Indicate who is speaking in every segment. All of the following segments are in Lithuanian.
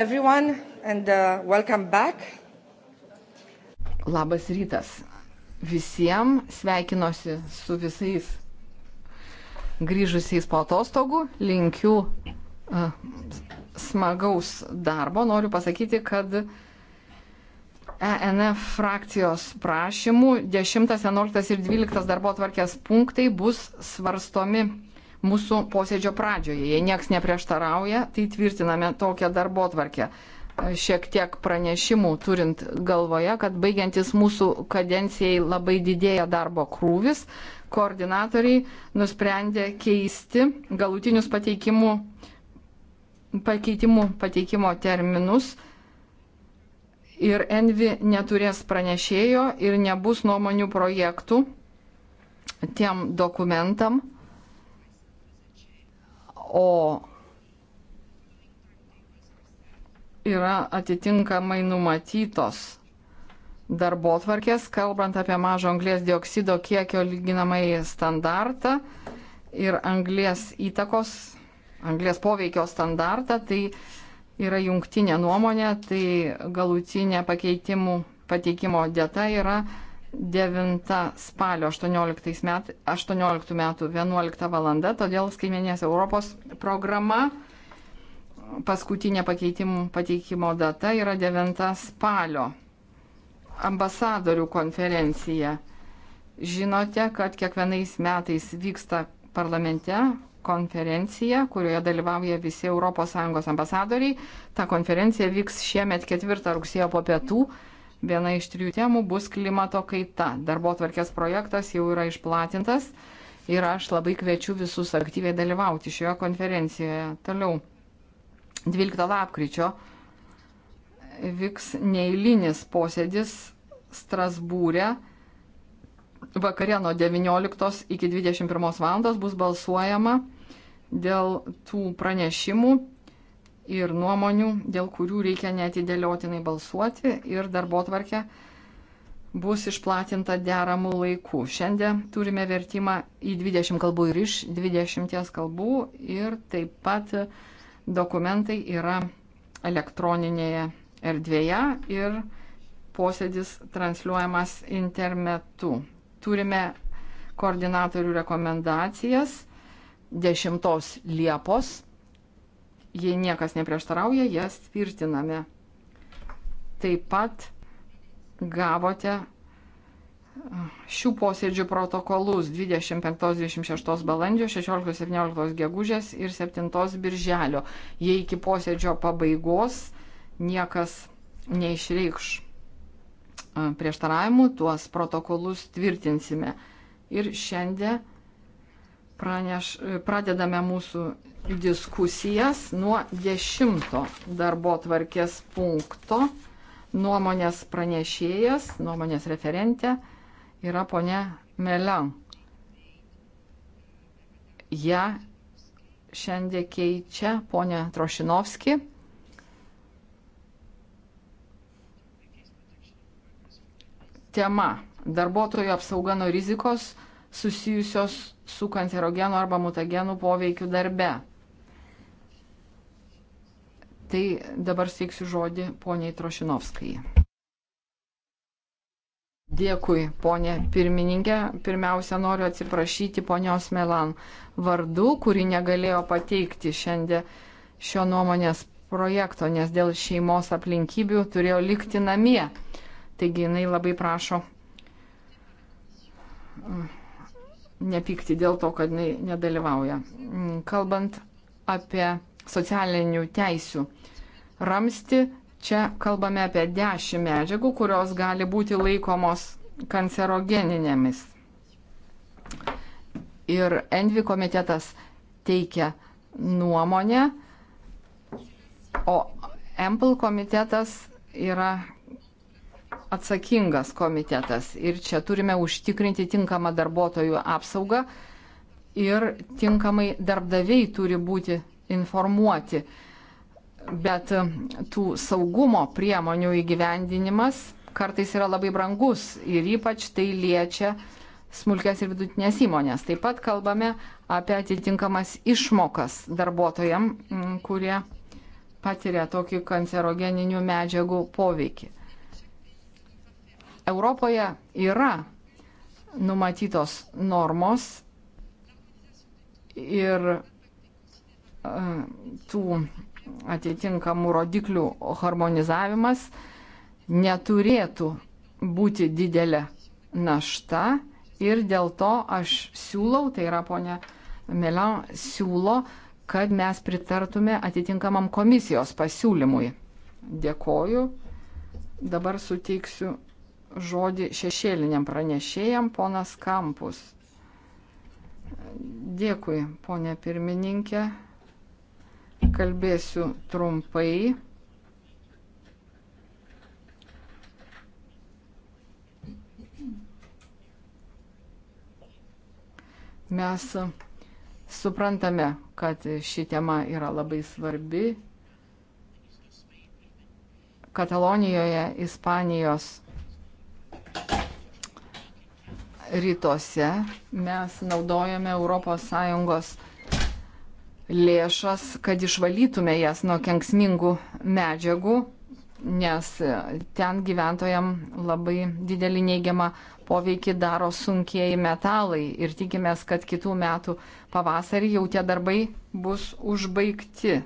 Speaker 1: Everyone and uh, welcome back. Labas rytas. Visiems sveikinuosi su visais grįžusiais po atostogų. Linkiu uh, smagaus darbo. Noriu pasakyti, kad ENF frakcijos prašymų 10, 11 ir 12 darbo tvarkės punktai bus svarstomi mūsų posėdžio pradžioje. Jei nieks neprieštarauja, tai tvirtiname tokią darbo tvarkę. Šiek tiek pranešimų turint galvoje, kad baigiantis mūsų kadencijai labai didėja darbo krūvis, koordinatoriai nusprendė keisti galutinius pateikimų, pakeitimų pateikimo terminus ir Envi neturės pranešėjo ir nebus nuomonių projektų tiem dokumentam o yra atitinkamai numatytos darbo tvarkės, kalbant apie mažo anglės dioksido kiekio lyginamai standartą ir anglės įtakos, anglės poveikio standartą, tai yra jungtinė nuomonė, tai galutinė pakeitimų pateikimo data yra 9 spalio 18 metų, 18 metų 11 valanda, todėl skaiminės Europos programa paskutinė pakeitimų pateikimo data yra 9 spalio. Ambasadorių konferencija. Žinote, kad kiekvienais metais vyksta parlamente konferencija, kurioje dalyvauja visi ES ambasadoriai. Ta konferencija vyks šiemet 4 rugsėjo po pietų. Mm. Viena iš trijų temų bus klimato kaita. Darbo tvarkės projektas jau yra išplatintas ir aš labai kviečiu visus aktyviai dalyvauti šioje konferencijoje. Toliau, 12 lapkričio vyks neįlinis posėdis Strasbūrė. Vakarė nuo 19 iki 21 val. bus balsuojama dėl tų pranešimų ir nuomonių, dėl kurių reikia netidėliotinai balsuoti ir darbo tvarkė bus išplatinta deramų laikų. Šiandien turime vertimą į 20 kalbų ir iš 20 kalbų ir taip pat dokumentai yra elektroninėje erdvėje ir posėdis transliuojamas internetu. Turime koordinatorių rekomendacijas 10 Liepos Jei niekas neprieštarauja, jas tvirtiname. Taip pat gavote šių posėdžių protokolus 25-26 balandžio, 16-17 gegužės ir 7 birželio. Jei iki posėdžio pabaigos niekas neišreikš prieštaravimų, tuos protokolus tvirtinsime. Ir šiandien praneš, pradedame mūsų diskusijas nuo dešimto darbo tvarkės punkto. Nuomonės pranešėjas, nuomonės referentė yra ponia Melian. Ja šiandien keičia ponia Trošinovski. Tema - darbuotojų apsauga nuo rizikos susijusios su kancerogeno arba mutagenų poveikiu darbe. Tai dabar steiksiu žodį poniai Trošinovskai. Dėkui, ponė pirmininkė. Pirmiausia, noriu atsiprašyti ponios Melan vardu, kuri negalėjo pateikti šiandien šio nuomonės projekto, nes dėl šeimos aplinkybių turėjo likti namie. Taigi jinai labai prašo mm, nepykti dėl to, kad jinai nedalyvauja. Mm, kalbant apie socialinių teisių ramsti. Čia kalbame apie 10 medžiagų, kurios gali būti laikomos kancerogeninėmis. Ir Envi komitetas teikia nuomonę, o Ample komitetas yra atsakingas komitetas ir čia turime užtikrinti tinkamą darbuotojų apsaugą ir tinkamai darbdaviai turi būti informuoti. Bet e, tų saugumo priemonių įgyvendinimas kartais yra labai brangus ir ypač tai liečia smulkės ir vidutinės įmonės. Taip pat kalbame apie atitinkamas išmokas darbuotojam, kurie patiria tokį kancerogeninių medžiagų poveikį. Europoje yra numatytos normos ir tų atitinkamų rodiklių harmonizavimas neturėtų būti didelė našta ir dėl to aš siūlau, tai yra ponia Melian siūlo, kad mes pritartume atitinkamam komisijos pasiūlymui. Dėkoju. Dabar suteiksiu žodį šešėliniam pranešėjam, ponas Kampus. Dėkui, ponė pirmininkė. Kalbėsiu trumpai. Mes suprantame, kad ši tema yra labai svarbi. Katalonijoje, Ispanijos rytuose mes naudojame ES lėšas, kad išvalytume jas nuo kenksmingų medžiagų, nes ten gyventojam labai didelį neigiamą poveikį daro sunkieji metalai ir tikimės, kad kitų metų pavasarį jau tie darbai bus užbaigti.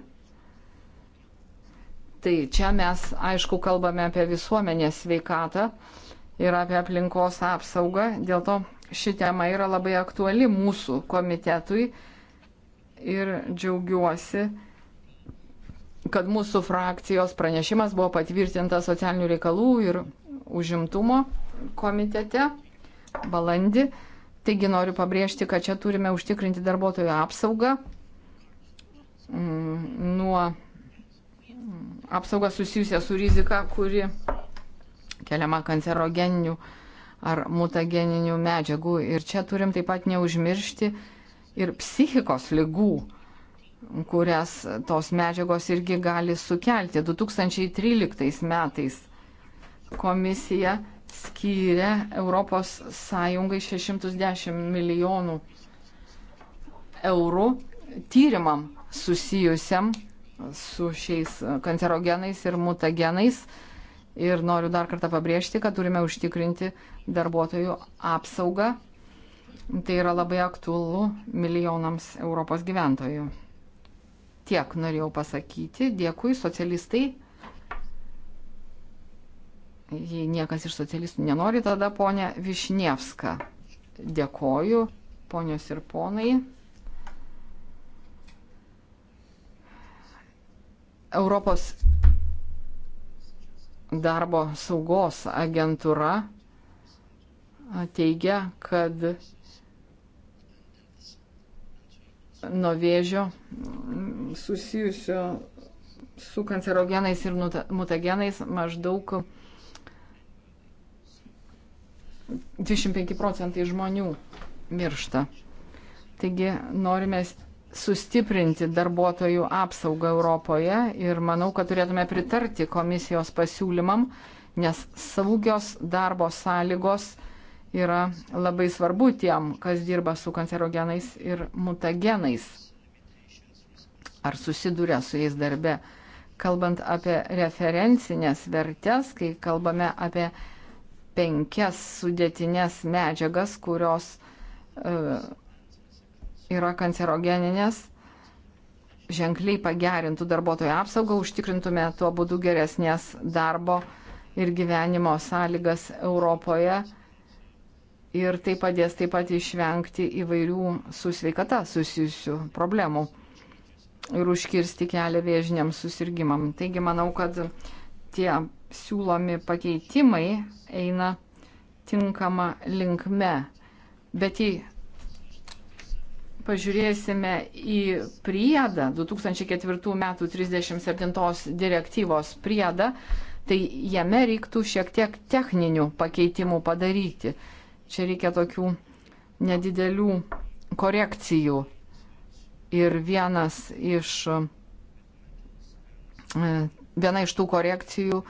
Speaker 1: Tai čia mes, aišku, kalbame apie visuomenės sveikatą ir apie aplinkos apsaugą, dėl to ši tema yra labai aktuali mūsų komitetui ir džiaugiuosi, kad mūsų frakcijos pranešimas buvo patvirtintas socialinių reikalų ir užimtumo komitete balandį. Taigi noriu pabrėžti, kad čia turime užtikrinti darbuotojų apsaugą mm, nuo mm, apsaugą susijusią su rizika, kuri keliama kancerogeninių ar mutageninių medžiagų. Ir čia turim taip pat neužmiršti ir psichikos lygų, kurias tos medžiagos irgi gali sukelti. 2013 metais komisija skyrė Europos Sąjungai 610 milijonų eurų tyrimam susijusiam su šiais kancerogenais ir mutagenais. Ir noriu dar kartą pabrėžti, kad turime užtikrinti darbuotojų apsaugą Tai yra labai aktualu milijonams Europos gyventojų. Tiek norėjau pasakyti. Dėkui, socialistai. Jei niekas iš socialistų nenori, tada ponia Višnievska. Dėkoju, ponios ir ponai. Europos darbo saugos agentūra teigia, kad nuo vėžio mm, susijusio su kancerogenais ir mutagenais maždaug 25 procentai žmonių miršta. Taigi norime sustiprinti darbuotojų apsaugą Europoje ir manau, kad turėtume pritarti komisijos pasiūlymam, nes saugios darbo sąlygos yra labai svarbu tiem, kas dirba su kancerogenais ir mutagenais. Ar susiduria su jais darbe? Kalbant apie referencinės vertės, kai kalbame apie penkias sudėtinės medžiagas, kurios e, yra kancerogeninės, ženkliai pagerintų darbuotojų apsaugą, užtikrintume tuo būdu geresnės darbo ir gyvenimo sąlygas Europoje ir tai padės taip pat išvengti įvairių su sveikata susijusių problemų ir užkirsti kelią vėžiniams susirgymam. Taigi manau, kad tie siūlomi pakeitimai eina tinkama linkme. Bet jei pažiūrėsime į priedą, 2004 m. 37 direktyvos priedą, tai jame reiktų šiek tiek techninių pakeitimų padaryti. Čia reikia tokių nedidelių korekcijų. Ir vienas iš, e, viena iš tų korekcijų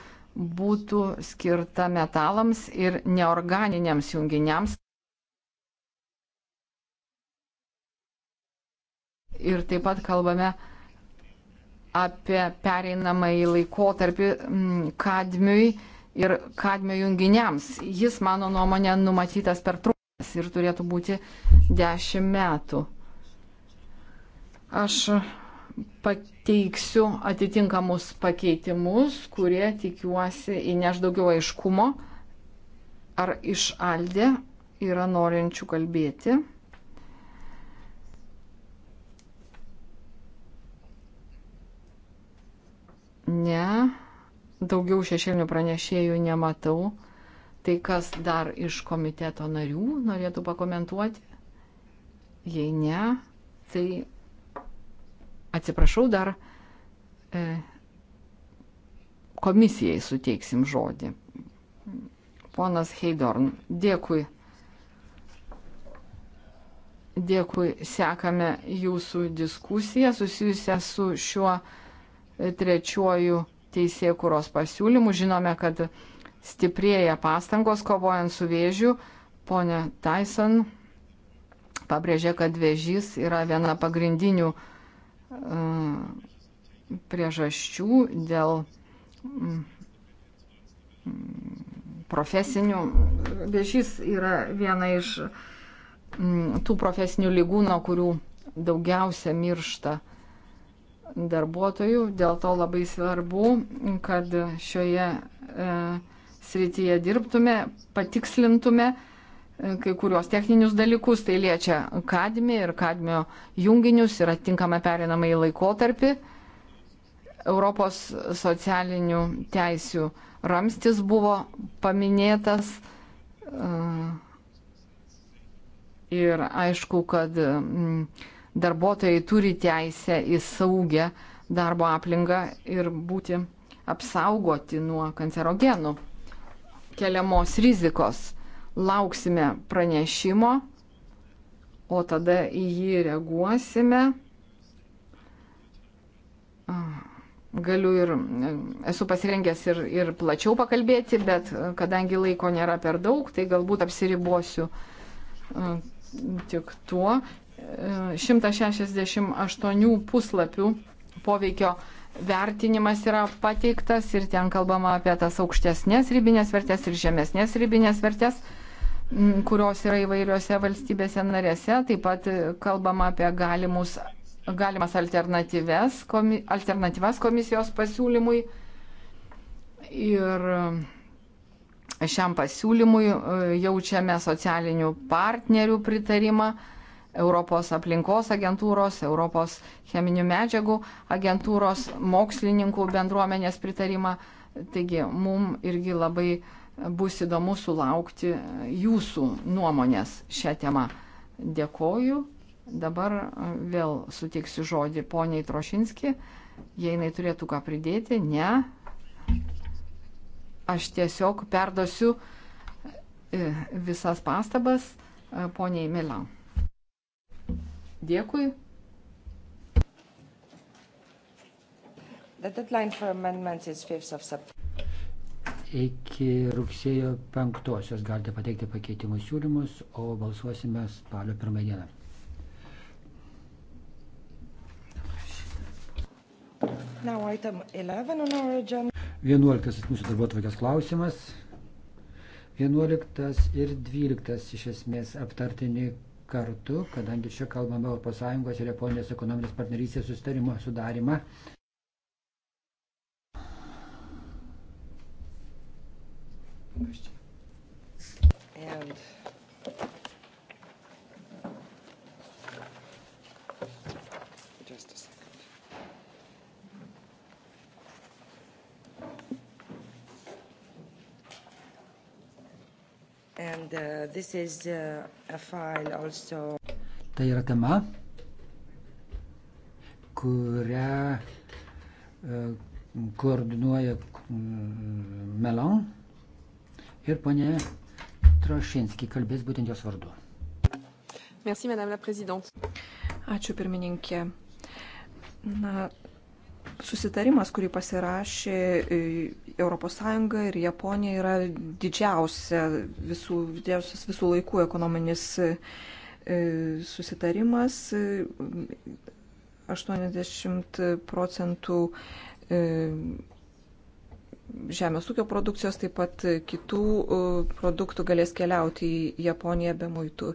Speaker 1: būtų skirta metalams ir neorganiniams junginiams. Ir taip pat kalbame apie pereinamąjį laikotarpį kadmiui ir kadmio junginiams. Jis, mano nuomonė, numatytas per trumpas ir turėtų būti 10 metų. Aš pateiksiu atitinkamus pakeitimus, kurie tikiuosi įneš daugiau aiškumo. Ar išaldė yra norinčių kalbėti? Ne. Daugiau šešėlinių pranešėjų nematau. Tai kas dar iš komiteto narių norėtų pakomentuoti? Jei ne, tai atsiprašau dar e, komisijai suteiksim žodį. Ponas Heidorn, dėkui. Dėkui, sekame jūsų diskusiją susijusią su šiuo e, trečiuoju teisėkuros pasiūlymų. Žinome, kad stiprėja pastangos kovojant su vėžiu. Pone Tyson pabrėžė, kad vėžys yra viena pagrindinių e, priežasčių dėl mm, profesinių. Vėžys yra viena iš mm, tų profesinių lygų, nuo kurių daugiausia miršta darbuotojų. Dėl to labai svarbu, kad šioje e, srityje dirbtume, patikslintume e, kai kurios techninius dalykus. Tai liečia kadmį ir kadmio junginius ir atitinkamą perinamąjį laikotarpį. Europos socialinių teisių ramstis buvo paminėtas. E, ir aišku, kad mm, darbuotojai turi teisę į saugę darbo aplinką ir būti apsaugoti nuo kancerogenų keliamos rizikos. Lauksime pranešimo, o tada į jį reaguosime. Galiu ir, esu pasirengęs ir, ir plačiau pakalbėti, bet kadangi laiko nėra per daug, tai galbūt apsiribuosiu tik tuo. 168 puslapių poveikio vertinimas yra pateiktas ir ten kalbama apie tas aukštesnės ribinės vertės ir žemesnės ribinės vertės, kurios yra įvairiose valstybėse narėse. Taip pat kalbama apie galimus, galimas alternatyves, komi, alternatyvas komisijos pasiūlymui. Ir e, šiam pasiūlymui e, jaučiame socialinių partnerių pritarimą. Europos aplinkos agentūros, Europos cheminių medžiagų agentūros, mokslininkų bendruomenės pritarimą. Taigi mums irgi labai bus įdomu sulaukti jūsų nuomonės šią temą. Dėkoju. Dabar vėl sutiksiu žodį poniai Trošinski. Jei jinai turėtų ką pridėti, ne. Aš tiesiog perdosiu e, visas pastabas poniai Milan. Dėkui.
Speaker 2: Iki rugsėjo 5-osios galite pateikti pakeitimų siūlymus, o balsuosime spalio 1 dieną.
Speaker 3: Now item 11 on our agenda.
Speaker 2: 11 mūsų darbotvarkės klausimas. 11 ir 12 iš esmės aptartini kartu, kadangi čia kalbame ES ir Japonijos ekonominės partnerystės sustarimo sudarimą. And
Speaker 3: And, uh, this
Speaker 2: is, uh, a file also... Tai yra tema, kurią uh, koordinuoja mm, Melon ir ponė Trošinski kalbės būtent jos vardu.
Speaker 3: Merci, madame la présidente. Ačiū, pirmininkė. Na, susitarimas, kurį pasirašė e, ES ir Japonija yra didžiausia visų, didžiausias visų laikų ekonominis e, susitarimas. 80 procentų e, žemės ūkio produkcijos, taip pat kitų e, produktų galės keliauti į Japoniją be muitų.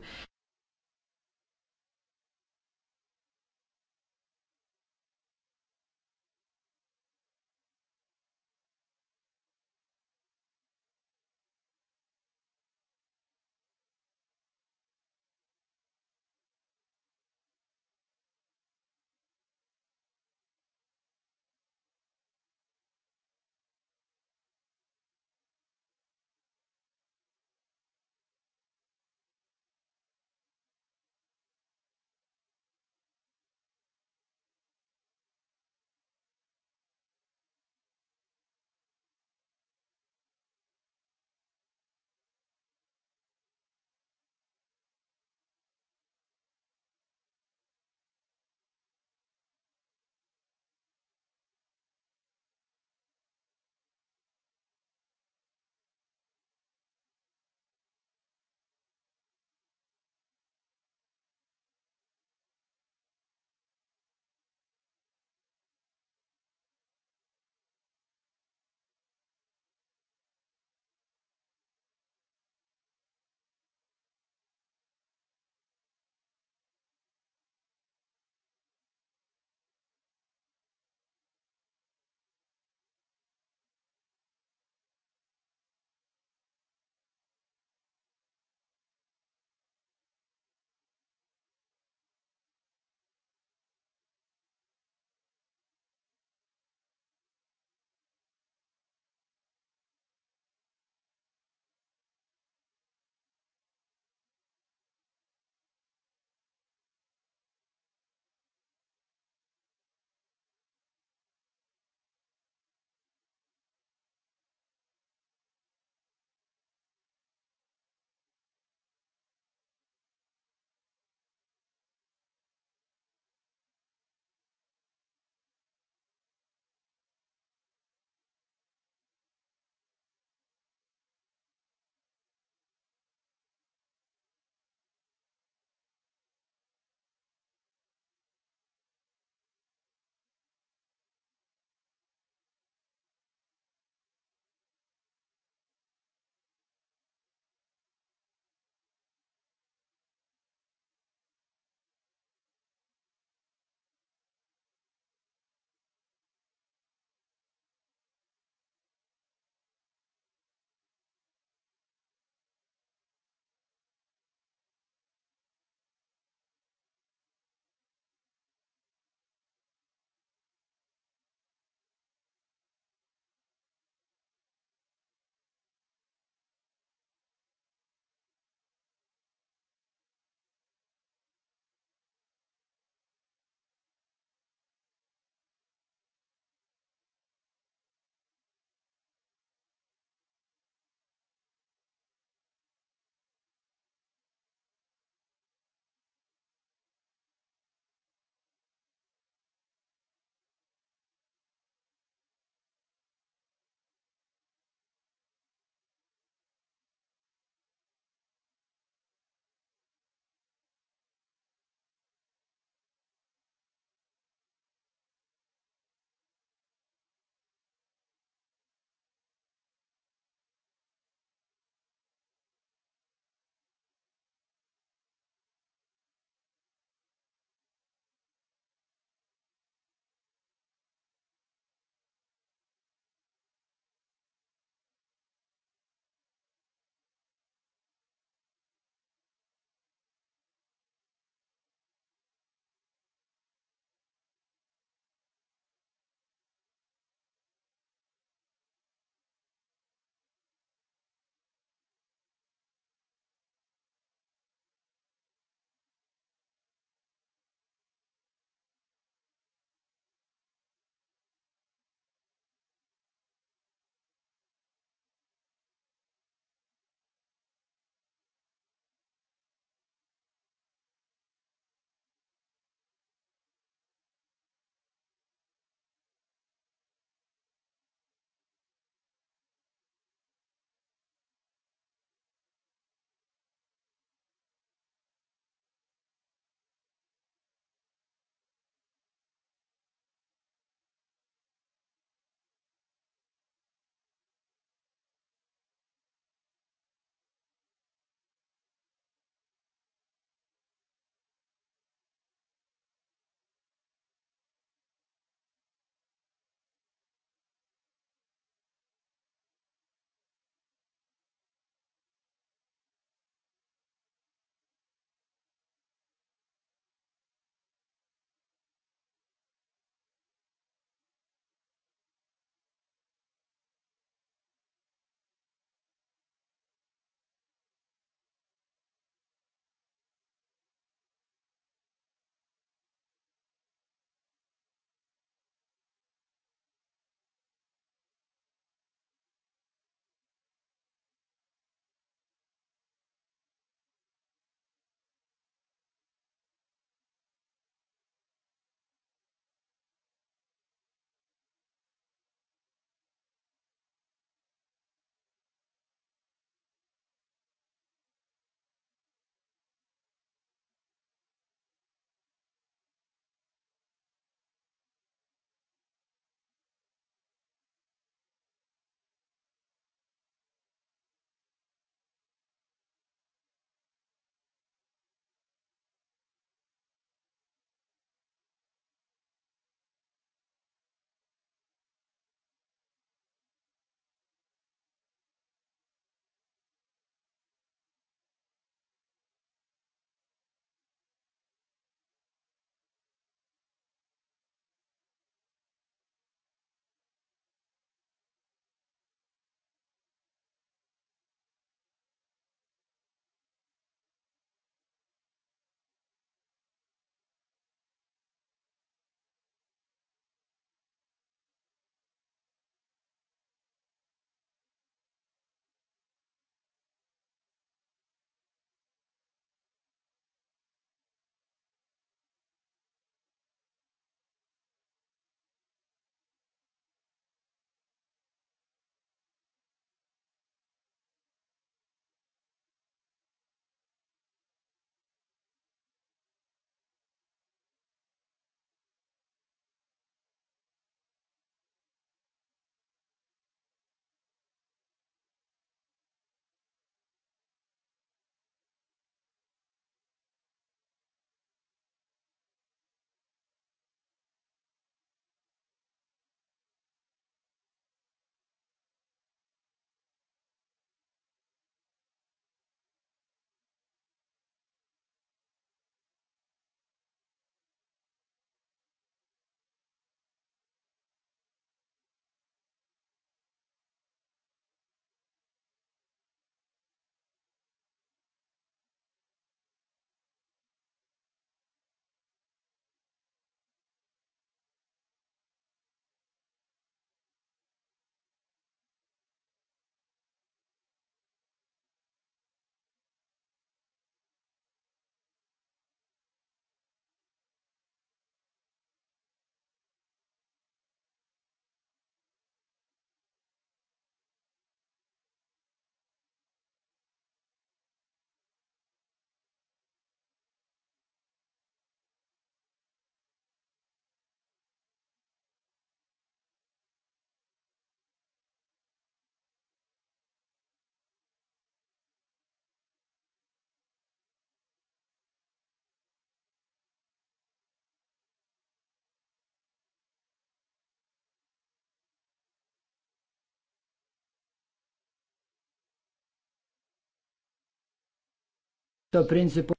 Speaker 2: to principo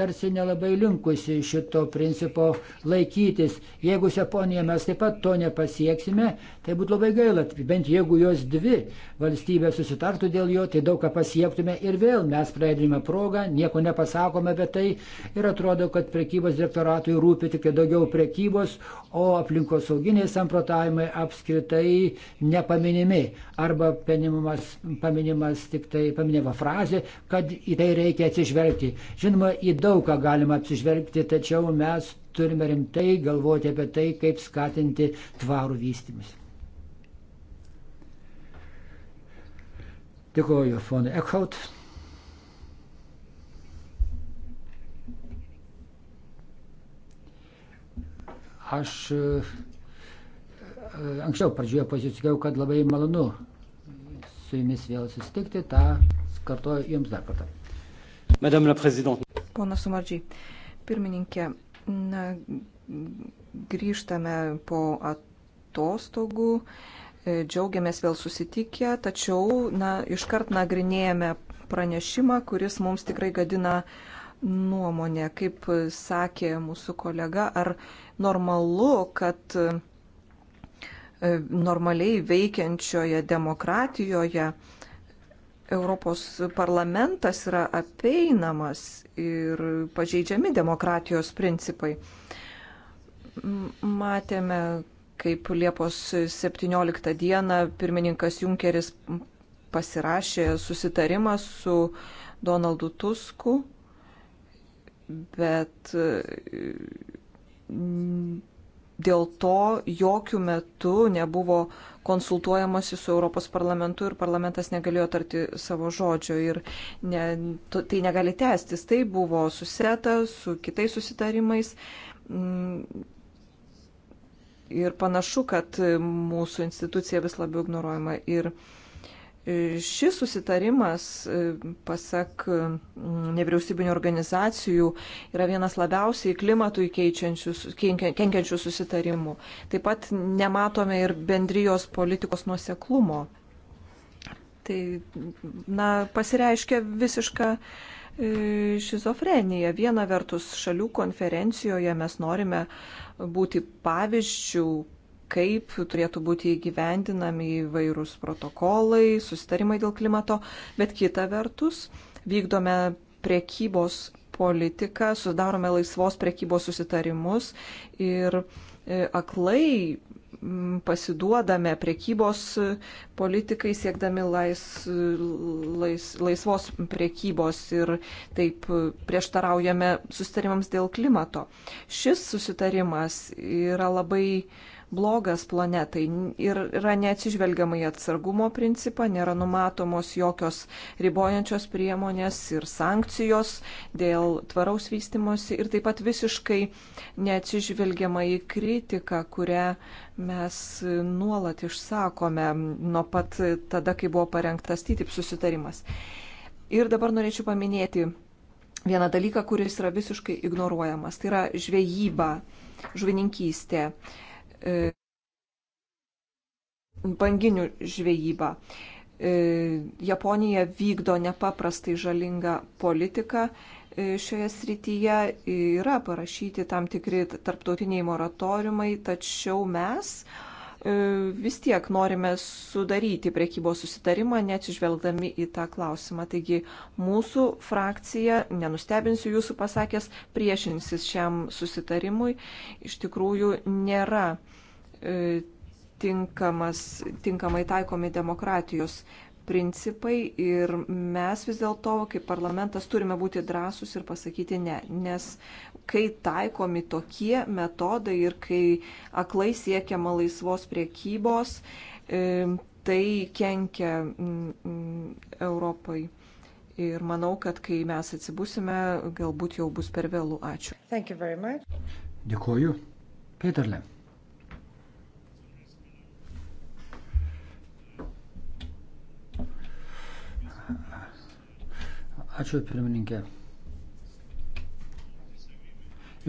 Speaker 2: tarsi nelabai linkusi šito principo laikytis. Jeigu su Japonija mes taip pat to nepasieksime, tai būtų labai gaila. Bent jeigu jos dvi valstybės susitartų dėl jo, tai daug ką pasiektume ir vėl mes praleidžiame progą, nieko nepasakome apie tai ir atrodo, kad prekybos direktoratui rūpi tik tai daugiau prekybos, o aplinkosauginiai samprotavimai apskritai nepaminimi arba paminimas, paminimas tik tai paminima frazė, kad į tai reikia atsižvelgti. Žinoma, į daug daug ką galima apsižvelgti, tačiau mes turime rimtai galvoti apie tai, kaip skatinti tvarų vystymus. Dėkuoju, ponai Eckhout. Aš e, e, anksčiau pradžioje pasisakau, kad labai malonu su jumis vėl susitikti, tą kartuoju jums dar kartą. Madame la Présidente. Ponas Sumardžiai, pirmininkė,
Speaker 3: na, grįžtame po atostogų, e, džiaugiamės vėl susitikę, tačiau na, iškart nagrinėjame pranešimą, kuris mums tikrai gadina nuomonę, kaip sakė mūsų kolega, ar normalu, kad e, normaliai veikiančioje demokratijoje Europos parlamentas yra apeinamas ir pažeidžiami demokratijos principai. Matėme, kaip Liepos 17 dieną pirmininkas Junkeris pasirašė susitarimą su Donaldu Tusku, bet dėl to jokių metų nebuvo konsultuojamasi su Europos parlamentu ir parlamentas negalėjo tarti savo žodžio ir ne, tai negali tęstis. Tai buvo suseta su kitais susitarimais. Mm. Ir panašu, kad mūsų institucija vis labiau ignoruojama. Ir uh, E, šis susitarimas, e, pasak e, nevyriausybinio organizacijų, yra vienas labiausiai klimatui kenkiančių susitarimų. Taip pat nematome ir bendrijos politikos nuoseklumo. Tai, na, pasireiškia visiška šizofrenija. Viena vertus šalių konferencijoje mes norime būti pavyzdžių, kaip turėtų būti įgyvendinami įvairūs protokolai, susitarimai dėl klimato, bet kita vertus vykdome priekybos politiką, sudarome laisvos priekybos susitarimus ir e, aklai pasiduodame priekybos e, politikai siekdami lais, e, lais, laisvos priekybos ir taip prieštaraujame susitarimams dėl klimato. Šis susitarimas yra labai uh, blogas planetai ir yra neatsižvelgiamai atsargumo principą, nėra numatomos jokios ribojančios priemonės ir sankcijos dėl tvaraus vystimosi ir taip pat visiškai neatsižvelgiamai į kritiką, kurią mes nuolat išsakome nuo pat tada, kai buvo parengtas TTIP susitarimas. Ir dabar norėčiau paminėti vieną dalyką, kuris yra visiškai ignoruojamas. Tai yra žvejyba, žuvininkystė. E, banginių žvejybą. E, Japonija vykdo nepaprastai žalingą politiką e, šioje srityje, yra parašyti tam tikri tarptautiniai moratoriumai, tačiau mes E, vis tiek norime sudaryti priekybos susitarimą, neatsižvelgdami į tą klausimą. Taigi mūsų frakcija, nenustebinsiu jūsų pasakęs, priešinsis šiam susitarimui. Iš tikrųjų nėra e, tinkamas, tinkamai taikomi demokratijos principai ir mes vis dėlto, kaip parlamentas, turime būti drąsus ir pasakyti ne, nes kai taikomi tokie metodai ir kai aklai siekiama laisvos priekybos, e, tai kenkia Europai. Ir manau, kad kai mes atsibusime, galbūt jau bus per vėlų. Ačiū.
Speaker 2: Dėkuoju. Peterle. Ačiū pirmininkė.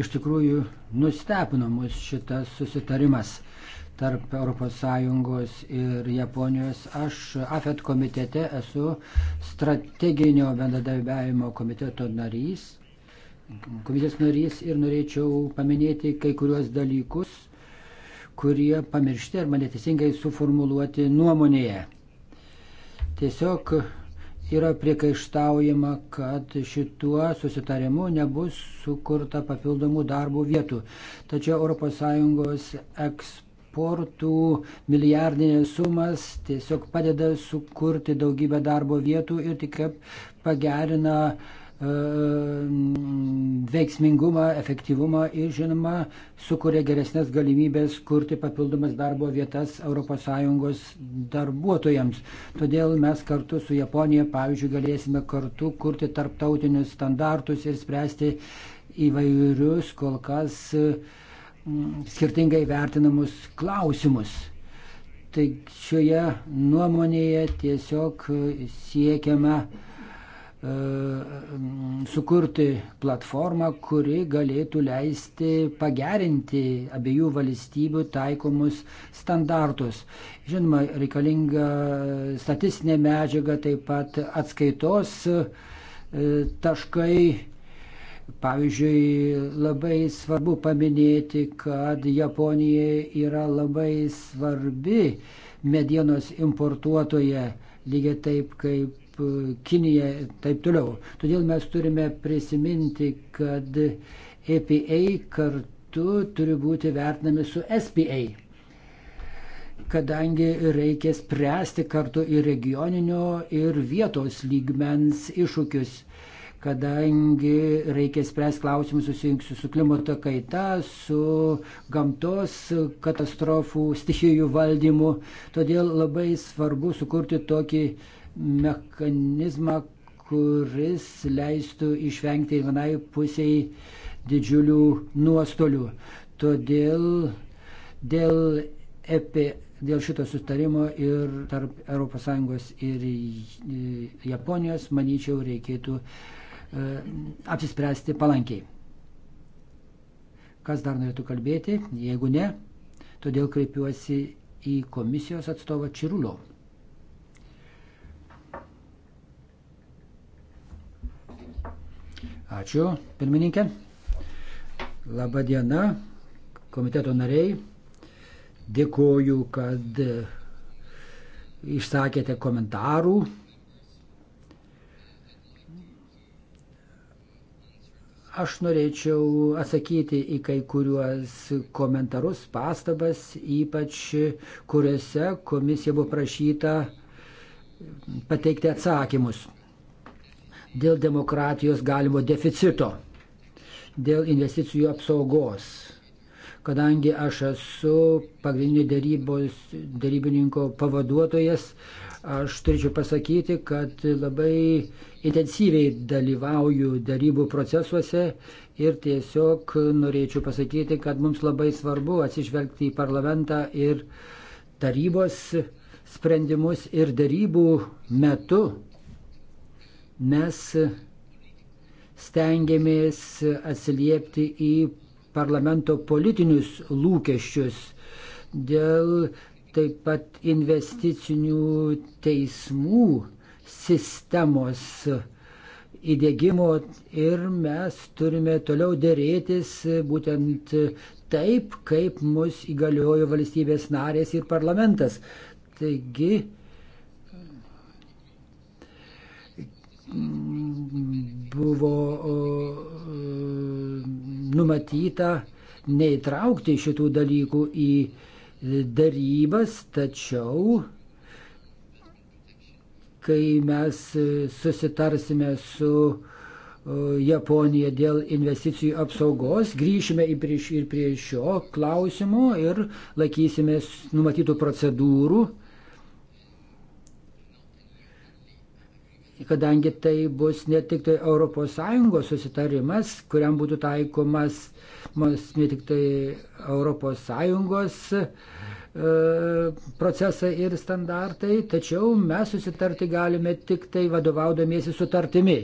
Speaker 2: Iš tikrųjų, nustebino mus šitas susitarimas tarp ES ir Japonijos. Aš AFET komitete esu strateginio bendradarbiavimo komiteto narys, komisijos narys ir norėčiau paminėti kai kuriuos dalykus, kurie pamiršti arba neteisingai suformuluoti nuomonėje. Tiesiog yra priekaištaujama, kad šituo susitarimu nebus sukurta papildomų darbo vietų. Tačiau ES eksportų milijardinės sumas tiesiog padeda sukurti daugybę darbo vietų ir tik pagerina uh, E, veiksmingumą, efektyvumą ir žinoma sukuria geresnės galimybės kurti papildomas darbo vietas ES darbuotojams. Todėl mes kartu su Japonija, pavyzdžiui, galėsime kartu kurti tarptautinius standartus ir spręsti įvairius kol kas skirtingai vertinamus klausimus. Tai šioje nuomonėje tiesiog siekiama uh, E, sukurti platformą, kuri galėtų leisti pagerinti abiejų valstybių taikomus standartus. Žinoma, reikalinga statistinė medžiaga, taip pat atskaitos e, taškai. Pavyzdžiui, labai svarbu paminėti, kad Japonija yra labai svarbi medienos importuotoje lygiai taip kaip Kinija ir taip toliau. Todėl mes turime prisiminti, kad EPA kartu turi būti vertinami su SPA, kadangi reikia spręsti kartu ir regioninio, ir vietos lygmens iššūkius kadangi reikia spręsti klausimus susijusius su klimato kaita, su gamtos katastrofų, stichijų valdymu. Todėl labai svarbu sukurti tokį mechanizmą, kuris leistų išvengti vienai pusiai didžiulių nuostolių. Todėl dėl, EPI, dėl šito sustarimo ir tarp ES ir Japonijos, manyčiau, reikėtų e, apsispręsti palankiai. Kas dar norėtų kalbėti? Jeigu ne, todėl kreipiuosi į komisijos atstovą Čirulio. Ačiū, pirmininkė. Labą dieną, komiteto nariai. Dėkoju, kad išsakėte komentarų. Aš norėčiau atsakyti į kai kuriuos komentarus, pastabas, ypač kuriuose komisija buvo prašyta pateikti atsakymus dėl demokratijos galimo deficito, dėl investicijų apsaugos. Kadangi aš esu pagrindinio dėrybos, dėrybininko pavaduotojas, aš turėčiau pasakyti, kad labai intensyviai dalyvauju darybų procesuose ir tiesiog norėčiau pasakyti, kad mums labai svarbu atsižvelgti į parlamentą ir tarybos sprendimus ir darybų metu Mes stengiamės atsiliepti į parlamento politinius lūkesčius dėl taip pat investicinių teismų sistemos įdėgymo ir mes turime toliau dėrėtis būtent taip, kaip mus įgaliojo valstybės narės ir parlamentas. Taigi buvo numatyta neįtraukti šitų dalykų į darybas, tačiau kai mes susitarsime su Japonija dėl investicijų apsaugos, grįšime į prieš, ir prie šio klausimo ir laikysimės numatytų procedūrų kadangi tai bus ne tik tai ES susitarimas, kuriam būtų taikomas ne tik tai ES e, procesai ir standartai, tačiau mes susitarti galime tik tai vadovaudomėsi sutartimi.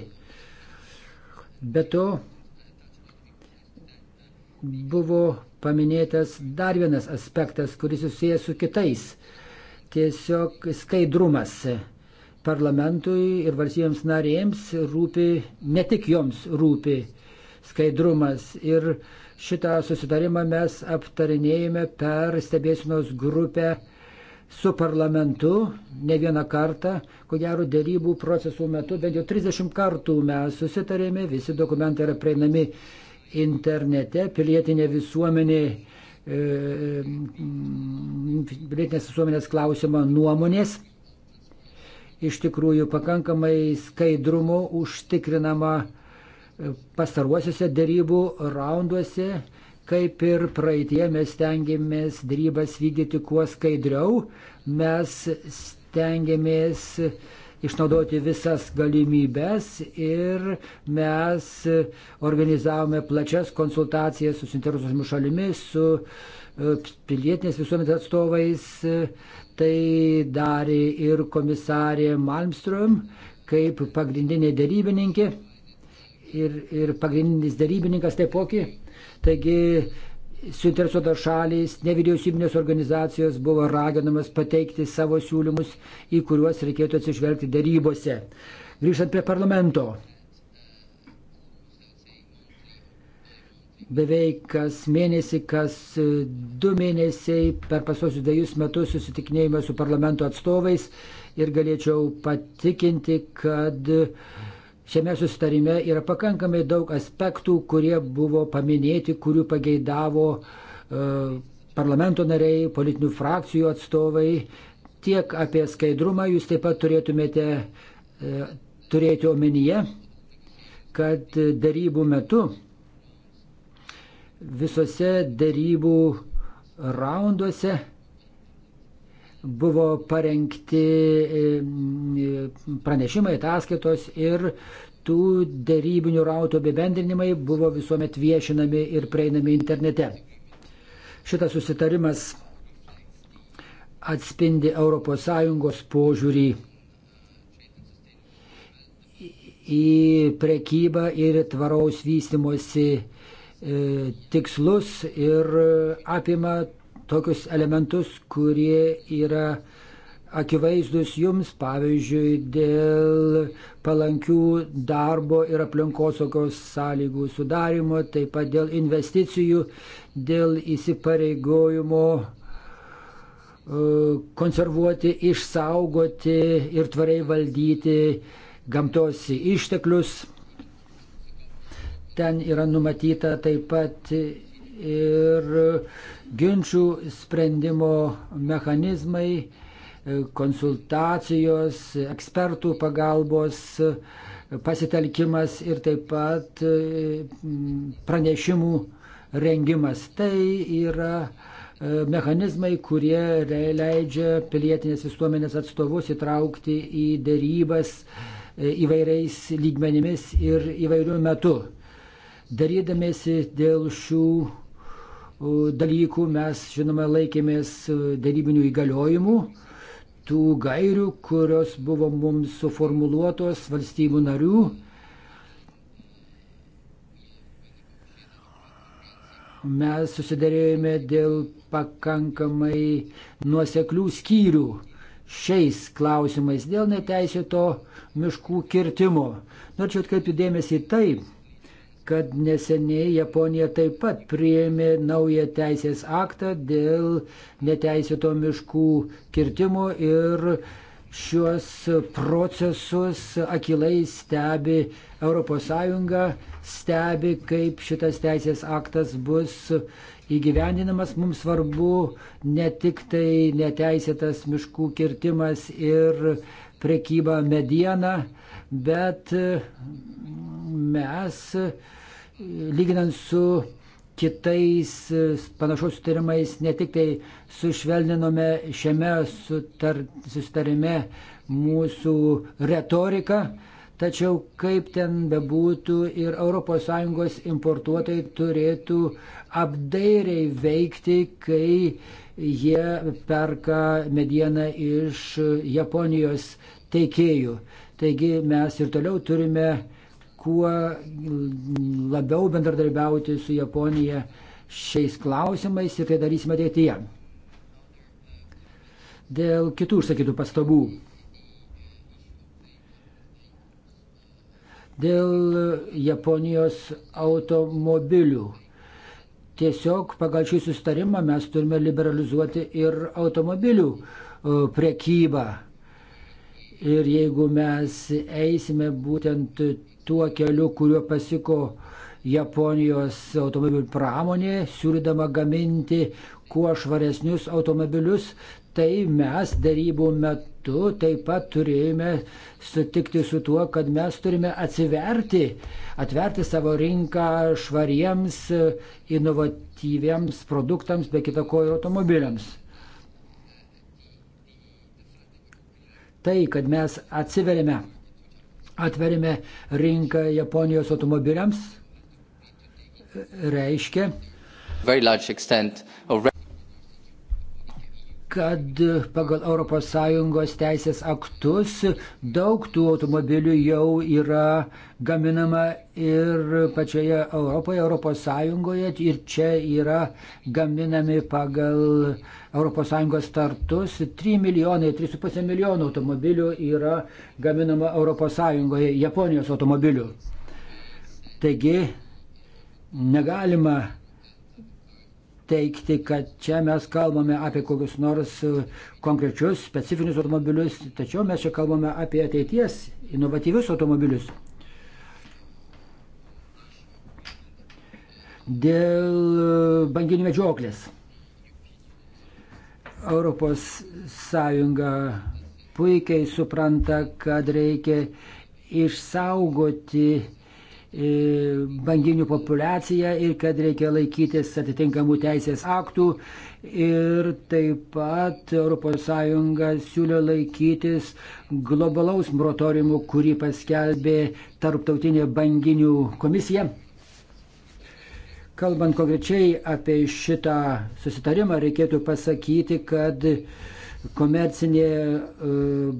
Speaker 2: Be to, buvo paminėtas dar vienas aspektas, kuris susijęs su kitais. Tiesiog skaidrumas parlamentui ir valstybėms narėms rūpi, ne tik joms rūpi skaidrumas. Ir šitą susitarimą mes aptarinėjame per stebėsinos grupę su parlamentu ne vieną kartą, ko gero dėrybų procesų metu bent jau 30 kartų mes susitarėme, visi dokumentai yra prieinami internete, pilietinė visuomenė, e, pilietinės visuomenės klausimo nuomonės iš tikrųjų pakankamai skaidrumo užtikrinama e, pastaruosiuose dėrybų raunduose. Kaip ir praeitie mes stengiamės dėrybas vykdyti kuo skaidriau, mes stengiamės išnaudoti visas galimybes ir mes organizavome plačias konsultacijas su suinteresuotomis šalimis, su e, pilietinės visuomenės atstovais, Tai darė ir komisarė Malmström kaip pagrindinė dėrybininkė ir, ir pagrindinis dėrybininkas taipogi. Taigi suinteresuotos šalys, nevyriausybinės organizacijos buvo raginamas pateikti savo siūlymus, į kuriuos reikėtų atsižvelgti darybose. Grįžtant prie parlamento, beveik kas mėnesį, kas e, du mėnesiai per pasosius dviejus metus susitikinėjome su parlamento atstovais ir galėčiau patikinti, kad šiame susitarime yra pakankamai daug aspektų, kurie buvo paminėti, kurių pageidavo uh, parlamento nariai, politinių frakcijų atstovai. Tiek apie skaidrumą jūs taip pat turėtumėte uh, turėti omenyje, kad darybų metu visose dėrybų raunduose buvo parengti e, pranešimai, ataskaitos ir tų dėrybinių rautų apibendrinimai buvo visuomet viešinami ir prieinami internete. Šitas susitarimas atspindi ES požiūrį į prekybą ir tvaraus vystimosi E, tikslus ir e, apima tokius elementus, kurie yra akivaizdus jums, pavyzdžiui, dėl palankių darbo ir aplinkosaugos sąlygų sudarimo, taip pat dėl investicijų, dėl įsipareigojimo e, konservuoti, išsaugoti ir tvariai valdyti gamtos išteklius. Ten yra numatyta taip pat ir ginčių sprendimo mechanizmai, konsultacijos, ekspertų pagalbos pasitelkimas ir taip pat mm, pranešimų rengimas. Tai yra e, mechanizmai, kurie leidžia pilietinės visuomenės atstovus įtraukti į dėrybas e, įvairiais lygmenimis ir įvairių metų. Darydamėsi dėl šių dalykų mes, žinoma, laikėmės darybinių įgaliojimų, tų gairių, kurios buvo mums suformuluotos valstybių narių. Mes susidarėjome dėl pakankamai nuoseklių skyrių šiais klausimais dėl neteisėto miškų kirtimo. Norėčiau atkreipti dėmesį taip, kad neseniai Japonija taip pat priėmė naują teisės aktą dėl neteisėto miškų kirtimo ir šiuos procesus akilai stebi ES, stebi, kaip šitas teisės aktas bus įgyvendinamas. Mums svarbu ne tik tai neteisėtas miškų kirtimas ir prekyba mediena, bet mes, lyginant su kitais panašaus sutarimais, ne tik tai sušvelninome šiame sutar, sutarime mūsų retoriką, tačiau kaip ten bebūtų ir ES importuotojai turėtų apdairiai veikti, kai jie perka medieną iš Japonijos teikėjų. Taigi mes ir toliau turime kuo labiau bendradarbiauti su Japonija šiais klausimais ir tai darysime ateityje. Dėl kitų užsakytų pastabų. Dėl Japonijos automobilių. Tiesiog pagal šį sustarimą mes turime liberalizuoti ir automobilių priekybą. Ir jeigu mes eisime būtent tuo keliu, kuriuo pasiko Japonijos automobilių pramonė, siūlydama gaminti kuo švaresnius automobilius, tai mes darybų metu taip pat turėjome sutikti su tuo, kad mes turime atsiverti, atverti savo rinką švariems, inovatyviems produktams, be kita ko ir automobiliams. Tai, kad mes atsiverėme atverime rinką Japonijos automobiliams, reiškia, kad pagal ES teisės aktus daug tų automobilių jau yra gaminama ir pačioje Europoje, ES ir čia yra gaminami pagal ES startus. 3 milijonai, 3,5 milijonų automobilių yra gaminama ES, Japonijos automobilių. Taigi negalima teikti, kad čia mes kalbame apie kokius nors e, konkrečius specifinius automobilius, tačiau mes čia kalbame apie ateities inovatyvius automobilius. Dėl e, banginių medžioklės. Europos Sąjunga puikiai supranta, kad reikia išsaugoti banginių populiaciją ir kad reikia laikytis atitinkamų teisės aktų. Ir taip pat ES siūlė laikytis globalaus moratoriumų, kurį paskelbė Tarptautinė banginių komisija. Kalbant konkrečiai apie šitą susitarimą, reikėtų pasakyti, kad komercinė e,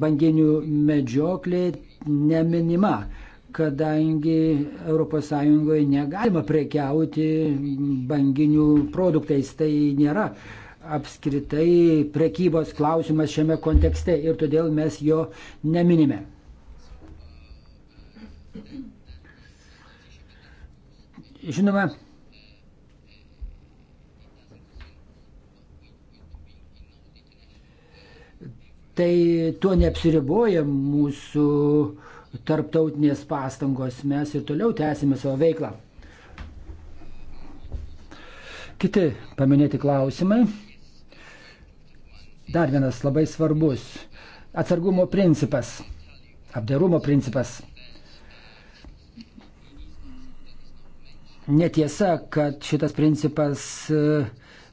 Speaker 2: banginių medžioklė neminima kadangi ES negalima prekiauti banginių produktais. Tai nėra apskritai prekybos klausimas šiame kontekste ir todėl mes jo neminime. Žinoma, tai tuo neapsiriboja mūsų uh, tarptautinės pastangos mes ir toliau tęsime savo veiklą. Kiti paminėti klausimai. Dar vienas labai svarbus - atsargumo principas, apdarumo principas. Netiesa, kad šitas principas e,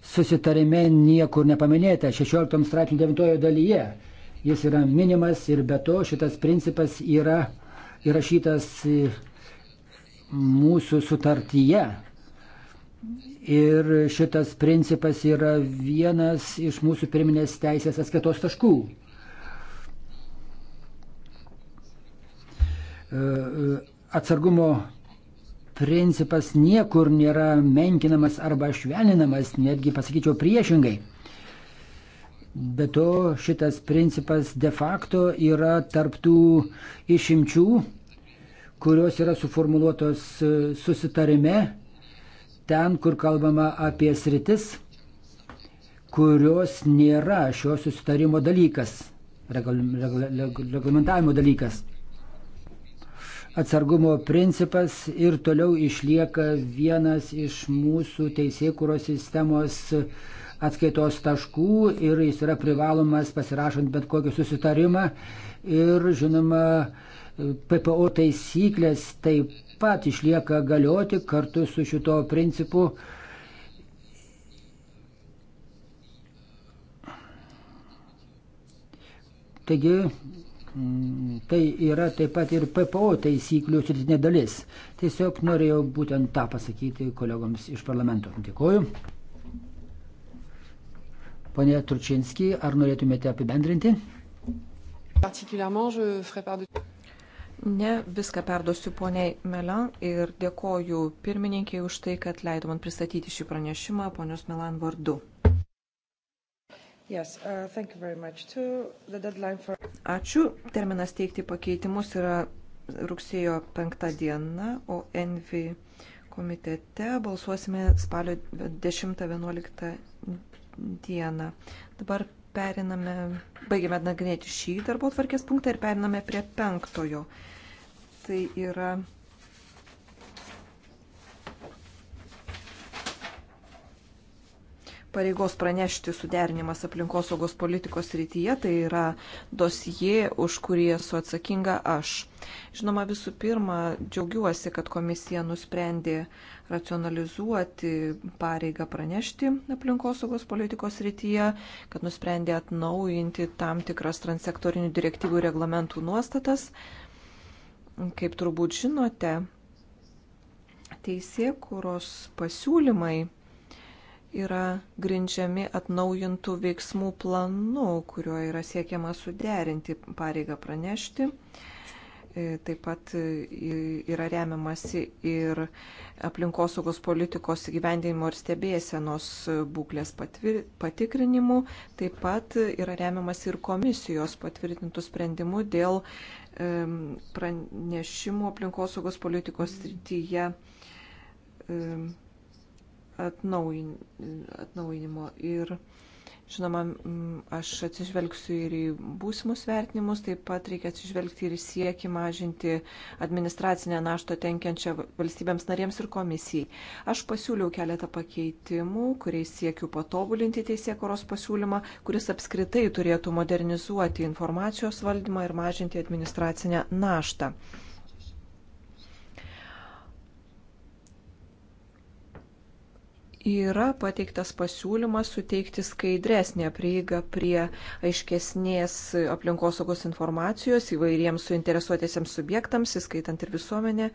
Speaker 2: susitarime niekur nepaminėta 16 straipsnių 9 dalyje jis yra minimas ir be to šitas principas yra įrašytas mūsų sutartyje. Ir šitas principas yra vienas iš mūsų pirminės teisės atskaitos taškų. E, e, atsargumo principas niekur nėra menkinamas arba švelninamas, netgi pasakyčiau priešingai. Be to, šitas principas de facto yra tarptų išimčių, kurios yra suformuoluotos e, susitarime, ten, kur kalbama apie sritis, kurios nėra šio susitarimo dalykas, reglamentavimo dalykas. Atsargumo principas ir toliau išlieka vienas iš mūsų teisėkuros sistemos uh, atskaitos taškų ir jis yra privalomas pasirašant bet kokį susitarimą. Ir žinoma, PPO taisyklės taip pat išlieka galioti kartu su šito principu. Taigi, mm, tai yra taip pat ir PPO taisyklių sudėtinė dalis. Tiesiog norėjau būtent tą pasakyti kolegoms iš parlamento. Dėkuoju. Pone Turčinski, ar norėtumėte apibendrinti?
Speaker 3: Ne, viską perduosiu poniai Melan ir dėkoju pirmininkiai už tai, kad leido man pristatyti šį pranešimą ponios Melan vardu. Yes, uh, for... Ačiū. Terminas teikti pakeitimus yra rugsėjo 5 diena, o Envi komitete balsuosime spalio 10-11 dieną. Dabar periname, baigiame nagrinėti šį darbo tvarkės punktą ir periname prie penktojo. Tai yra pareigos pranešti suderinimas aplinkosaugos politikos rytyje, tai yra dosijė, už kurį esu atsakinga aš. Žinoma, visų pirma, džiaugiuosi, kad komisija nusprendė racionalizuoti pareigą pranešti aplinkosaugos politikos rytyje, kad nusprendė atnaujinti tam tikras transektorinių direktyvų reglamentų nuostatas. Kaip turbūt žinote, teisėkuros pasiūlymai yra grindžiami atnaujintų veiksmų planu, kuriuo yra siekiama suderinti pareigą pranešti. E, taip pat e, yra remiamasi ir aplinkosaugos politikos gyvendinimo ir stebėsenos būklės patikrinimu. Taip pat yra remiamasi ir komisijos patvirtintų sprendimų dėl pranešimų aplinkosaugos politikos srityje atnaujin, atnaujinimo. Ir Žinoma, aš atsižvelgsiu ir į būsimus vertinimus, taip pat reikia atsižvelgti ir į siekį mažinti administracinę naštą tenkiančią valstybėms narėms ir komisijai. Aš pasiūliau keletą pakeitimų, kuriais siekiu patobulinti teisėkoros pasiūlymą, kuris apskritai turėtų modernizuoti informacijos valdymą ir mažinti administracinę naštą. yra pateiktas pasiūlymas suteikti skaidresnę prieigą prie aiškesnės aplinkosaugos informacijos įvairiems suinteresuotėsiams subjektams, įskaitant ir visuomenę.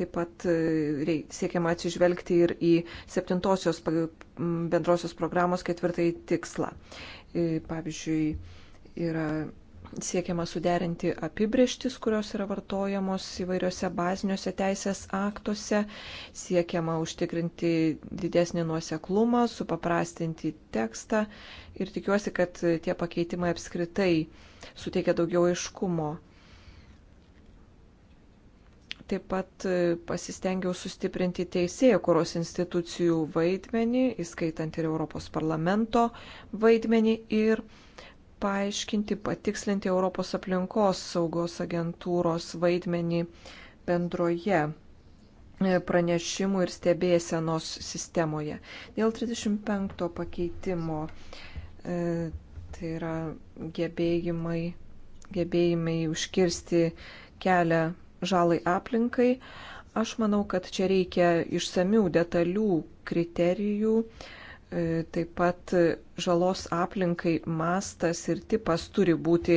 Speaker 3: Taip pat e, siekiama atsižvelgti ir į septintosios bendrosios programos ketvirtąjį tikslą. E, pavyzdžiui, yra Siekiama suderinti apibrieštis, kurios yra vartojamos įvairiose baziniuose teisės aktuose, siekiama užtikrinti didesnį nuoseklumą, supaprastinti tekstą ir tikiuosi, kad tie pakeitimai apskritai suteikia daugiau aiškumo. Taip pat e, pasistengiau sustiprinti teisėjų kuros institucijų vaidmenį, įskaitant ir Europos parlamento vaidmenį ir paaiškinti, patikslinti Europos aplinkos saugos agentūros vaidmenį bendroje e, pranešimų ir stebėsenos sistemoje. Dėl 35 pakeitimo e, tai yra gebėjimai, gebėjimai užkirsti kelią žalai aplinkai. Aš manau, kad čia reikia išsamių detalių kriterijų, uh, E, taip pat žalos aplinkai mastas ir tipas turi būti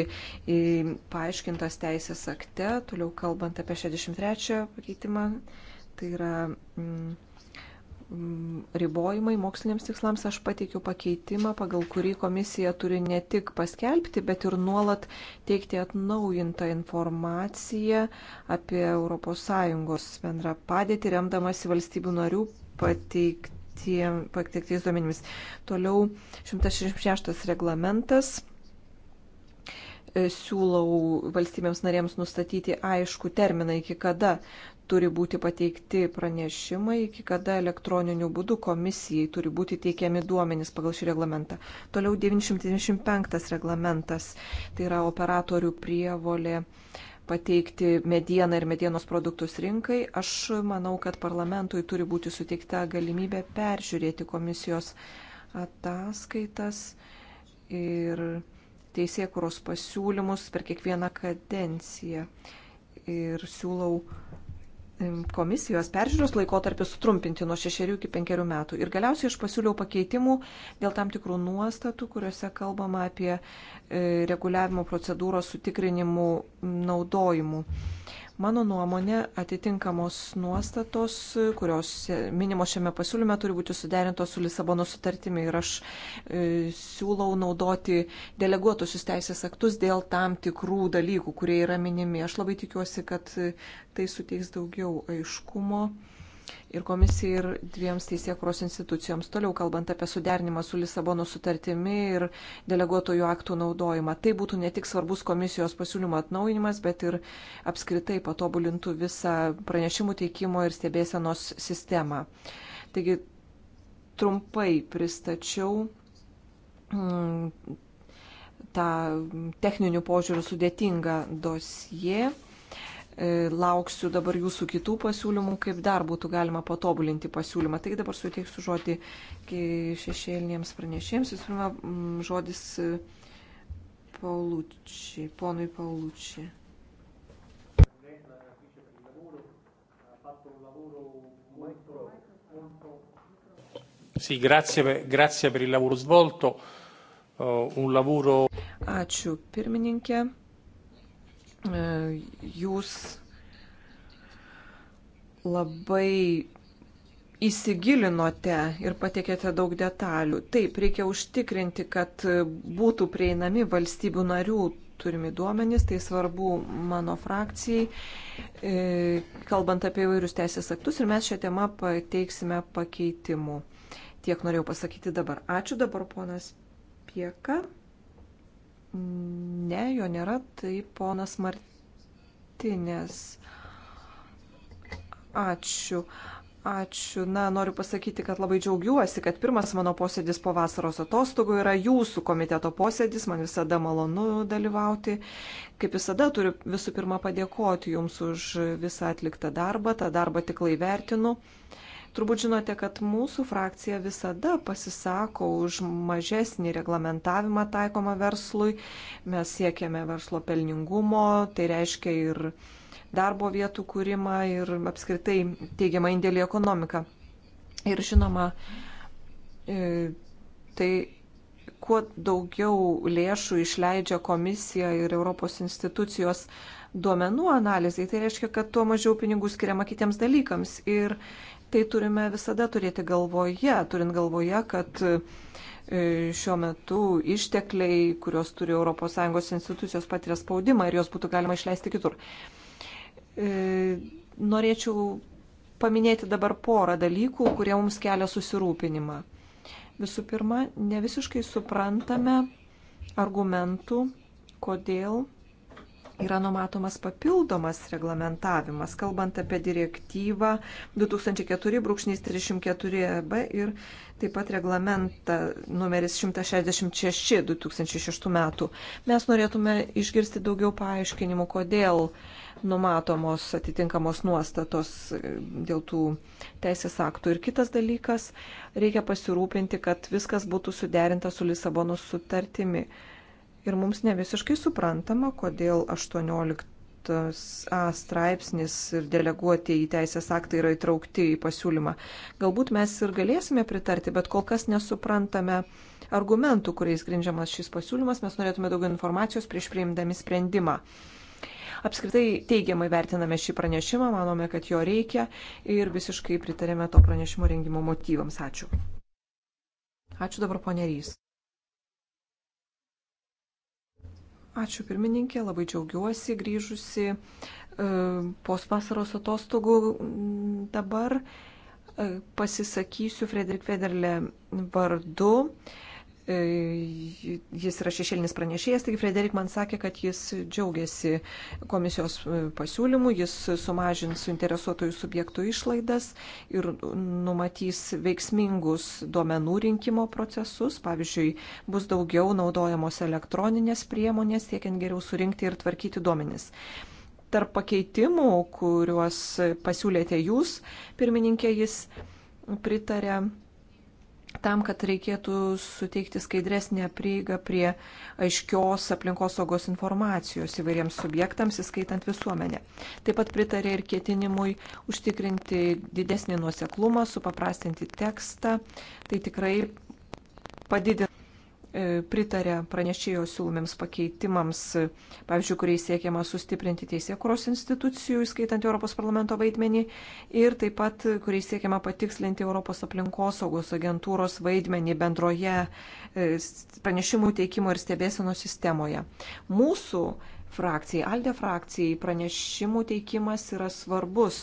Speaker 3: paaiškintas teisės akte, toliau kalbant apie 63 pakeitimą, tai yra mm, ribojimai moksliniams tikslams, aš pateikiau pakeitimą, pagal kurį komisija turi ne tik paskelbti, bet ir nuolat teikti atnaujintą informaciją apie ES bendrą padėtį, remdamasi valstybių narių pateikti patiem pateiktais duomenimis. Toliau 166 reglamentas. E, siūlau valstybėms narėms nustatyti aišku terminą, iki kada turi būti pateikti pranešimai, iki kada elektroniniu būdu komisijai turi būti teikiami duomenys pagal šį reglamentą. Toliau 995 reglamentas, tai yra operatorių prievolė pateikti medieną ir medienos produktus rinkai, aš manau, kad parlamentui turi būti suteikta galimybė peržiūrėti komisijos ataskaitas ir teisėkuros pasiūlymus per kiekvieną kadenciją. Ir siūlau komisijos peržiūros laikotarpį sutrumpinti nuo šešerių iki penkerių metų. Ir galiausiai aš pasiūliau pakeitimų dėl tam tikrų nuostatų, kuriuose kalbama apie e, reguliavimo procedūros sutikrinimų naudojimų. Mano nuomonė, atitinkamos nuostatos, kurios minimos šiame pasiūlyme, turi būti suderintos su Lisabono sutartimi ir aš e, siūlau naudoti deleguotusius teisės aktus dėl tam tikrų dalykų, kurie yra minimi. Aš labai tikiuosi, kad e, tai suteiks daugiau aiškumo. E, ir komisijai, ir dviems teisėkros institucijoms. Toliau kalbant apie suderinimą su Lisabono sutartimi ir deleguotojų aktų naudojimą. Tai būtų ne tik svarbus komisijos pasiūlymo atnaujinimas, bet ir apskritai patobulintų visą pranešimų teikimo ir stebėsenos sistemą. Taigi trumpai pristačiau. Mm, tą techninių požiūrių sudėtingą dosiją. E, lauksiu dabar jūsų kitų pasiūlymų, kaip dar būtų galima patobulinti pasiūlymą. Taigi dabar suteiksiu žodį šešėlinėms pranešėjams. Visų pirma, žodis e, Paulučiai, ponui Paulučiai.
Speaker 4: Sì, grazie, grazie per il lavoro svolto, uh, un lavoro. Ačiū
Speaker 3: pirmininkė. E, jūs labai įsigilinote ir patikėte daug detalių. Taip, reikia užtikrinti, kad būtų prieinami valstybių narių turimi duomenys, tai svarbu mano frakcijai, e, kalbant apie įvairius teisės aktus ir mes šią temą pateiksime pakeitimų. Tiek norėjau pasakyti dabar. Ačiū dabar, ponas Pieka. Ne, jo nėra, tai ponas Martinės. Ačiū. Ačiū. Na, noriu pasakyti, kad labai džiaugiuosi, kad pirmas mano posėdis po vasaros atostogų yra jūsų komiteto posėdis. Man visada malonu dalyvauti. Kaip visada, turiu visų pirma padėkoti jums už visą atliktą darbą. Ta darbą tiklai vertinu. Uh, Turbūt žinote, kad mūsų frakcija visada pasisako už mažesnį reglamentavimą taikomą verslui. Mes siekiame verslo pelningumo, tai reiškia ir darbo vietų kūrimą ir apskritai teigiamą indėlį ekonomiką. Ir žinoma, e, tai kuo daugiau lėšų išleidžia komisija ir Europos institucijos duomenų analizai, tai reiškia, kad tuo mažiau pinigų skiriama kitiems dalykams. Ir Tai turime visada turėti galvoje, turint galvoje, kad e, šiuo metu ištekliai, kuriuos turi ES institucijos, patiria spaudimą ir juos būtų galima išleisti kitur. E, norėčiau paminėti dabar porą dalykų, kurie mums kelia susirūpinimą. Visų pirma, ne visiškai suprantame argumentų, kodėl yra numatomas papildomas reglamentavimas, kalbant apie direktyvą 2004-34EB ir taip pat reglamentą numeris 166 2006 metų. Mes norėtume išgirsti daugiau paaiškinimų, kodėl numatomos atitinkamos nuostatos dėl tų teisės aktų. Ir kitas dalykas, reikia pasirūpinti, kad viskas būtų suderinta su Lisabonos sutartimi ir mums ne visiškai suprantama, kodėl 18a straipsnis ir deleguoti į teisės aktą yra įtraukti į pasiūlymą. Galbūt mes ir galėsime pritarti, bet kol kas nesuprantame argumentų, kuriais grindžiamas šis pasiūlymas, mes norėtume daugiau informacijos prieš priimdami sprendimą. Apskritai teigiamai vertiname šį pranešimą, manome, kad jo reikia ir visiškai pritarėme to pranešimo rengimo motyvams. Ačiū. Ačiū dabar, ponė Rys. Ačiū pirmininkė, labai džiaugiuosi grįžusi e, pos vasaros atostogų dabar e, pasisakysiu Frederik Federle vardu. E, jis yra šešėlinis pranešėjas, taigi Frederik man sakė, kad jis džiaugiasi komisijos e, pasiūlymu, jis sumažins suinteresuotojų subjektų išlaidas ir numatys veiksmingus duomenų rinkimo procesus. Pavyzdžiui, bus daugiau naudojamos elektroninės priemonės, siekiant geriau surinkti ir tvarkyti duomenis tarp pakeitimų, kuriuos pasiūlėte jūs, pirmininkė, jis pritarė tam, kad reikėtų suteikti skaidresnę prieigą prie aiškios aplinkosaugos informacijos įvairiems subjektams, įskaitant visuomenę. Taip pat pritarė ir ketinimui užtikrinti didesnį nuoseklumą, supaprastinti tekstą. Tai tikrai padidina E, pritarė pranešėjo siūlomiems pakeitimams, e, pavyzdžiui, kuriais siekiama sustiprinti teisėkuros institucijų, skaitant Europos parlamento vaidmenį, ir taip pat, e, kuriais siekiama patikslinti Europos aplinkosaugos agentūros vaidmenį bendroje pranešimų teikimo ir stebėsenos sistemoje. Mūsų frakcijai. Alde frakcijai pranešimų teikimas yra svarbus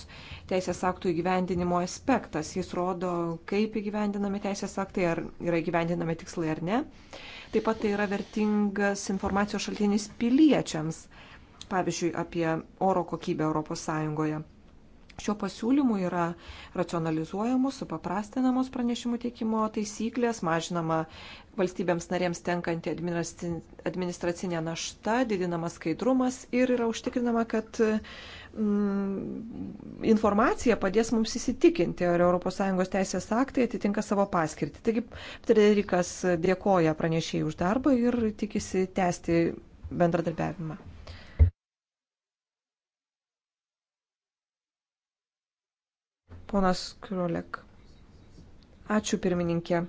Speaker 3: teisės aktų įgyvendinimo aspektas. Jis rodo, kaip įgyvendinami teisės aktai, ar yra įgyvendinami tikslai ar ne. Taip pat tai yra vertingas informacijos šaltinis piliečiams, pavyzdžiui, apie oro kokybę ES. Šiuo pasiūlymu yra racionalizuojamos, supaprastinamos pranešimų teikimo taisyklės, mažinama valstybėms narėms tenkanti administracinė našta, didinamas skaidrumas ir yra užtikrinama, kad mm, informacija padės mums įsitikinti, ar ES teisės aktai atitinka savo paskirtį. Taigi, Frederikas dėkoja pranešėjai už darbą ir tikisi tęsti bendradarbiavimą. Ponas Kriolek. Ačiū pirmininkė.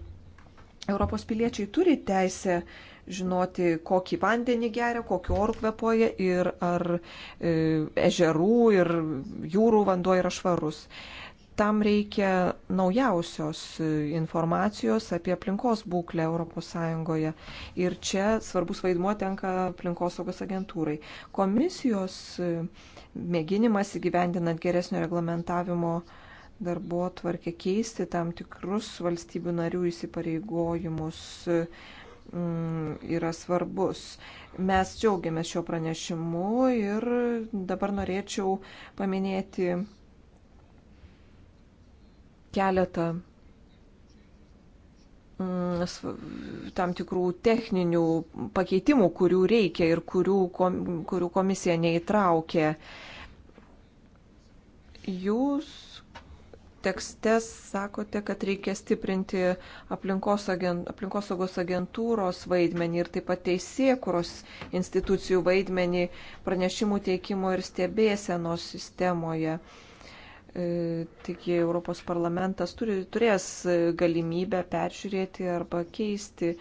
Speaker 3: Europos piliečiai turi teisę žinoti, kokį vandenį geria, kokiu oru kvepoja ir ar e, ežerų ir jūrų vanduo yra švarus. Tam reikia naujausios e, informacijos apie aplinkos būklę ES. Ir čia svarbus vaidmuo tenka aplinkosaugos agentūrai. Komisijos e, mėginimas įgyvendinant geresnio reglamentavimo e, darbo tvarkę keisti tam tikrus valstybių narių įsipareigojimus mm, yra svarbus. Mes džiaugiamės šio pranešimu ir dabar norėčiau paminėti keletą mm, tam tikrų techninių pakeitimų, kurių reikia ir kurių, kurių komisija neįtraukė. Jūs tekste sakote, kad reikia stiprinti aplinkos agent, aplinkosaugos agentūros vaidmenį ir taip pat teisėkuros institucijų vaidmenį pranešimų teikimo ir stebėsenos sistemoje. E, Taigi Europos parlamentas turi, turės galimybę peržiūrėti arba keisti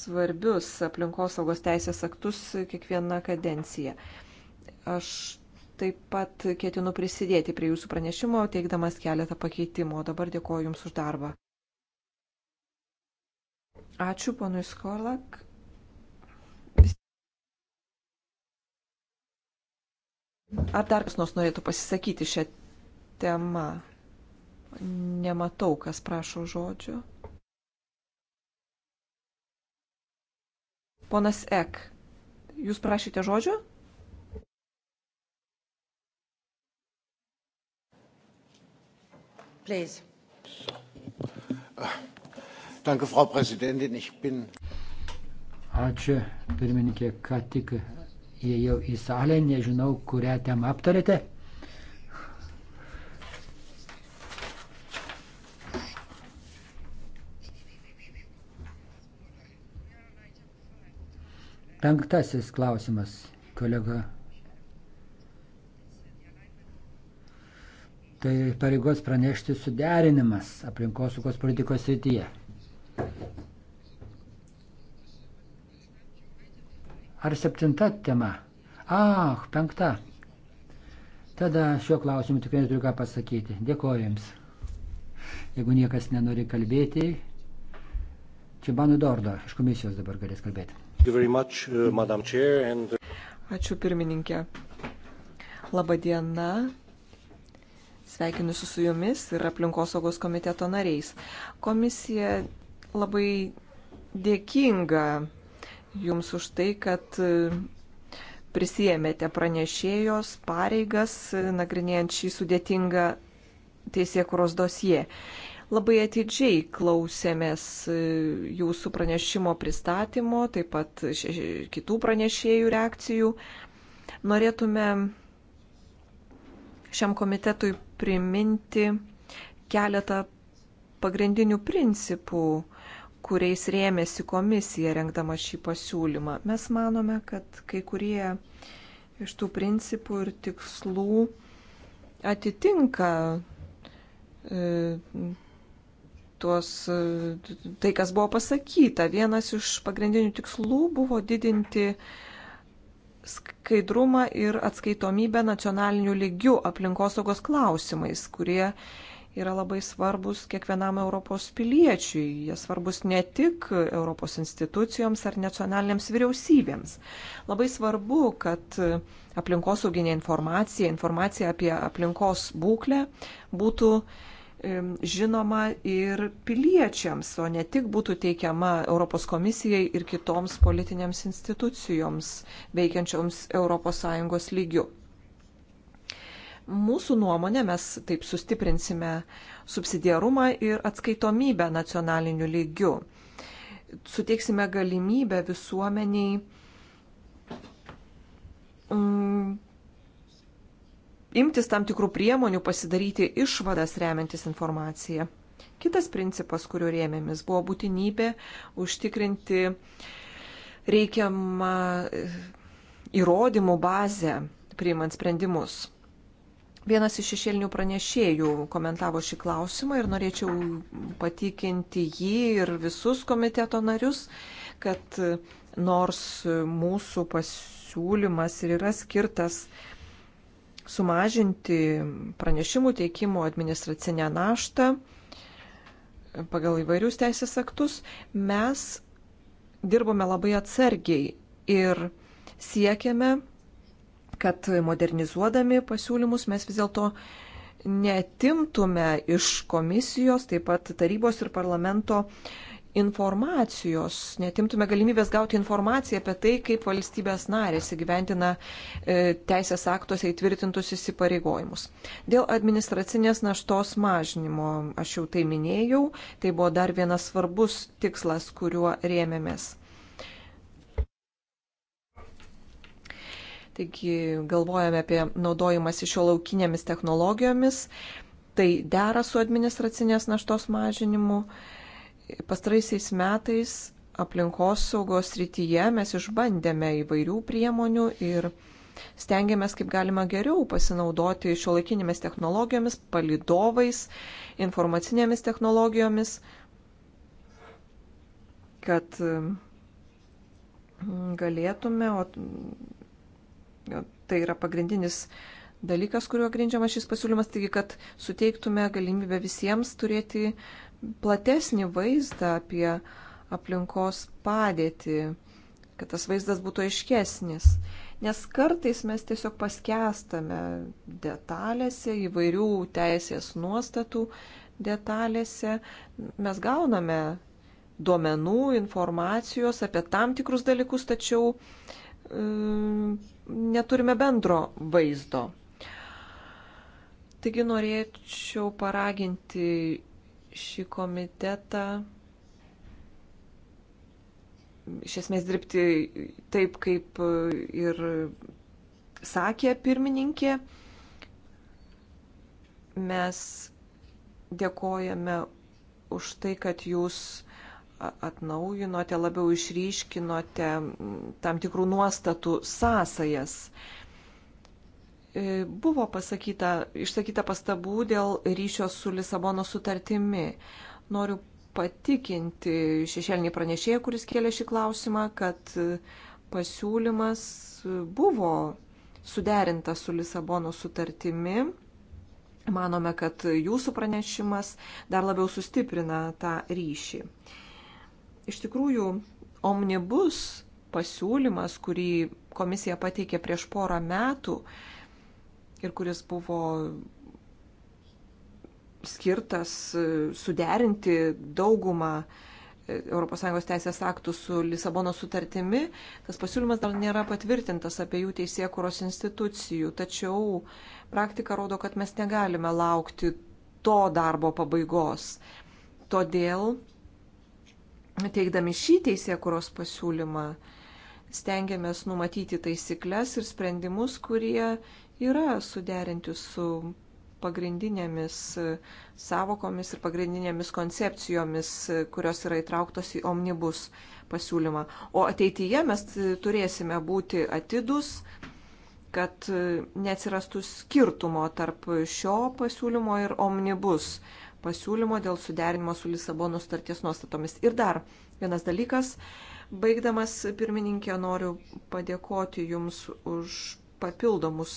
Speaker 3: svarbius aplinkosaugos teisės aktus kiekvieną kadenciją. Aš taip pat ketinu prisidėti prie jūsų pranešimo, teikdamas keletą pakeitimų. O dabar dėkoju Jums už darbą. Ačiū, ponui Skorlak. Ar dar kas nors norėtų pasisakyti šią temą? Nematau, kas prašo žodžio. Ponas Ek, jūs prašyte žodžio?
Speaker 2: please. Danke, Frau Präsidentin. Ich bin. Ačiū, pirmininkė, ką tik įėjau į salę, nežinau, kurią temą aptarėte. Penktasis klausimas, kolega pareigos pranešti suderinimas aplinkosaugos politikos srityje. Ar septinta tema? Ah, penkta. Tada šiuo klausimu tikrai neturiu ką pasakyti. Dėkoju Jums. Jeigu niekas nenori kalbėti, Čibanų Dordo iš komisijos dabar galės kalbėti.
Speaker 4: Much, uh, Chair, and... Uh,
Speaker 3: Ačiū pirmininkė. Labadiena, Sveikinusi su jumis ir aplinkosaugos komiteto nariais. Komisija labai dėkinga jums už tai, kad e, prisijėmėte pranešėjos pareigas, e, nagrinėjant šį sudėtingą teisėkuros dosiją. Labai atidžiai klausėmės e, jūsų pranešimo pristatymo, taip pat kitų pranešėjų reakcijų. Norėtume šiam komitetui priminti keletą pagrindinių principų, kuriais rėmėsi komisija rengdama šį pasiūlymą. Mes manome, kad kai kurie iš tų principų ir tikslų atitinka e, tuos, e, tai, kas buvo pasakyta. Vienas iš pagrindinių tikslų buvo didinti skaidrumą ir atskaitomybę nacionaliniu lygiu aplinkosaugos klausimais, kurie yra labai svarbus kiekvienam Europos piliečiui. Jie svarbus ne tik Europos institucijoms ar nacionalinėms vyriausybėms. Labai svarbu, kad aplinkosauginė informacija, informacija apie aplinkos būklę būtų žinoma ir piliečiams, o ne tik būtų teikiama Europos komisijai ir kitoms politinėms institucijoms veikiančioms ES lygių. Mūsų nuomonė mes taip sustiprinsime subsidiarumą ir atskaitomybę nacionaliniu lygiu. Suteiksime galimybę visuomeniai mm, imtis tam tikrų priemonių, pasidaryti išvadas remiantis informaciją. Kitas principas, kuriuo rėmėmis, buvo būtinybė užtikrinti reikiamą e, įrodymų bazę priimant sprendimus. Vienas iš šešėlinių pranešėjų komentavo šį klausimą ir norėčiau patikinti jį ir visus komiteto narius, kad nors mūsų pasiūlymas ir yra skirtas uh, sumažinti pranešimų teikimo administracinę naštą pagal įvairius teisės aktus, mes dirbome labai atsargiai ir siekiame, kad modernizuodami pasiūlymus mes vis dėlto netimtume iš komisijos, taip pat tarybos ir parlamento informacijos, netimtume galimybės gauti informaciją apie tai, kaip valstybės narės įgyventina e, teisės aktuose įtvirtintus įsipareigojimus. Dėl administracinės naštos mažinimo, aš jau tai minėjau, tai buvo dar vienas svarbus tikslas, kuriuo rėmėmės. Taigi galvojame apie naudojimas iš jo laukinėmis technologijomis, tai dera su administracinės naštos mažinimu. E, Pastaraisiais metais aplinkosaugos rytyje mes išbandėme įvairių priemonių ir stengiamės kaip galima geriau pasinaudoti šiuolaikinėmis technologijomis, palidovais, informacinėmis technologijomis, kad mm, galėtume, o tai yra pagrindinis dalykas, kuriuo grindžiamas šis pasiūlymas, taigi, kad suteiktume galimybę visiems turėti uh, platesnį vaizdą apie aplinkos padėtį, kad tas vaizdas būtų aiškesnis. Nes kartais mes tiesiog paskestame detalėse, įvairių teisės nuostatų detalėse. Mes gauname duomenų, informacijos apie tam tikrus dalykus, tačiau um, neturime bendro vaizdo. Taigi norėčiau paraginti šį komitetą iš esmės dirbti taip, kaip e, ir sakė pirmininkė. Mes dėkojame už tai, kad jūs atnaujinote, labiau išryškinote tam tikrų nuostatų sąsajas. Uh, E, buvo pasakyta, išsakyta pastabų dėl ryšio su Lisabono sutartimi. Noriu patikinti šešėlinį pranešėją, kuris kėlė šį klausimą, kad pasiūlymas buvo suderintas su Lisabono sutartimi. Manome, kad jūsų pranešimas dar labiau sustiprina tą ryšį. Iš tikrųjų, omnibus pasiūlymas, kurį komisija pateikė prieš porą metų, uh, ir kuris buvo skirtas e, suderinti daugumą e, ES teisės aktų su Lisabono sutartimi, tas pasiūlymas dar nėra patvirtintas apie jų teisėkuros institucijų, tačiau praktika rodo, kad mes negalime laukti to darbo pabaigos. Todėl, teikdami šį teisėkuros pasiūlymą, stengiamės numatyti taisyklės ir sprendimus, kurie yra suderinti su pagrindinėmis savokomis ir pagrindinėmis koncepcijomis, kurios yra įtrauktos į omnibus pasiūlymą. O ateityje mes turėsime būti atidus, kad neatsirastų skirtumo tarp šio pasiūlymo ir omnibus pasiūlymo dėl suderinimo su Lisabono starties nuostatomis. Ir dar vienas dalykas, baigdamas pirmininkė, noriu padėkoti Jums už papildomus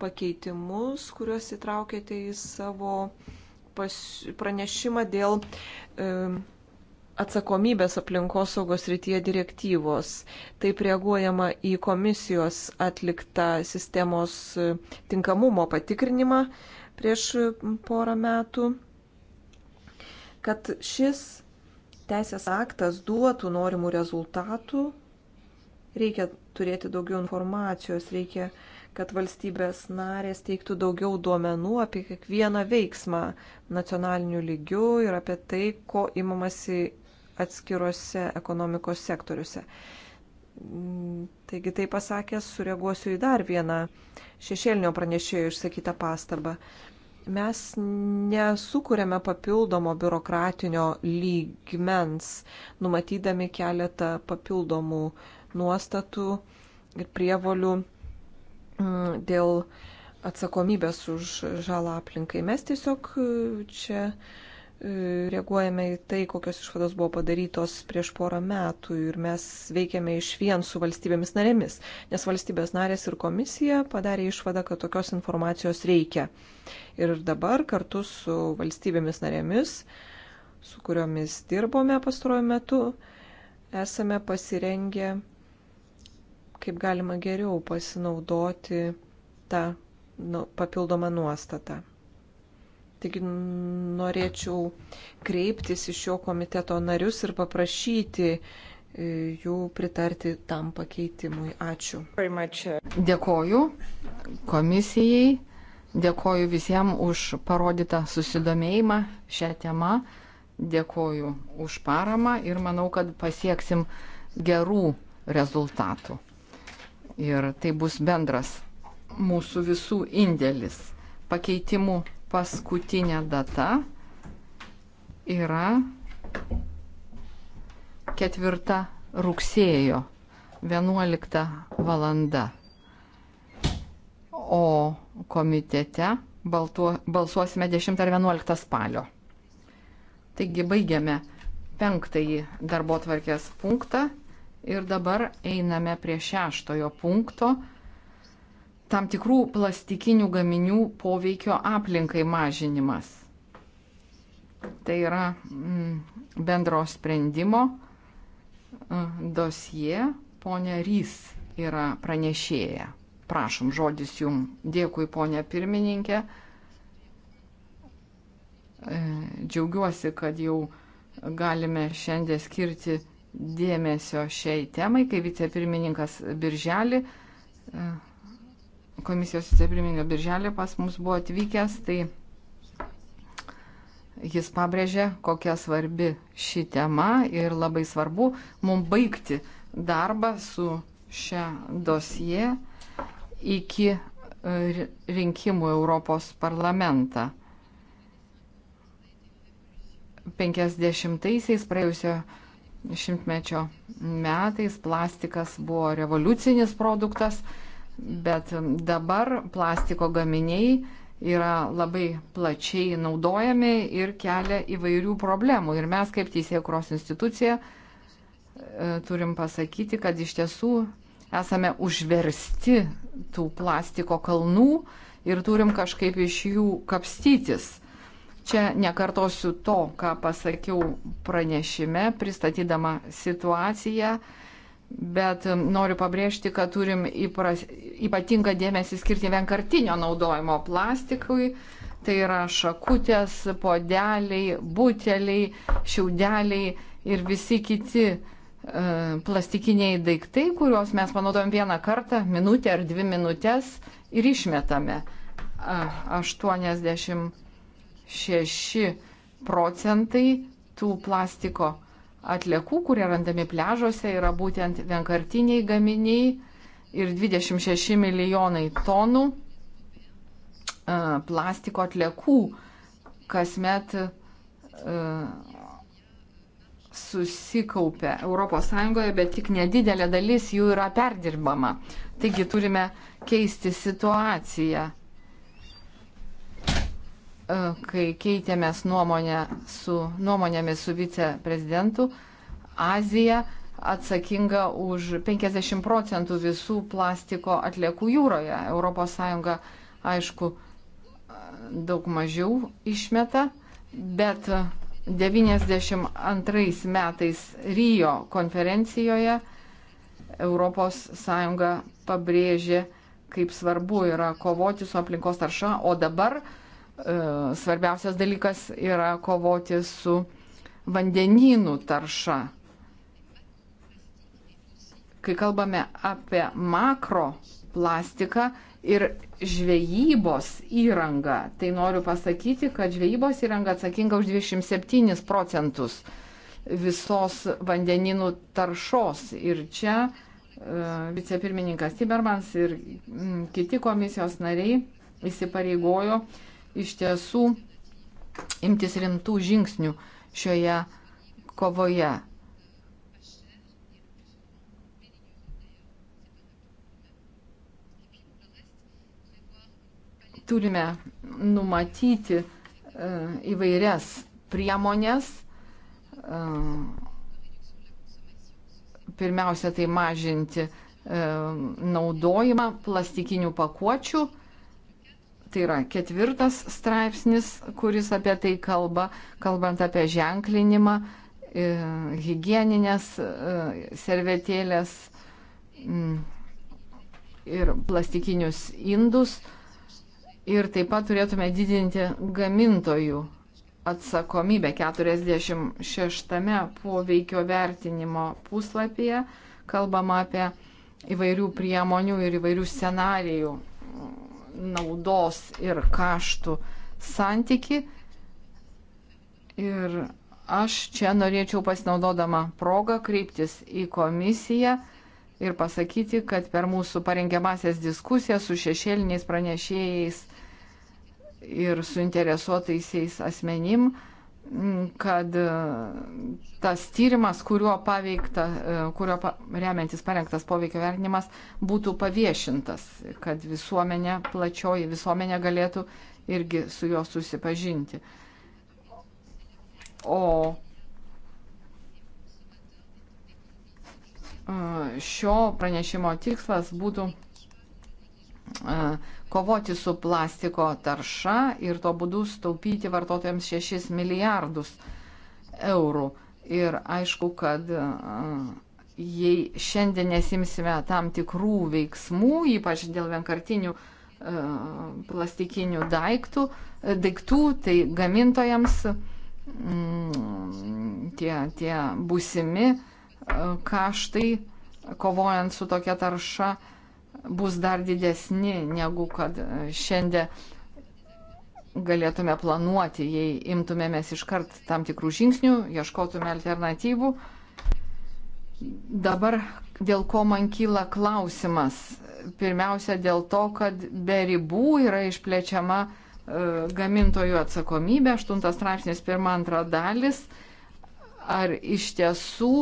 Speaker 3: pakeitimus, kuriuos įtraukėte į savo pas, pranešimą dėl e, atsakomybės aplinkosaugos rytyje direktyvos. Taip reaguojama į komisijos atliktą sistemos e, tinkamumo patikrinimą prieš porą metų, kad šis teisės aktas duotų norimų rezultatų, reikia turėti daugiau informacijos, reikia uh, kad valstybės narės teiktų daugiau duomenų apie kiekvieną veiksmą nacionaliniu lygiu ir apie tai, ko imamasi atskiruose ekonomikos sektoriuose. Taigi tai pasakęs, sureaguosiu į dar vieną šešėlinio pranešėjo išsakytą pastabą. Mes nesukūrėme papildomo biurokratinio lygmens, numatydami keletą papildomų nuostatų ir prievolių Mm, dėl atsakomybės už žalą aplinkai. Mes tiesiog e, čia e, reaguojame į tai, kokios išvados buvo padarytos prieš porą metų ir mes veikiame iš vien su valstybėmis narėmis, nes valstybės narės ir komisija padarė išvadą, kad tokios informacijos reikia. Ir dabar kartu su valstybėmis narėmis, su kuriomis dirbome pastaruoju metu, esame pasirengę kaip galima geriau pasinaudoti tą nu, papildomą nuostatą. Taigi norėčiau kreiptis į šio komiteto narius ir
Speaker 1: paprašyti e, jų pritarti tam pakeitimui. Ačiū. Uh, dėkoju komisijai, dėkoju visiems už parodytą susidomėjimą šią temą, dėkoju už paramą ir manau, kad pasieksim gerų rezultatų ir tai bus bendras mūsų visų indėlis. Pakeitimų paskutinė data yra ketvirta rugsėjo 11 valanda. O komitete baltuo, balsuosime 10 ar 11 spalio. Taigi baigiame penktąjį darbo tvarkės punktą Ir dabar einame prie šeštojo punkto tam tikrų plastikinių gaminių poveikio aplinkai mažinimas. Tai yra mm, bendro sprendimo mm, dosie, ponia Rys yra pranešėja. Prašom, žodis jums. Dėkui, ponia pirmininkė. E, džiaugiuosi, kad jau galime šiandien skirti dėmesio šiai temai, kai vicepirmininkas Birželį, e, komisijos vicepirmininkas Birželį pas mus buvo atvykęs, tai jis pabrėžė, kokia svarbi ši tema ir labai svarbu mums baigti darbą su šią dosiją iki e, rinkimų Europos parlamentą. 50-aisiais praėjusio šimtmečio metais plastikas buvo revoliucinis produktas, bet dabar plastiko gaminiai yra labai plačiai naudojami ir kelia įvairių problemų. Ir mes kaip Teisėkros institucija e, turim pasakyti, kad iš tiesų esame užversti tų plastiko kalnų ir turim kažkaip iš jų kapstytis. Čia nekartosiu to, ką pasakiau pranešime, pristatydama situaciją, bet noriu pabrėžti, kad turim įpras, ypatingą dėmesį skirti vienkartinio naudojimo plastikui. Tai yra šakutės, podeliai, buteliai, šiaudeliai ir visi kiti e, plastikiniai daiktai, kuriuos mes panaudojam vieną kartą, minutę ar dvi minutės ir išmetame. 80 6 procentai tų plastiko atliekų, kurie randami pležuose, yra būtent vienkartiniai gaminiai ir 26 milijonai tonų e, plastiko atliekų kasmet e, susikaupia ES, bet tik nedidelė dalis jų yra perdirbama. Taigi turime keisti situaciją. E, kai keitėmės nuomonę su, nuomonėmis su viceprezidentu, Azija atsakinga už 50 procentų visų plastiko atliekų jūroje. ES, aišku, daug mažiau išmeta, bet 92 metais Rijo konferencijoje ES pabrėžė, kaip svarbu yra kovoti su aplinkos tarša, o dabar uh, E, svarbiausias dalykas yra kovoti su vandenynų tarša. Kai kalbame apie makro plastiką ir žvejybos įrangą, tai noriu pasakyti, kad žvejybos įranga atsakinga už 27 procentus visos vandeninų taršos. Ir čia uh, vicepirmininkas Tibermans ir mm, kiti komisijos nariai įsipareigojo uh, iš tiesų imtis rimtų žingsnių šioje kovoje. Turime numatyti e, įvairias priemonės. E, pirmiausia, tai mažinti e, naudojimą plastikinių pakuočių Tai yra ketvirtas straipsnis, kuris apie tai kalba, kalbant apie ženklinimą, e, hygieninės e, servetėlės ir plastikinius indus. Ir taip pat turėtume didinti gamintojų atsakomybę 46 poveikio vertinimo puslapyje. Kalbama apie įvairių priemonių ir įvairių scenarijų naudos ir kaštų santyki. Ir aš čia norėčiau pasinaudodama progą kreiptis į komisiją ir pasakyti, kad per mūsų parengiamasias diskusijas su šešėliniais pranešėjais ir suinteresuotaisiais asmenim, uh, kad e, tas tyrimas, kuriuo, paveikta, e, kuriuo remiantis parengtas poveikio vertinimas, būtų paviešintas, kad visuomenė, plačioji visuomenė galėtų irgi su juo susipažinti. O e, šio pranešimo tikslas būtų E, kovoti su plastiko tarša ir tuo būdu staupyti vartotojams 6 milijardus eurų. Ir aišku, kad e, jei šiandien nesimsime tam tikrų veiksmų, ypač dėl vienkartinių e, plastikinių daiktų, daiktų tai gamintojams mm, tie, tie būsimi kaštai kovojant su tokia tarša uh, bus dar didesni, negu kad e, šiandien galėtume planuoti, jei imtumėmės iškart tam tikrų žingsnių, ieškotume alternatyvų. Dabar dėl ko man kyla klausimas. Pirmiausia, dėl to, kad be ribų yra išplečiama e, gamintojų atsakomybė, 8 straipsnis 1-2 dalis, ar iš tiesų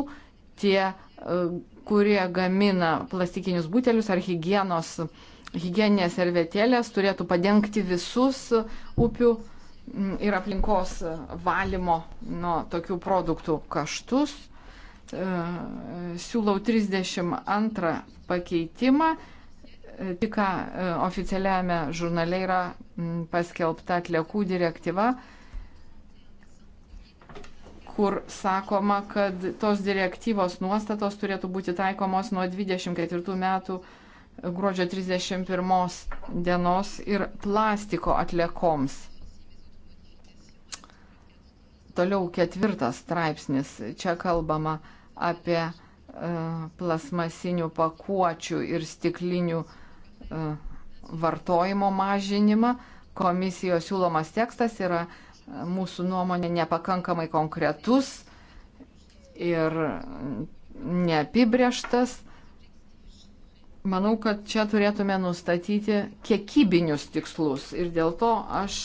Speaker 1: tie e, kurie gamina plastikinius butelius ar hygienos, hygieninės servetėlės, turėtų padengti visus upių mm, ir aplinkos valymo nuo tokių produktų kaštus. E, siūlau 32 pakeitimą. E, tik e, oficialiame žurnale yra mm, paskelbta atliekų direktyva kur sakoma, kad tos direktyvos nuostatos turėtų būti taikomos nuo 24 metų gruodžio 31 dienos ir plastiko atliekoms. Toliau ketvirtas straipsnis. Čia kalbama apie e, plasmasinių pakuočių ir stiklinių e, vartojimo mažinimą. Komisijos siūlomas tekstas yra e, mūsų nuomonė nepakankamai konkretus ir neapibrieštas. Manau, kad čia turėtume nustatyti kiekybinius tikslus ir dėl to aš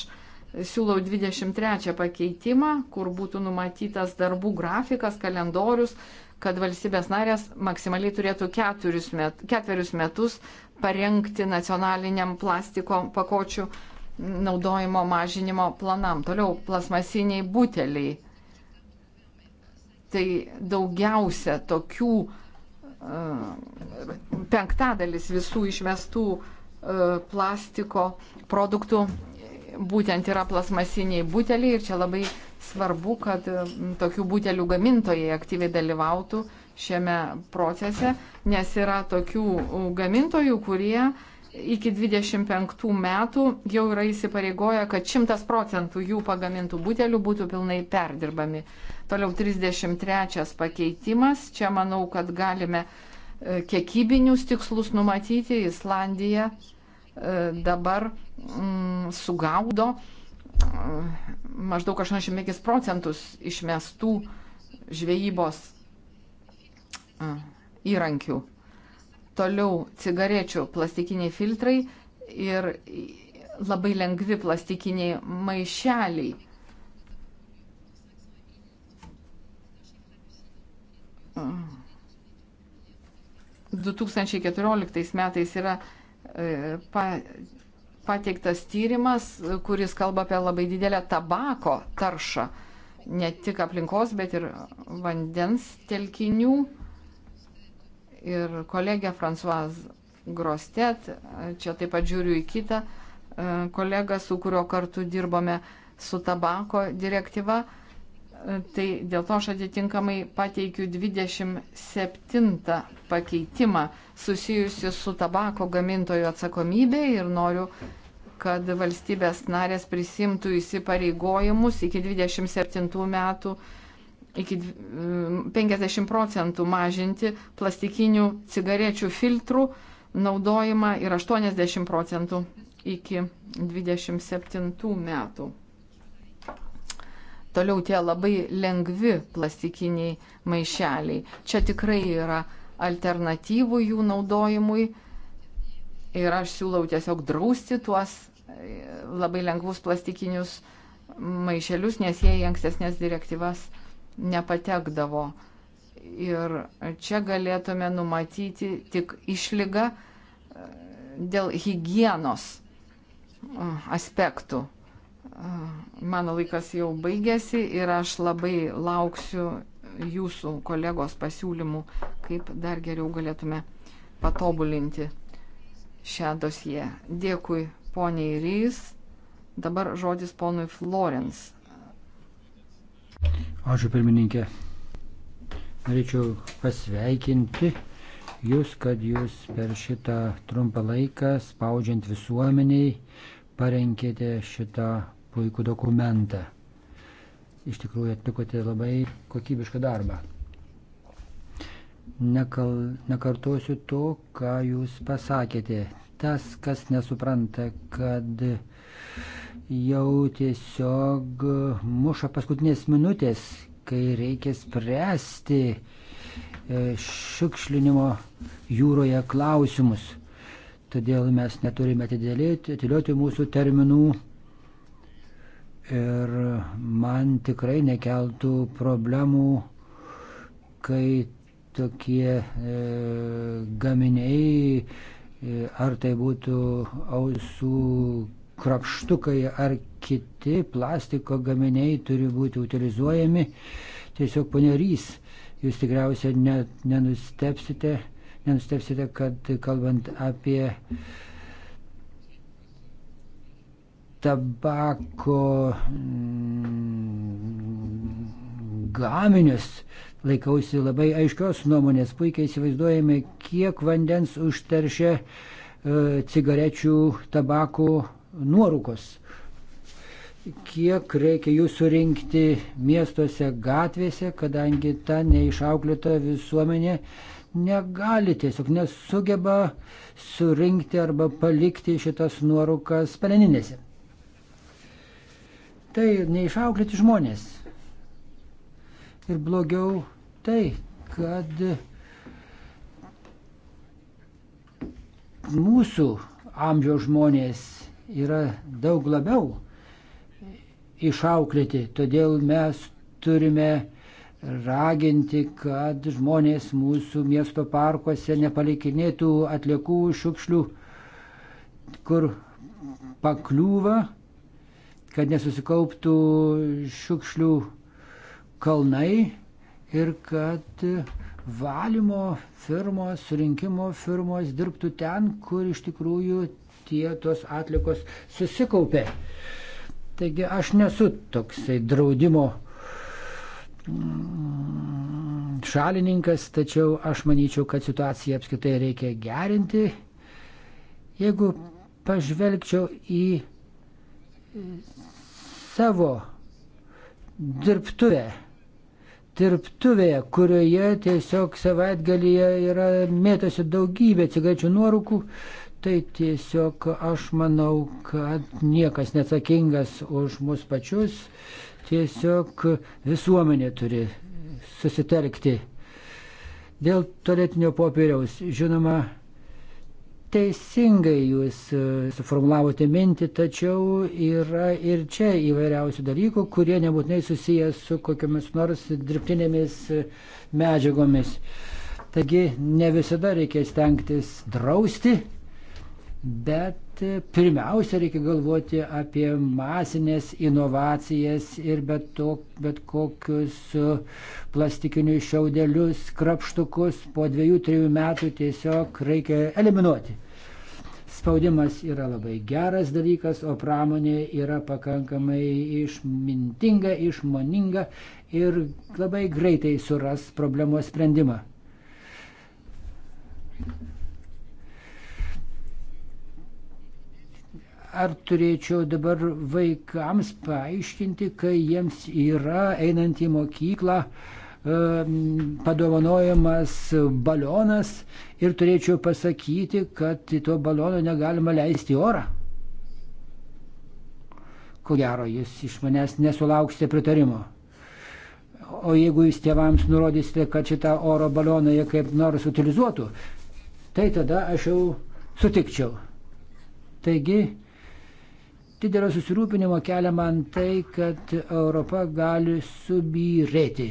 Speaker 1: siūlau 23 pakeitimą, kur būtų numatytas darbų grafikas, kalendorius, kad valstybės narės maksimaliai turėtų ketverius, met, ketverius metus parengti nacionaliniam plastiko pakočių naudojimo mažinimo planam. Toliau plasmasiniai buteliai. Tai daugiausia tokių, e, penktadalis visų išmestų e, plastiko produktų būtent yra plasmasiniai buteliai ir čia labai svarbu, kad e, tokių butelių gamintojai aktyviai dalyvautų šiame procese, nes yra tokių gamintojų, kurie uh, iki 25 metų jau yra įsipareigoję, kad 100 procentų jų pagamintų butelių būtų pilnai perdirbami. Toliau 33 pakeitimas. Čia manau, kad galime e, kiekybinius tikslus numatyti. Islandija e, dabar mm, sugaudo e, maždaug 85 procentus išmestų žvejybos įrankių. Toliau cigarečių plastikiniai filtrai ir labai lengvi plastikiniai maišeliai. Mm. 2014 metais yra e, pateiktas tyrimas, kuris kalba apie labai didelę tabako taršą, ne tik aplinkos, bet ir vandens telkinių ir kolegė Fransuaz Grostet, čia taip pat žiūriu į kitą e, kolegą, su kurio kartu dirbome su tabako direktyva. E, tai dėl to aš atitinkamai pateikiu 27 pakeitimą susijusiu su tabako gamintojo atsakomybė ir noriu, kad valstybės narės prisimtų įsipareigojimus iki 27 metų uh, iki 50 procentų mažinti plastikinių cigarečių filtrų naudojimą ir 80 procentų iki 27 metų. Toliau tie labai lengvi plastikiniai maišeliai. Čia tikrai yra alternatyvų jų naudojimui ir aš siūlau tiesiog drausti tuos e, labai lengvus plastikinius maišelius, nes jie į ankstesnės direktyvas nepatekdavo. Ir čia galėtume numatyti tik išlygą e, dėl hygienos e, aspektų. E, mano laikas jau baigėsi ir aš labai lauksiu jūsų kolegos pasiūlymų, kaip dar geriau galėtume patobulinti šią dosiją. Dėkui poniai Rys. Dabar žodis ponui Florence.
Speaker 2: Ačiū pirmininkė. Norėčiau pasveikinti Jūs, kad Jūs per šitą trumpą laiką, spaudžiant visuomeniai, parengėte šitą puikų dokumentą. Iš tikrųjų atlikote labai kokybišką darbą. Nekal, nekartosiu to, ką Jūs pasakėte. Tas, kas nesupranta, kad jau tiesiog muša paskutinės minutės, kai reikia spręsti e, šiukšlinimo jūroje klausimus. Todėl mes neturime atidėlėti, atidėlioti mūsų terminų. Ir man tikrai nekeltų problemų, kai tokie e, gaminiai, e, ar tai būtų ausų krapštukai ar kiti plastiko gaminiai turi būti utilizuojami. Tiesiog ponerys, jūs tikriausiai ne, nenustepsite, nenustepsite, kad kalbant apie tabako mm, gaminius, laikausi labai aiškios nuomonės, puikiai įsivaizduojame, kiek vandens užteršia e, cigarečių, tabako nuorūkos. Kiek reikia jų surinkti miestuose, gatvėse, kadangi ta neišauklėta visuomenė negali tiesiog nesugeba surinkti arba palikti šitas nuorūkas peleninėse. Tai neišauklėti žmonės. Ir blogiau tai, kad mūsų amžiaus žmonės yra daug labiau išauklėti. Todėl mes turime raginti, kad žmonės mūsų miesto parkuose nepalikinėtų atliekų šiukšlių, kur pakliūva, kad nesusikauptų šiukšlių kalnai ir kad valymo firmos, surinkimo firmos dirbtų ten, kur iš tikrųjų tie tos atlikos susikaupė. Taigi aš nesu toksai draudimo mm, šalininkas, tačiau aš manyčiau, kad situaciją apskritai reikia gerinti. Jeigu pažvelgčiau į savo dirbtuvę, dirbtuvėje, kurioje tiesiog savaitgalyje yra mėtosi daugybė cigarečių nuorūkų, Tai tiesiog aš manau, kad niekas neatsakingas už mus pačius, tiesiog visuomenė turi susitelkti. Dėl toletinio popieriaus, žinoma, teisingai jūs e, suformulavote mintį, tačiau yra ir čia įvairiausių dalykų, kurie nebūtinai susijęs su kokiamis nors dirbtinėmis e, medžiagomis. Taigi ne visada reikia stengtis drausti bet pirmiausia reikia galvoti apie masinės inovacijas ir bet, to, bet kokius e, plastikinius šiaudelius, krapštukus po dviejų, trijų metų tiesiog reikia eliminuoti. Spaudimas yra labai geras dalykas, o pramonė yra pakankamai išmintinga, išmoninga ir labai greitai suras problemos sprendimą. ar turėčiau dabar vaikams paaiškinti, kai jiems yra einant į mokyklą padovanojamas balionas ir turėčiau pasakyti, kad to baliono negalima leisti į orą. Ko gero, jūs iš manęs nesulauksite pritarimo. O jeigu jūs tėvams nurodysite, kad šitą oro balioną jie kaip nors utilizuotų, tai tada aš jau sutikčiau. Taigi Didelio susirūpinimo kelia man tai, kad Europa gali subirėti.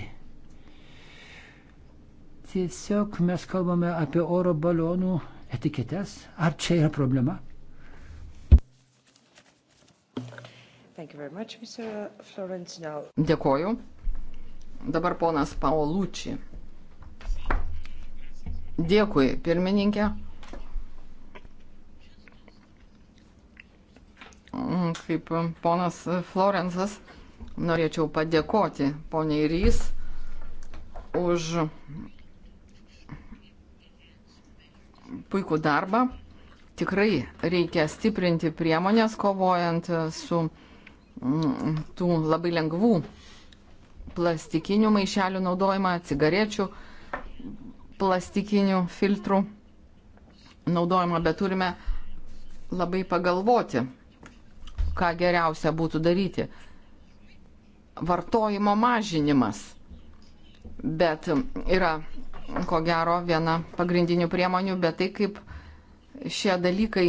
Speaker 2: Tiesiog mes kalbame apie oro balionų etiketes. Ar čia yra problema?
Speaker 3: Much,
Speaker 1: Dėkoju. Dabar ponas Paolučiai. Dėkui, pirmininkė. Mm, kaip ponas Florensas, norėčiau padėkoti poniai Rys už puikų darbą. Tikrai reikia stiprinti priemonės kovojant su mm, tų labai lengvų plastikinių maišelių naudojimą, cigarečių, plastikinių filtrų naudojimą, bet turime labai pagalvoti ką geriausia būtų daryti. Vartojimo mažinimas. Bet yra, ko gero, viena pagrindinių priemonių, bet tai kaip šie dalykai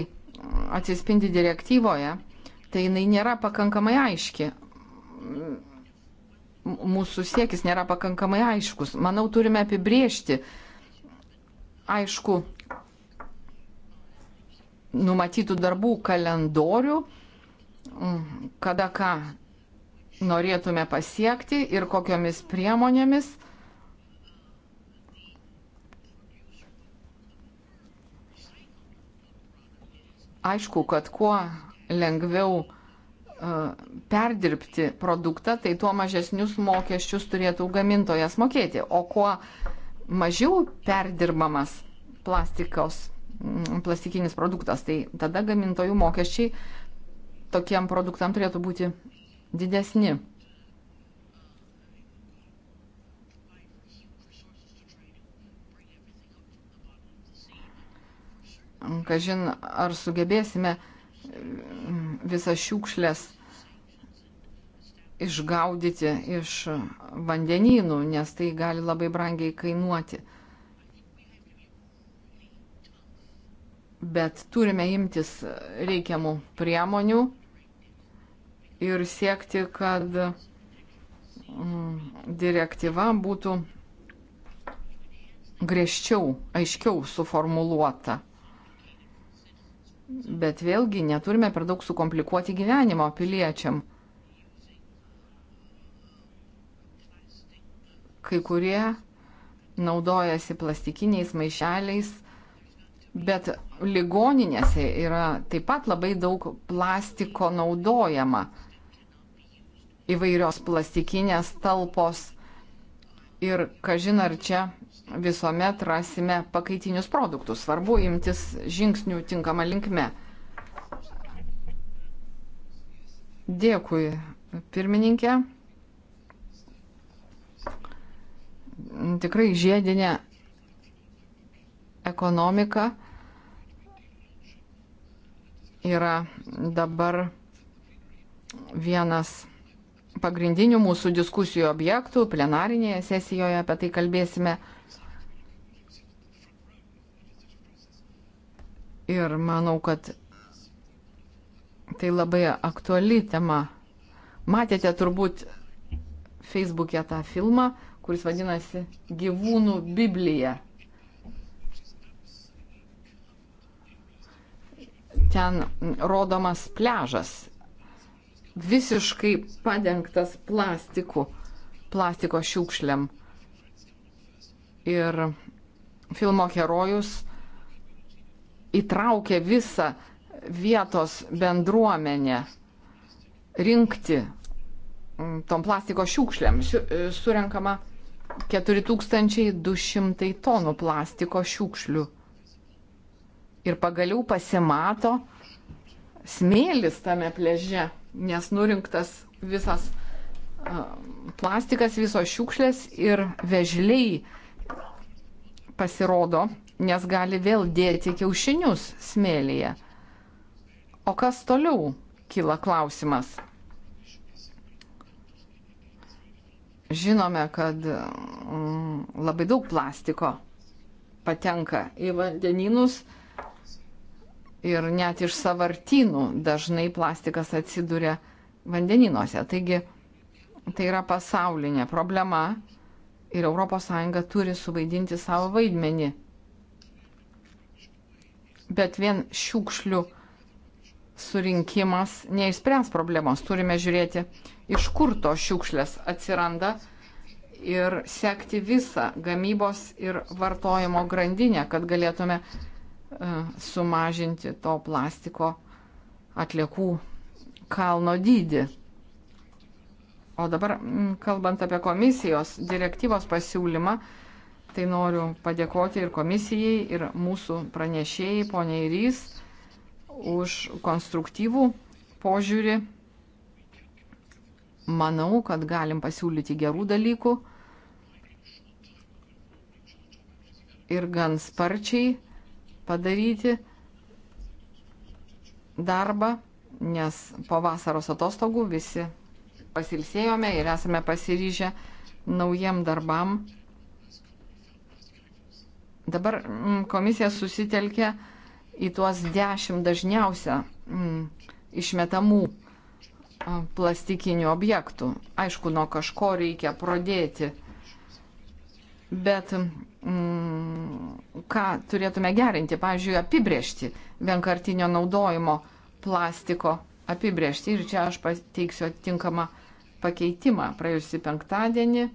Speaker 1: atsispindi direktyvoje, tai jinai nėra pakankamai aiški. Mūsų siekis nėra pakankamai aiškus. Manau, turime apibriežti aišku numatytų darbų kalendorių kada ką norėtume pasiekti ir kokiomis priemonėmis. Aišku, kad kuo lengviau e, perdirbti produktą, tai tuo mažesnius mokesčius turėtų gamintojas mokėti. O kuo mažiau perdirbamas plastikos, plastikinis produktas, tai tada gamintojų mokesčiai tokiem produktam turėtų būti didesni. Kažin, ar sugebėsime visas šiukšlės išgaudyti iš vandenynų, nes tai gali labai brangiai kainuoti. Bet turime imtis reikiamų priemonių ir siekti, kad mm, direktyva būtų griežčiau, aiškiau suformuluota. Bet vėlgi neturime per daug sukomplikuoti gyvenimo piliečiam. Kai kurie naudojasi plastikiniais maišeliais, bet ligoninėse yra taip pat labai daug plastiko naudojama įvairios plastikinės talpos ir kažin ar čia visuomet rasime pakaitinius produktus. Svarbu imtis žingsnių tinkamą linkme. Dėkui, pirmininkė. Tikrai žiedinė ekonomika yra dabar vienas pagrindinių mūsų diskusijų objektų. Plenarinėje sesijoje apie tai kalbėsime. Ir manau, kad tai labai aktuali tema. Matėte turbūt Facebook'e tą filmą, kuris vadinasi Gyvūnų Biblija. Ten rodomas pležas visiškai padengtas plastiku, plastiko šiukšliam. Ir filmo herojus įtraukė visą vietos bendruomenę rinkti mm, tom plastiko šiukšliam. E, surenkama 4200 tonų plastiko šiukšlių. Ir pagaliau pasimato smėlis tame pleže nes nurinktas visas plastikas, visos šiukšlės ir vežliai pasirodo, nes gali vėl dėti kiaušinius smėlyje. O kas toliau kyla klausimas? Žinome, kad mm, labai daug plastiko patenka į vandeninus ir net iš savartynų dažnai plastikas atsiduria vandeninuose. Taigi tai yra pasaulinė problema ir ES turi suvaidinti savo vaidmenį. Bet vien šiukšlių surinkimas neišspręs problemos. Turime žiūrėti, iš kur to šiukšlės atsiranda ir sekti visą gamybos ir vartojimo grandinę, kad galėtume E, sumažinti to plastiko atliekų kalno dydį. O dabar, kalbant apie komisijos direktyvos pasiūlymą, tai noriu padėkoti ir komisijai, ir mūsų pranešėjai, poniai Rys, už konstruktyvų požiūrį. Manau, kad galim pasiūlyti gerų dalykų ir gan sparčiai padaryti darbą, nes po vasaros atostogų visi pasilsėjome ir esame pasiryžę naujiem darbam. Dabar mm, komisija susitelkė į tuos dešimt dažniausia mm, išmetamų plastikinių objektų. Aišku, nuo kažko reikia pradėti. Bet Mm, ką turėtume gerinti, pavyzdžiui, apibriešti vienkartinio naudojimo plastiko apibriešti. Ir čia aš pateiksiu atitinkamą pakeitimą. Praėjusį penktadienį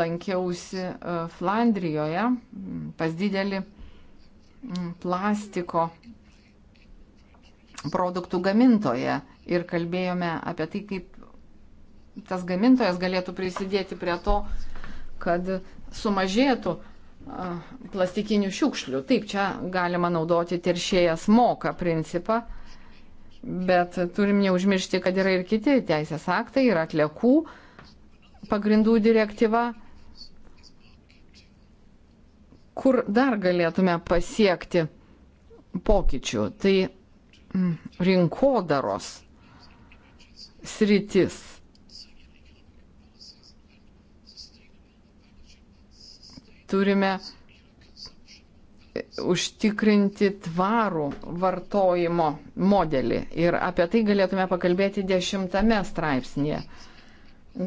Speaker 1: lankiausi e, Flandrijoje mm, pas didelį mm, plastiko produktų gamintoje ir kalbėjome apie tai, kaip tas gamintojas galėtų prisidėti prie to, kad sumažėtų plastikinių šiukšlių. Taip, čia galima naudoti teršėjas moka principą, bet turim neužmiršti, kad yra ir kiti teisės aktai, yra atliekų pagrindų direktyva, kur dar galėtume pasiekti pokyčių. Tai mm, rinkodaros sritis turime užtikrinti tvarų vartojimo modelį. Ir apie tai galėtume pakalbėti dešimtame straipsnėje.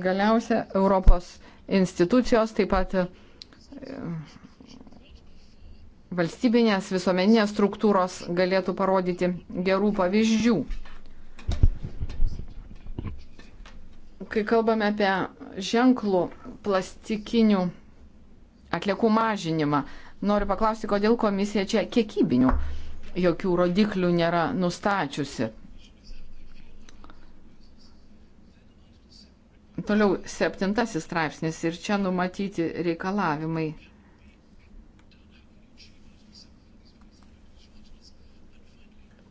Speaker 1: Galiausia, Europos institucijos, taip pat e, valstybinės visuomeninės struktūros galėtų parodyti gerų pavyzdžių. Kai kalbame apie ženklų plastikinių atliekų mažinimą. Noriu paklausti, kodėl komisija čia kiekybinių jokių rodiklių nėra nustačiusi. Toliau septintasis straipsnis ir čia numatyti reikalavimai.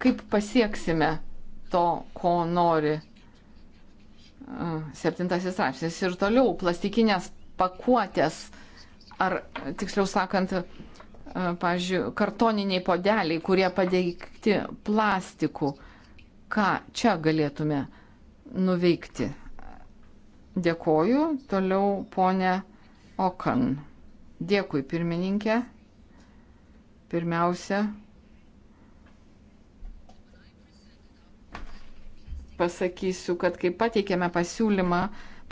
Speaker 1: Kaip pasieksime to, ko nori septintasis straipsnis ir toliau plastikinės pakuotės ar tiksliau sakant, e, pažiūrėjau, kartoniniai podeliai, kurie padeikti plastiku. Ką čia galėtume nuveikti? Dėkoju. Toliau ponė Okan. Dėkui, pirmininkė. Pirmiausia, pasakysiu, kad kai pateikėme pasiūlymą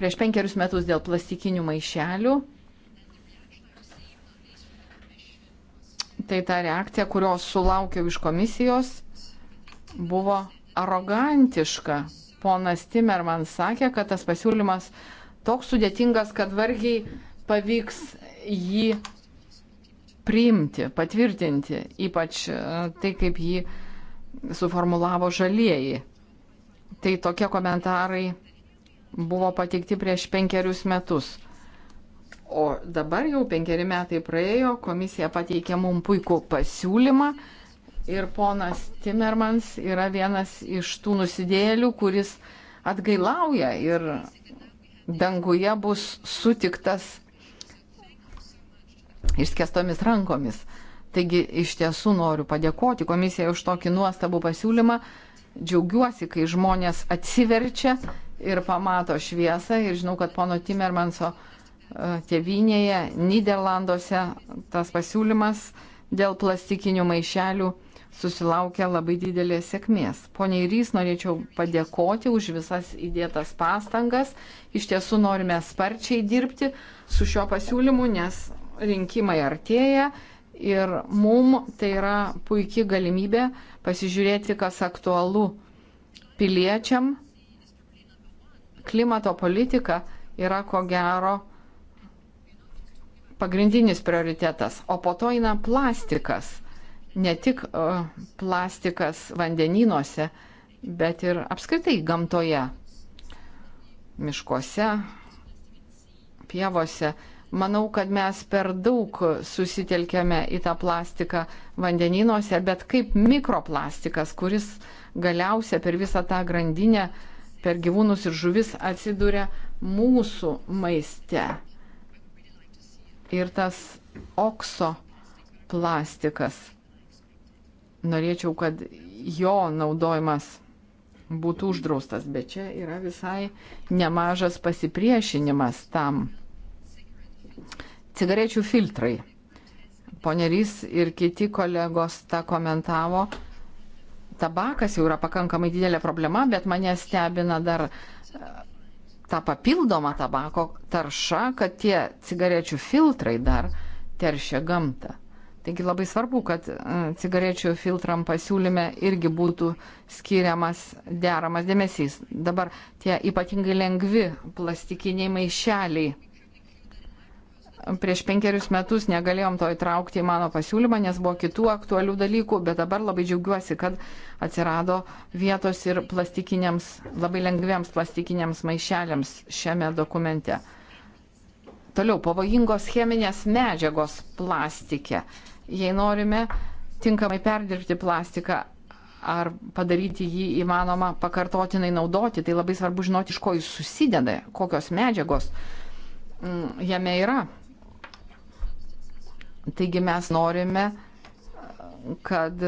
Speaker 1: prieš penkerius metus dėl plastikinių maišelių, tai ta reakcija, kurios sulaukiau iš komisijos, buvo arogantiška. Ponas Timerman sakė, kad tas pasiūlymas toks sudėtingas, kad vargiai pavyks jį priimti, patvirtinti, ypač e, tai, kaip jį suformulavo žalieji. Tai tokie komentarai buvo pateikti prieš penkerius metus. O dabar jau penkeri metai praėjo, komisija pateikė mums puikų pasiūlymą ir ponas Timermans yra vienas iš tų nusidėlių, kuris atgailauja ir danguje bus sutiktas išskestomis rankomis. Taigi iš tiesų noriu padėkoti komisijai už tokį nuostabų pasiūlymą. Džiaugiuosi, kai žmonės atsiverčia ir pamato šviesą ir žinau, kad pono Timermanso uh, tėvinėje, Niderlanduose tas pasiūlymas dėl plastikinių maišelių susilaukia labai didelės sėkmės. Pone Irys, norėčiau padėkoti už visas įdėtas pastangas. Iš tiesų norime sparčiai dirbti su šiuo pasiūlymu, nes rinkimai artėja ir mum tai yra puikia galimybė pasižiūrėti, kas aktualu piliečiam. Klimato politika yra ko gero pagrindinis prioritetas, o po to eina plastikas. Ne tik e, plastikas vandenynuose, bet ir apskritai gamtoje, miškuose, pievose. Manau, kad mes per daug susitelkėme į tą plastiką vandenynuose, bet kaip mikroplastikas, kuris galiausia per visą tą grandinę, per gyvūnus ir žuvis atsiduria mūsų maiste ir tas okso plastikas. Norėčiau, kad jo naudojimas būtų uždraustas, bet čia yra visai nemažas pasipriešinimas tam. Cigarečių filtrai. Ponerys ir kiti kolegos tą komentavo. Tabakas jau yra pakankamai didelė problema, bet mane stebina dar ta papildoma tabako tarša, kad tie cigarečių filtrai dar teršia gamtą. Taigi labai svarbu, kad e, cigarečių filtram pasiūlyme irgi būtų skiriamas deramas dėmesys. Dabar tie ypatingai lengvi plastikiniai maišeliai prieš penkerius metus negalėjom to įtraukti į mano pasiūlymą, nes buvo kitų aktualių dalykų, bet dabar labai džiaugiuosi, kad atsirado vietos ir plastikiniams, labai lengviems plastikiniams maišeliams šiame dokumente. Toliau, pavojingos cheminės medžiagos plastike. Jei norime tinkamai perdirbti plastiką, ar padaryti jį įmanoma pakartotinai naudoti, tai labai svarbu žinoti, iš ko jis susideda, kokios medžiagos mm, jame yra. Taigi mes norime, kad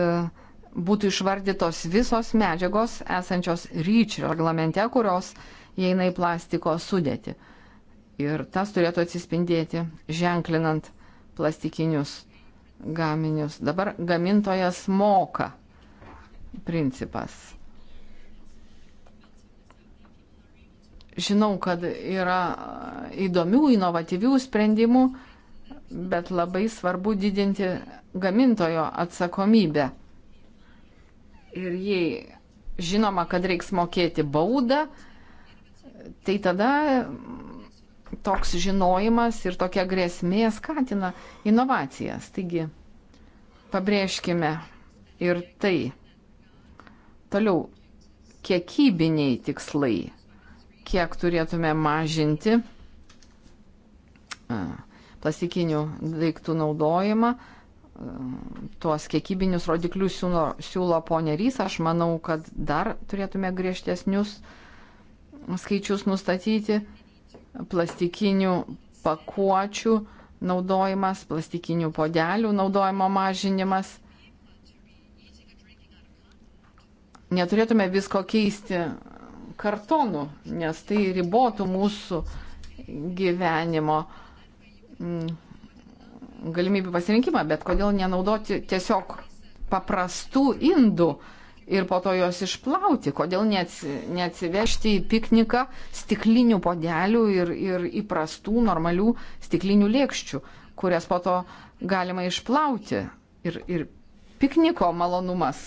Speaker 1: būtų išvardytos visos medžiagos esančios ryčio reglamente, kurios įeina į plastiko sudėti. Ir tas turėtų atsispindėti ženklinant plastikinius gaminius. Dabar gamintojas moka principas. Žinau, kad yra įdomių, inovatyvių sprendimų, bet labai svarbu didinti gamintojo atsakomybę. Ir jei žinoma, kad reiks mokėti baudą, tai tada toks žinojimas ir tokia grėsmė skatina inovacijas. Taigi, pabrėžkime ir tai. Toliau, kiekybiniai tikslai, kiek turėtume mažinti. Uh plastikinių daiktų naudojimą. Tuos kiekybinius rodiklius siūlo, siūlo ponė Rys. Aš manau, kad dar turėtume griežtesnius skaičius nustatyti. Plastikinių pakuočių naudojimas, plastikinių podelių naudojimo mažinimas. Neturėtume visko keisti kartonu, nes tai ribotų mūsų gyvenimo uh, Mm, galimybių pasirinkimą, bet kodėl nenaudoti tiesiog paprastų indų ir po to juos išplauti, kodėl neatsivežti į pikniką stiklinių podelių ir, ir įprastų, normalių stiklinių lėkščių, kurias po to galima išplauti. Ir, ir pikniko malonumas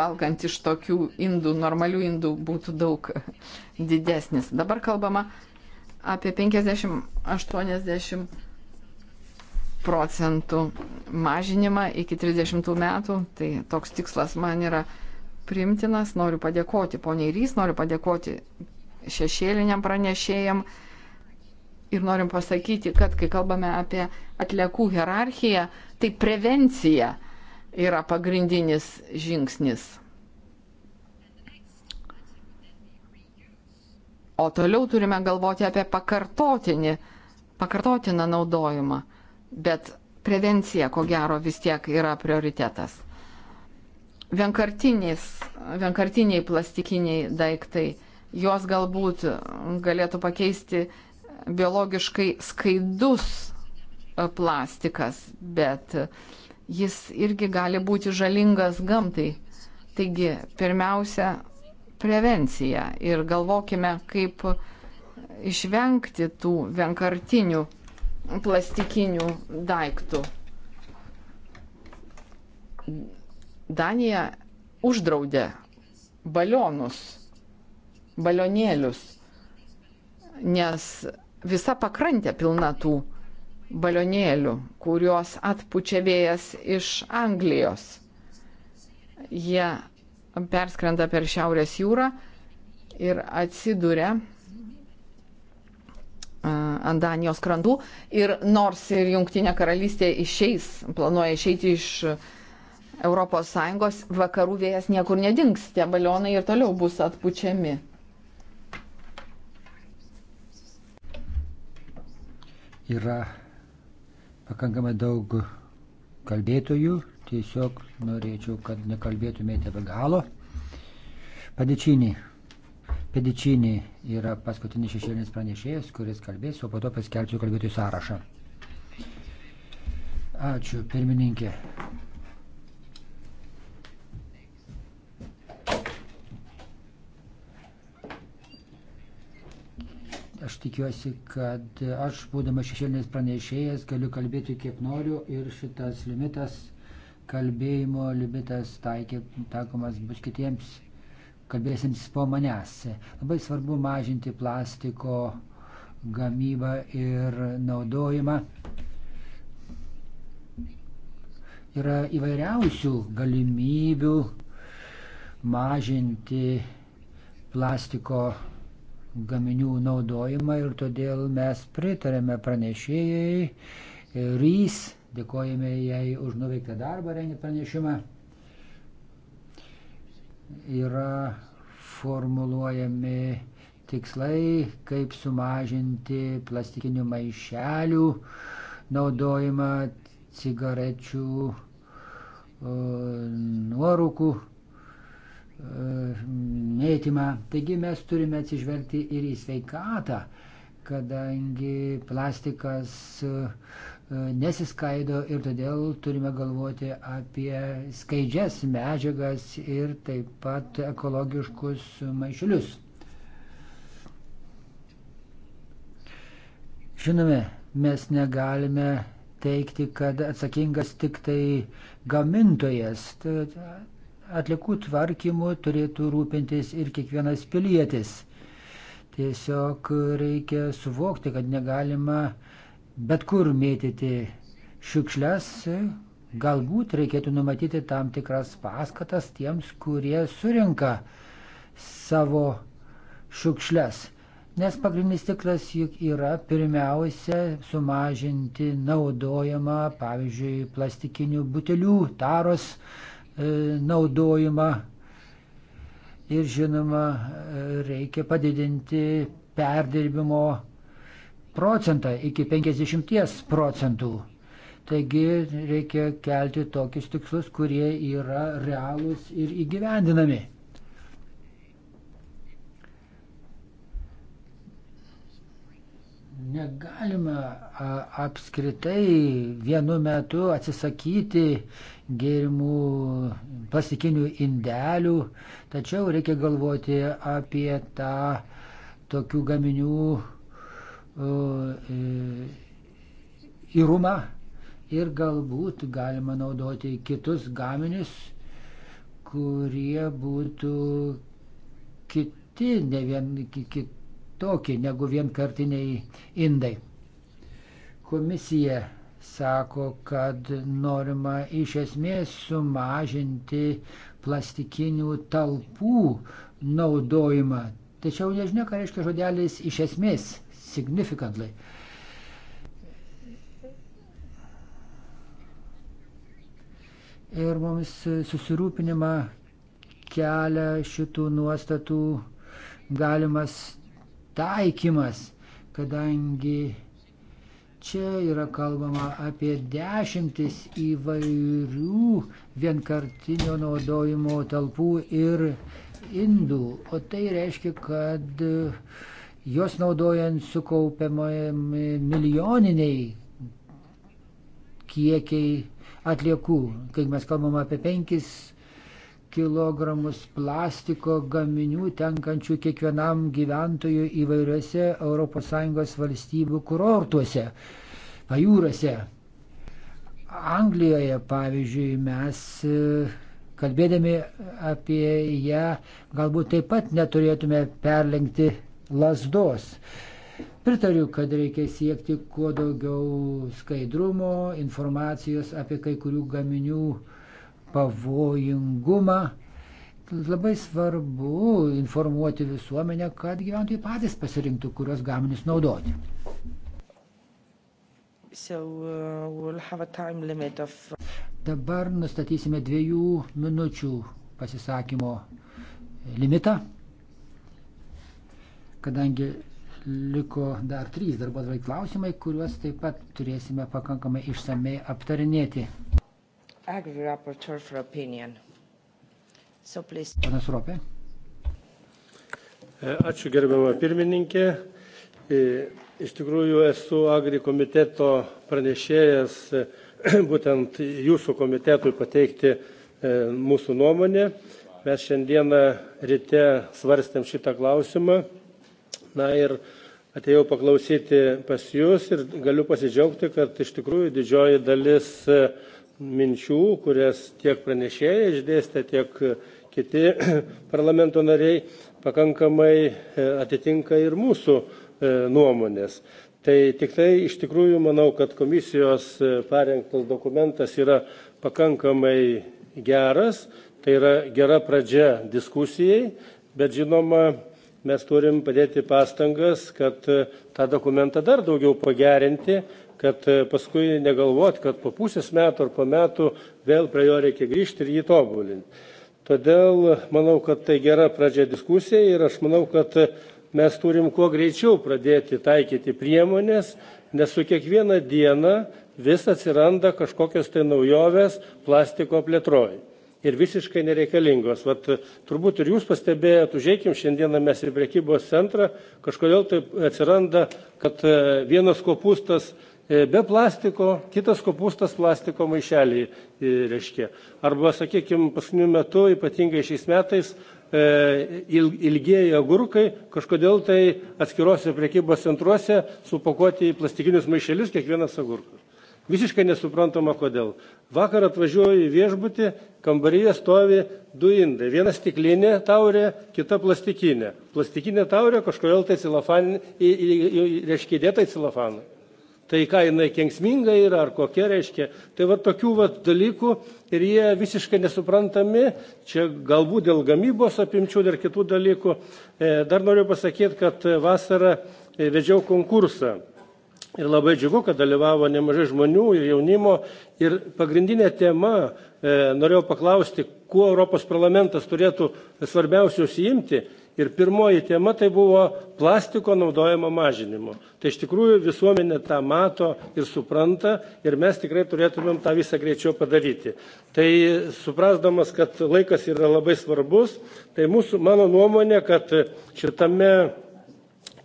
Speaker 1: valgant iš tokių indų, normalių indų būtų daug didesnis. Dabar kalbama apie 50-80 procentų mažinimą iki 30 metų. Tai toks tikslas man yra primtinas. Noriu padėkoti poniai Rys, noriu padėkoti šešėliniam pranešėjam. Ir norim pasakyti, kad kai kalbame apie atliekų hierarchiją, tai prevencija yra pagrindinis žingsnis. O toliau turime galvoti apie pakartotinį, pakartotiną naudojimą bet prevencija, ko gero, vis tiek yra prioritetas. Vienkartiniai plastikiniai daiktai, jos galbūt galėtų pakeisti biologiškai skaidus plastikas, bet jis irgi gali būti žalingas gamtai. Taigi, pirmiausia, prevencija ir galvokime, kaip išvengti tų vienkartinių plastikinių daiktų. Danija uždraudė balionus, balionėlius, nes visa pakrantė pilna tų balionėlių, kuriuos atpučia vėjas iš Anglijos. Jie perskrenda per Šiaurės jūrą ir atsiduria ant Danijos krandų. Ir nors ir Junktinė karalystė išeis, planuoja išeiti iš ES, vakarų vėjas niekur nedings, tie balionai ir toliau bus atpučiami.
Speaker 4: Yra
Speaker 2: pakankamai daug kalbėtojų, tiesiog norėčiau, kad nekalbėtumėte be galo. Padėčiniai. Pedičinį yra paskutinis šešėlinis pranešėjas, kuris kalbės, o po to paskelbsiu kalbėtojų sąrašą. Ačiū, pirmininkė. Aš tikiuosi, kad aš, būdamas šešėlinis pranešėjas, galiu kalbėti kiek noriu ir šitas limitas, kalbėjimo limitas taikomas bus kitiems kalbėsintys po manęs. Labai svarbu mažinti plastiko gamybą ir naudojimą. Yra įvairiausių galimybių mažinti plastiko gaminių naudojimą ir todėl mes pritarėme pranešėjai Rys, dėkojame jai už nuveiktą darbą rengiant pranešimą yra formuluojami tikslai, kaip sumažinti plastikinių maišelių naudojimą cigarečių e, nuorūkų e, mėtymą. Taigi mes turime atsižvelgti ir į sveikatą, kadangi plastikas E, nesiskaido ir todėl turime galvoti apie skaidžias medžiagas ir taip pat ekologiškus maišelius. Žinome, mes negalime teikti, kad atsakingas tik tai gamintojas. Atlikų tvarkymu turėtų rūpintis ir kiekvienas pilietis. Tiesiog reikia suvokti, kad negalima uh, bet kur mėtyti šiukšles, galbūt reikėtų numatyti tam tikras paskatas tiems, kurie surinka savo šiukšles. Nes pagrindinis tiklas juk yra pirmiausia sumažinti naudojimą, pavyzdžiui, plastikinių butelių, taros e, naudojimą. Ir žinoma, e, reikia padidinti perdirbimo procentą iki 50 procentų. Taigi reikia kelti tokius tikslus, kurie yra realūs ir įgyvendinami. Negalima apskritai vienu metu atsisakyti gėrimų plastikinių indelių, tačiau reikia galvoti apie tą tokių gaminių E, įrumą ir galbūt galima naudoti kitus gaminius, kurie būtų kiti, ne vien kitokie negu vienkartiniai indai. Komisija sako, kad norima iš esmės sumažinti plastikinių talpų naudojimą. Tačiau nežinia, ką reiškia žodelis iš esmės significantly. Ir mums susirūpinimą kelia šitų nuostatų galimas taikymas, kadangi čia yra kalbama apie dešimtis įvairių vienkartinio naudojimo talpų ir indų, o tai reiškia, kad e, jos naudojant sukaupiamojami milijoniniai kiekiai atliekų. Kai mes kalbam apie 5 kg plastiko gaminių tenkančių kiekvienam gyventojui įvairiuose ES valstybių kurortuose, pajūrose. Anglijoje, pavyzdžiui, mes e, kalbėdami apie ją, galbūt taip pat neturėtume perlenkti lasdos. Pritariu, kad reikia siekti kuo daugiau skaidrumo, informacijos apie kai kurių gaminių pavojingumą. Labai svarbu informuoti visuomenę, kad gyventojai patys pasirinktų, kurios gaminius naudoti. So, uh, we'll of... Uh, Dabar nustatysime dviejų minučių pasisakymo limitą, kadangi liko dar trys darbo atvaik klausimai, kuriuos taip pat turėsime pakankamai išsamei aptarinėti. So, please... Panas Ropė.
Speaker 4: Ačiū gerbiamą pirmininkę. E... Iš tikrųjų esu agri komiteto pranešėjas e, būtent jūsų komitetui pateikti e, mūsų nuomonę. Mes šiandieną ryte svarstėm šitą klausimą. Na ir atėjau paklausyti pas jūs ir galiu pasidžiaugti, kad iš tikrųjų didžioji dalis e, minčių, kurias tiek pranešėjai išdėstė, tiek kiti parlamento nariai pakankamai atitinka ir mūsų E, nuomonės. Tai tik tai iš tikrųjų manau, kad komisijos e, parengtas dokumentas yra pakankamai geras, tai yra gera pradžia diskusijai, bet žinoma, mes turim padėti pastangas, kad e, tą dokumentą dar daugiau pagerinti, kad paskui negalvot, kad po pusės metų ar po metų vėl prie jo reikia grįžti ir jį tobulinti. Todėl manau, kad tai gera pradžia diskusijai ir aš manau, kad mes turim kuo greičiau pradėti taikyti priemones nes su kiekviena diena vis atsiranda kažkokios tai naujovės plastiko plėtroj ir visiškai nereikalingos. Vat turbūt ir jūs pastebėjot, užėkim šiandieną mes į prekybos centrą, kažkodėl taip atsiranda, kad e, vienas kopūstas e, be plastiko, kitas kopūstas plastiko maišelį e, reiškia. Arba, sakykime, paskutiniu metu, ypatingai šiais metais, E, ilgieji agurkai kažkodėl tai atskiruose prekybos centruose supakuoti į plastikinius maišelius kiekvienas agurkas. Visiškai nesuprantama kodėl. Vakar atvažiuoju į viešbutį, kambaryje stovi du indai. Viena stiklinė taurė, kita plastikinė. Plastikinė taurė kažkodėl tai cilofaninė, reiškia įdėta į cilofaną tai ką jinai kenksminga yra ar kokia reiškia. Tai va tokių va dalykų ir jie visiškai nesuprantami, čia galbūt dėl gamybos apimčių ir kitų dalykų. E, dar noriu pasakyti, kad vasarą e, vedžiau konkursą. Ir labai džiugu, kad dalyvavo nemažai žmonių ir jaunimo. Ir pagrindinė tema, e, norėjau paklausti, kuo Europos parlamentas turėtų svarbiausiai užsiimti. Ir pirmoji tema tai buvo plastiko naudojimo mažinimo. Tai iš tikrųjų visuomenė tą mato ir supranta ir mes tikrai turėtumėm tą visą greičiau padaryti. Tai suprasdamas, kad laikas yra labai svarbus, tai mūsų, mano nuomonė, kad šitame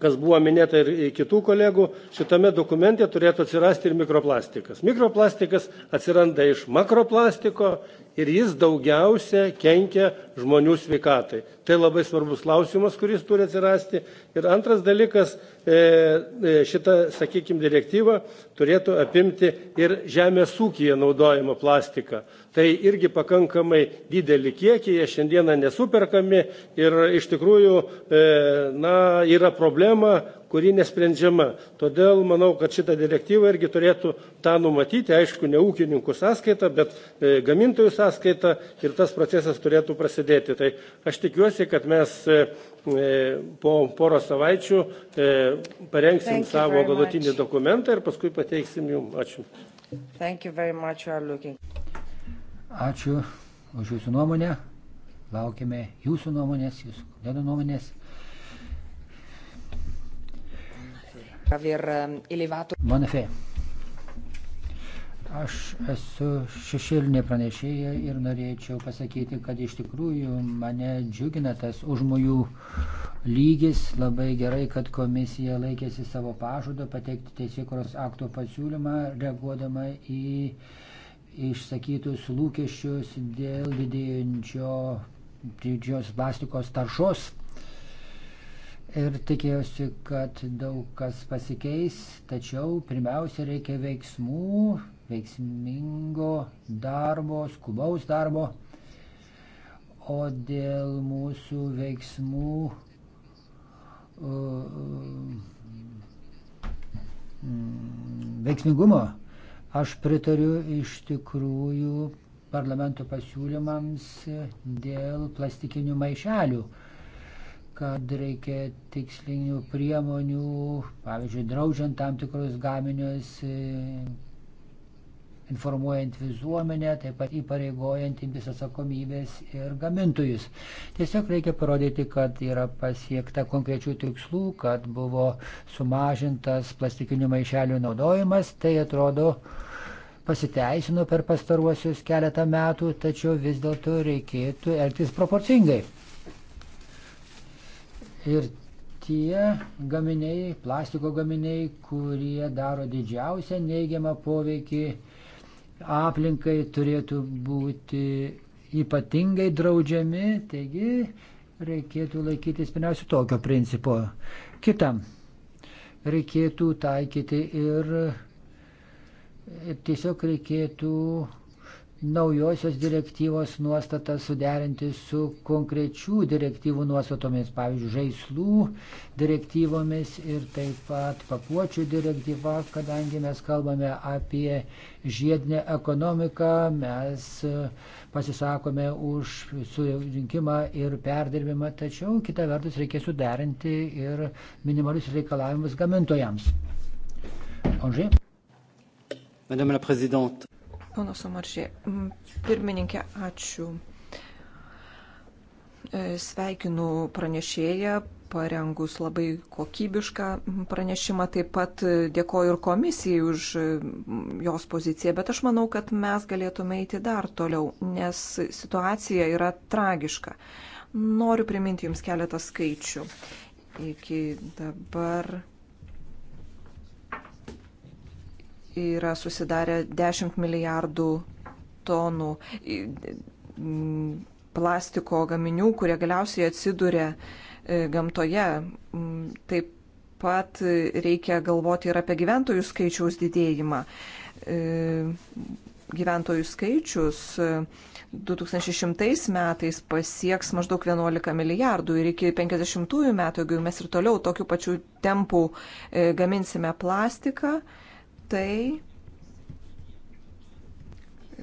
Speaker 4: kas buvo minėta ir kitų kolegų, šitame dokumente turėtų atsirasti ir mikroplastikas. Mikroplastikas atsiranda iš makroplastiko ir jis daugiausia kenkia žmonių sveikatai. Tai labai svarbus klausimas, kuris turi atsirasti. Ir antras dalykas, e, e, šita, sakykime, direktyva turėtų apimti ir žemės ūkiją naudojamą plastiką tai irgi pakankamai didelį kiekį, jie šiandieną nesuperkami ir iš tikrųjų e, na, yra problema, kuri nesprendžiama. Todėl manau, kad šitą direktyvą irgi turėtų tą numatyti, aišku, ne ūkininkų sąskaita, bet e, gamintojų sąskaita ir tas procesas turėtų prasidėti. Tai aš tikiuosi, kad mes e, po poro savaičių parengsim savo galutinį much. dokumentą ir paskui pateiksim jum. Ačiū.
Speaker 3: Thank you very much. You are looking.
Speaker 2: Ačiū už Jūsų nuomonę. Laukime Jūsų nuomonės, Jūsų kodėlio nuomonės. Bonafė. Eh, Aš esu šešėlinė pranešėja ir norėčiau pasakyti, kad iš tikrųjų mane džiugina tas užmojų lygis. Labai gerai, kad komisija laikėsi savo pažado pateikti teisėkuros akto pasiūlymą, reaguodama į uh, išsakytus lūkesčius dėl didėjančio didžios plastikos taršos. Ir tikėjosi, kad daug kas pasikeis, tačiau pirmiausia reikia veiksmų, veiksmingo darbo, skubaus darbo. O dėl mūsų veiksmų uh, uh, mm, veiksmingumo uh, Aš pritariu iš tikrųjų parlamento pasiūlymams dėl plastikinių maišelių, kad reikia tikslinių priemonių, pavyzdžiui, draudžiant tam tikrus gaminius, informuojant visuomenę, taip pat įpareigojant imtis atsakomybės ir gamintojus. Tiesiog reikia parodyti, kad yra pasiekta konkrečių tikslų, kad buvo sumažintas plastikinių maišelių naudojimas. Tai atrodo pasiteisino per pastaruosius keletą metų, tačiau vis dėlto reikėtų elgtis proporcingai. Ir tie gaminiai, plastiko gaminiai, kurie daro didžiausią neigiamą poveikį aplinkai turėtų būti ypatingai draudžiami, taigi reikėtų laikytis pirmiausia tokio principo. Kitam reikėtų taikyti ir, ir tiesiog reikėtų naujosios direktyvos nuostatas suderinti su konkrečių direktyvų nuostatomis, pavyzdžiui, žaislų direktyvomis ir taip pat pakuočių direktyva, kadangi mes kalbame apie žiedinę ekonomiką, mes pasisakome už surinkimą ir perdirbimą, tačiau kita vertus reikia suderinti ir minimalius reikalavimus gamintojams. Anžė? Madame la Présidente.
Speaker 3: Pono Somaržė, pirmininkė, ačiū. E, sveikinu pranešėją, parengus labai kokybišką pranešimą. Taip pat dėkoju ir komisijai už jos poziciją, bet aš manau, kad mes galėtume eiti dar toliau, nes situacija yra tragiška. Noriu priminti Jums keletą skaičių. Iki dabar yra susidarę 10 milijardų tonų plastiko gaminių, kurie galiausiai atsiduria e, gamtoje. Mm, taip pat reikia galvoti ir apie gyventojų skaičiaus didėjimą. E, gyventojų skaičius 2100 e, metais pasieks maždaug 11 milijardų ir iki 50 metų, jeigu mes ir toliau tokiu pačiu tempu gaminsime plastiką, tai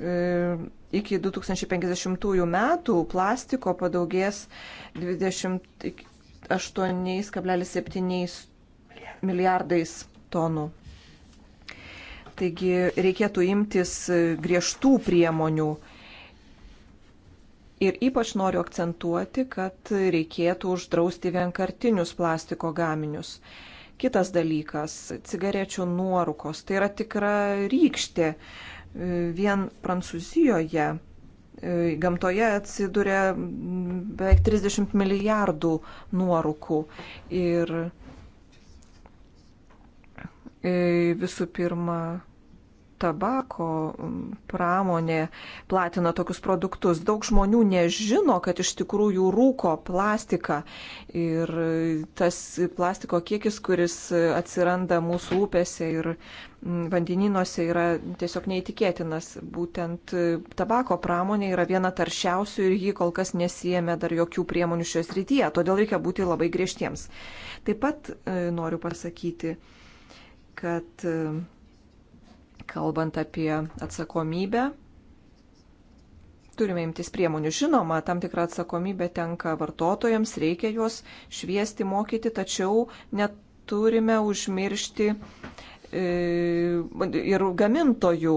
Speaker 3: e, iki 2050 metų plastiko padaugės 28,7 milijardais tonų. Taigi reikėtų imtis griežtų priemonių. Ir ypač noriu akcentuoti, kad reikėtų uždrausti vienkartinius plastiko gaminius. Kitas dalykas - cigarečių nuorukos. Tai yra tikra rykštė. Vien Prancūzijoje e, gamtoje atsiduria beveik 30 milijardų nuorukų. Ir e, visų pirma, tabako pramonė platina tokius produktus. Daug žmonių nežino, kad iš tikrųjų rūko plastiką ir e, tas plastiko kiekis, kuris atsiranda mūsų upėse ir vandeninuose yra tiesiog neįtikėtinas. Būtent e, tabako pramonė yra viena taršiausių ir ji kol kas nesijėmė dar jokių priemonių šios rytyje, todėl reikia būti labai griežtiems. Taip pat e, noriu pasakyti, kad kalbant apie atsakomybę, turime imtis priemonių. Žinoma, tam tikrą atsakomybę tenka vartotojams, reikia juos šviesti, mokyti, tačiau neturime užmiršti e, ir gamintojų,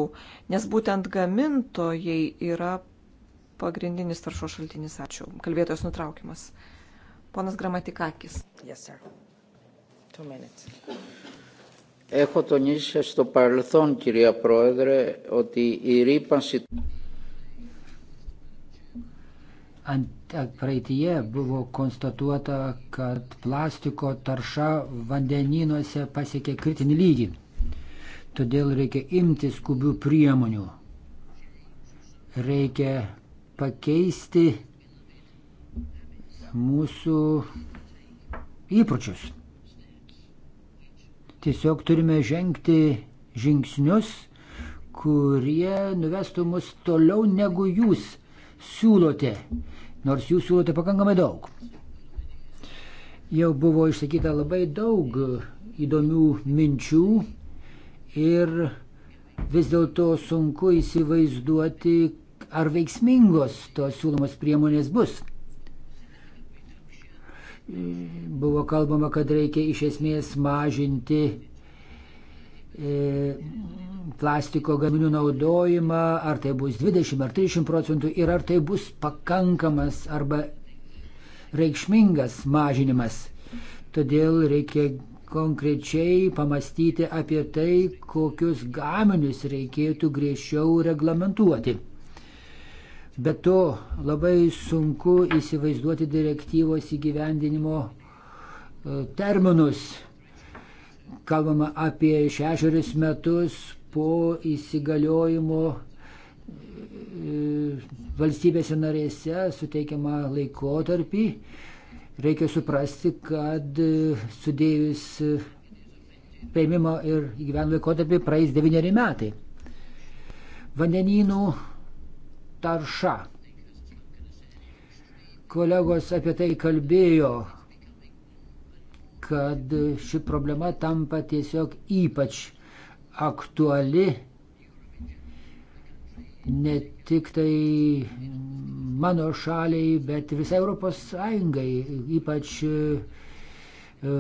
Speaker 3: nes būtent gamintojai yra pagrindinis taršos šaltinis. Ačiū. Kalbėtojas nutraukimas. Ponas Gramatikakis.
Speaker 2: Yes, sir. Two minutes. Έχω τονίσει στο παρελθόν, κυρία Πρόεδρε, ότι η ρήπανση... Ant praeitie buvo konstatuota, kad plastiko tarša vandenynuose pasiekė kritinį lygį. Todėl reikia imti skubių priemonių. Reikia pakeisti mūsų įpročius. Tiesiog turime žengti žingsnius, kurie nuvestų mus toliau negu jūs siūlote, nors jūs siūlote pakankamai daug. Jau buvo išsakyta labai daug įdomių minčių ir vis dėlto sunku įsivaizduoti, ar veiksmingos tos siūlomos priemonės bus buvo kalbama, kad reikia iš esmės mažinti e, plastiko gaminių naudojimą, ar tai bus 20 ar 30 procentų ir ar tai bus pakankamas arba reikšmingas mažinimas. Todėl reikia konkrečiai pamastyti apie tai, kokius gaminius reikėtų griežčiau reglamentuoti. Bet to labai sunku įsivaizduoti direktyvos įgyvendinimo e, terminus. Kalbama apie šešerius metus po įsigaliojimo e, valstybėse narėse suteikiamą laikotarpį. Reikia suprasti, kad e, sudėjus paėmimo ir gyvenimo laikotarpį praeis devyneri metai. Vandenynų tarša. Kolegos apie tai kalbėjo, kad ši problema tampa tiesiog ypač aktuali ne tik tai mano šaliai, bet visai Europos Sąjungai, ypač e,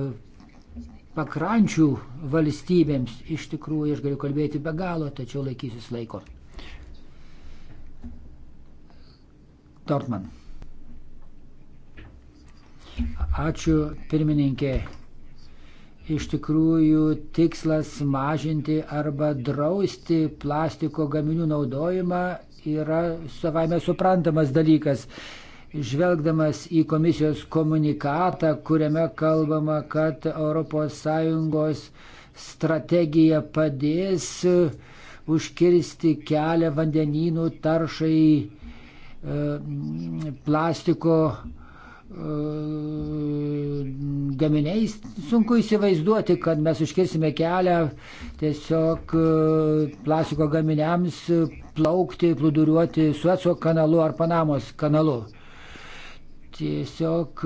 Speaker 2: pakrančių valstybėms. Iš tikrųjų, aš galiu kalbėti be galo, tačiau laikysiu laiko. Dortman. Ačiū pirmininkė. Iš tikrųjų tikslas mažinti arba drausti plastiko gaminių naudojimą yra savaime suprantamas dalykas. Žvelgdamas į komisijos komunikatą, kuriame kalbama, kad ES strategija padės užkirsti kelią vandenynų taršai E, plastiko e, gaminiais. Sunku įsivaizduoti, kad mes užkirsime kelią tiesiog e, plastiko gaminiams plaukti, plūduriuoti Sueco kanalu ar Panamos kanalu. Tiesiog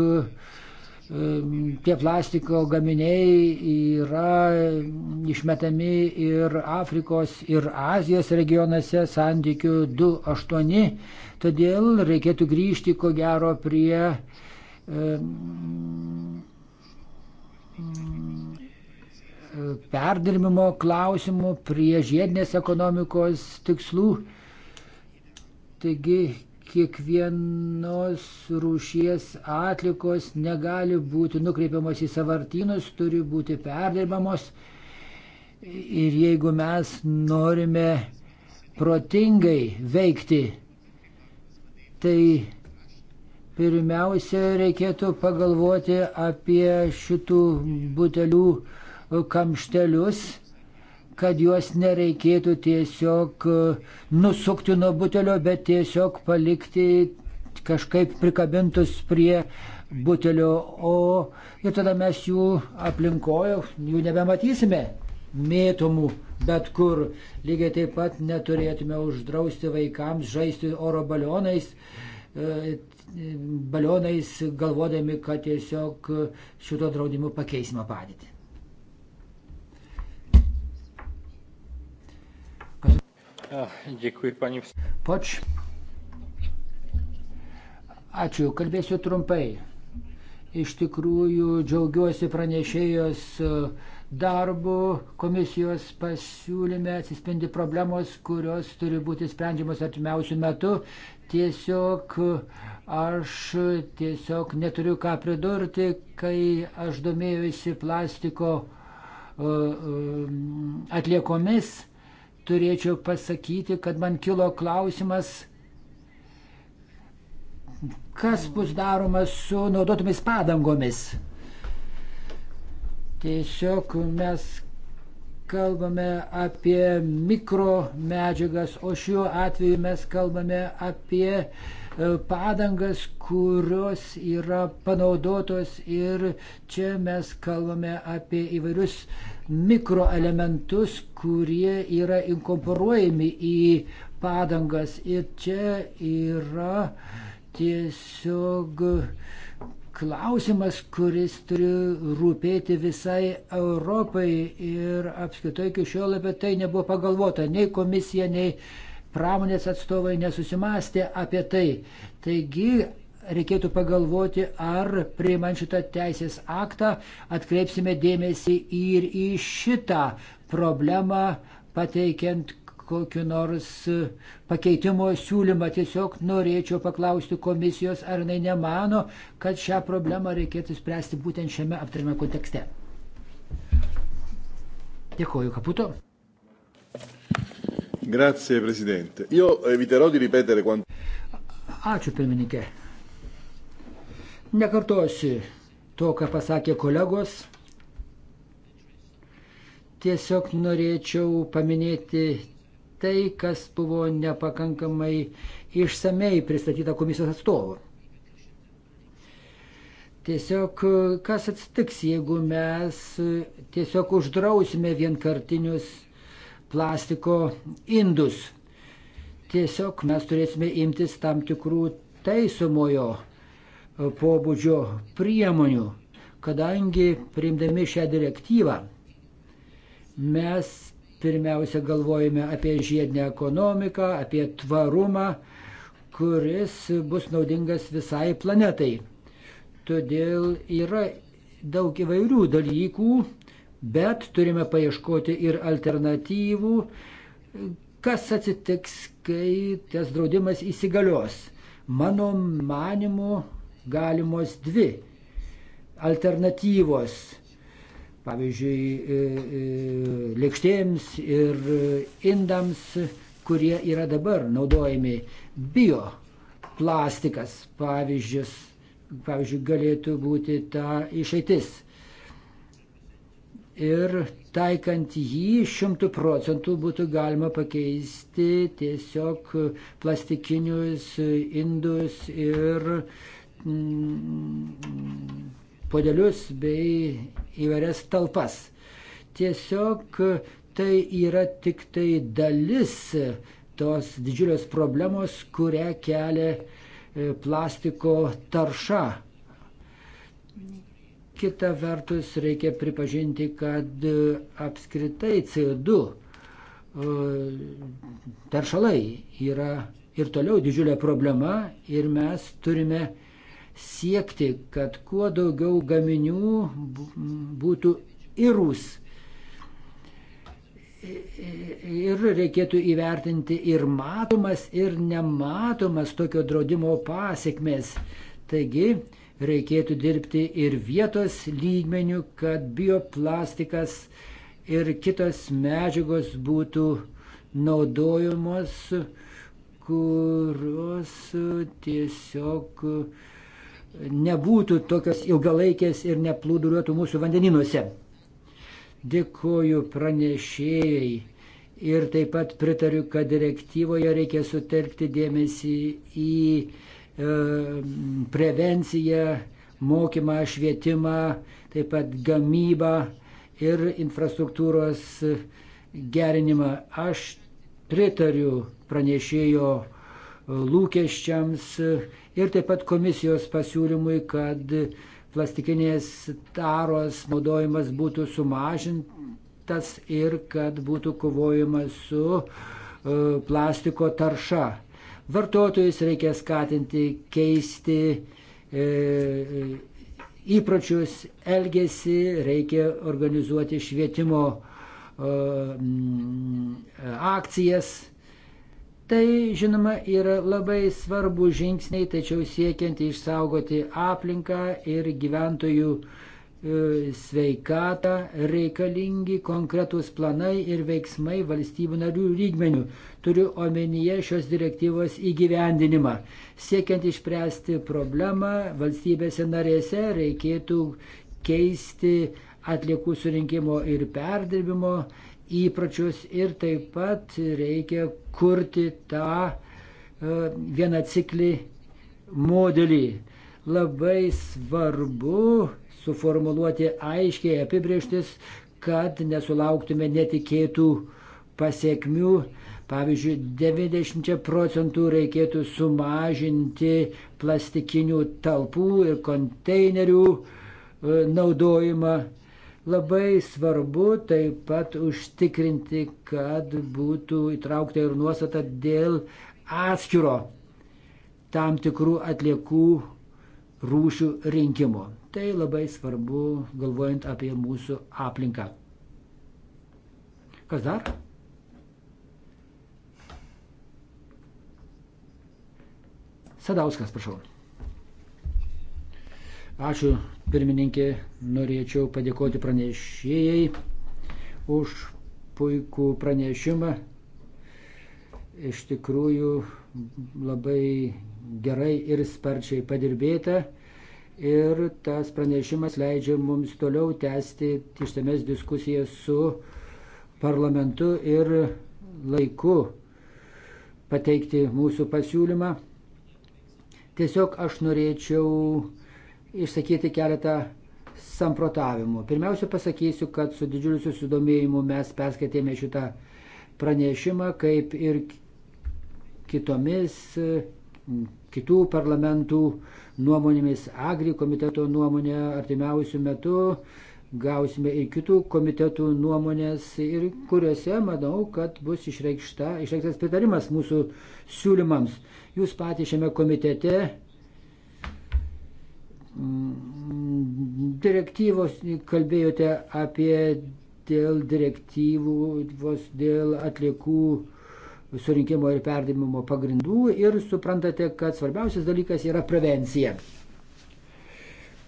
Speaker 2: tie plastiko gaminiai yra išmetami ir Afrikos, ir Azijos regionuose santykių 2.8 Todėl reikėtų grįžti, ko gero, prie e, perdirbimo klausimų, prie žiedinės ekonomikos tikslų. Taigi kiekvienos rūšies atlikos negali būti nukreipiamos į savartynus, turi būti perdirbamos. Ir jeigu mes norime protingai veikti, tai pirmiausia reikėtų pagalvoti apie šitų butelių e, kamštelius, kad juos nereikėtų tiesiog e, nusukti nuo butelio, bet tiesiog palikti kažkaip prikabintus prie butelio, o ir tada mes jų aplinkojo, jų nebematysime mėtomų bet kur. Lygiai taip pat neturėtume uždrausti vaikams žaisti oro balionais, e, balionais galvodami, kad tiesiog šito draudimu pakeisime padėtį.
Speaker 4: Ah, Dėkui, panius.
Speaker 2: Poč. Ačiū, kalbėsiu trumpai. Iš tikrųjų, džiaugiuosi pranešėjos uh, darbu komisijos pasiūlyme atsispindi problemos, kurios turi būti sprendžiamos artimiausių metų. Tiesiog aš tiesiog neturiu ką pridurti, kai aš domėjusi plastiko e, e, atliekomis, turėčiau pasakyti, kad man kilo klausimas, kas bus daroma su naudotomis padangomis. Tiesiog mes kalbame apie mikro medžiagas, o šiuo atveju mes kalbame apie e, padangas, kurios yra panaudotos ir čia mes kalbame apie įvairius mikroelementus, kurie yra inkorporuojami į padangas. Ir čia yra tiesiog uh, klausimas, kuris turi rūpėti visai Europai ir apskritai iki šiol apie tai nebuvo pagalvota. Nei komisija, nei pramonės atstovai nesusimastė apie tai. Taigi reikėtų pagalvoti, ar priimant šitą teisės aktą atkreipsime dėmesį ir į šitą problemą, pateikiant kokiu nors e, pakeitimo siūlymą. Tiesiog norėčiau paklausti komisijos, ar jinai nemano, kad šią problemą reikėtų spręsti būtent šiame aptarime kontekste. Dėkoju, Kaputo.
Speaker 4: Grazie, Presidente. Io eviterò di ripetere quanto.
Speaker 2: Ačiū, pirmininkė. Nekartosiu to, ką pasakė kolegos. Tiesiog norėčiau paminėti tai, kas buvo nepakankamai išsamei pristatyta komisijos atstovų. Tiesiog kas atsitiks, jeigu mes tiesiog uždrausime vienkartinius plastiko indus. Tiesiog mes turėsime imtis tam tikrų taisomojo pobūdžio priemonių, kadangi priimdami šią direktyvą mes pirmiausia galvojame apie žiedinę ekonomiką, apie tvarumą, kuris bus naudingas visai planetai. Todėl yra daug įvairių dalykų, bet turime paieškoti ir alternatyvų, kas atsitiks, kai tas draudimas įsigalios. Mano manimu, galimos dvi alternatyvos pavyzdžiui, e, e, lėkštėms ir indams, kurie yra dabar naudojami bio plastikas, pavyzdžius, pavyzdžiui, galėtų būti ta išeitis. Ir taikant jį šimtų procentų būtų galima pakeisti tiesiog plastikinius indus ir mm, podelius bei įvairias talpas. Tiesiog tai yra tik tai dalis tos didžiulės problemos, kurią kelia e, plastiko tarša. Kita vertus, reikia pripažinti, kad e, apskritai CO2 e, teršalai yra ir toliau didžiulė problema ir mes turime siekti, kad kuo daugiau gaminių būtų įrūs. Ir reikėtų įvertinti ir matomas, ir nematomas tokio draudimo pasiekmes. Taigi reikėtų dirbti ir vietos lygmenių, kad bioplastikas ir kitos medžiagos būtų naudojamos, kurios tiesiog uh, nebūtų tokios ilgalaikės ir neplūduriuotų mūsų vandeninuose. Dėkuoju pranešėjai ir taip pat pritariu, kad direktyvoje reikia sutelkti dėmesį į e, prevenciją, mokymą, švietimą, taip pat gamybą ir infrastruktūros gerinimą. Aš pritariu pranešėjo lūkesčiams ir taip pat komisijos pasiūlymui, kad plastikinės taros naudojimas būtų sumažintas ir kad būtų kovojama su e, plastiko tarša. Vartotojus reikia skatinti keisti e, e įpročius, elgesį, reikia organizuoti švietimo e, akcijas Tai, žinoma, yra labai svarbu žingsniai, tačiau siekiant išsaugoti aplinką ir gyventojų e, sveikatą reikalingi konkretūs planai ir veiksmai valstybių narių lygmenių. Turiu omenyje šios direktyvos įgyvendinimą. Siekiant išspręsti problemą, valstybėse narėse reikėtų keisti atliekų surinkimo ir perdirbimo įpročius ir taip pat reikia kurti tą e, vieną ciklį modelį. Labai svarbu suformuluoti aiškiai apibrieštis, kad nesulauktume netikėtų pasiekmių. Pavyzdžiui, 90 procentų reikėtų sumažinti plastikinių talpų ir konteinerių e, naudojimą Labai svarbu taip pat užtikrinti, kad būtų įtraukta ir nuostata dėl atskiro tam tikrų atliekų rūšių rinkimo. Tai labai svarbu galvojant apie mūsų aplinką. Kas dar? Sadauskas, prašau. Ačiū, pirmininkė, norėčiau padėkoti pranešėjai už puikų pranešimą. Iš tikrųjų labai gerai ir sparčiai padirbėta ir tas pranešimas leidžia mums toliau tęsti išsames diskusijas su parlamentu ir laiku pateikti mūsų pasiūlymą. Tiesiog aš norėčiau išsakyti keletą samprotavimų. Pirmiausia, pasakysiu, kad su didžiuliu susidomėjimu mes perskaitėme šitą pranešimą, kaip ir kitomis kitų parlamentų nuomonėmis, agri komiteto nuomonė artimiausių metų, gausime ir kitų komitetų nuomonės ir kuriuose, manau, kad bus išreikšta, išreikštas pritarimas mūsų siūlymams. Jūs patys šiame komitete direktyvos kalbėjote apie dėl direktyvų, dėl atliekų surinkimo ir perdimimo pagrindų ir suprantate, kad svarbiausias dalykas yra prevencija.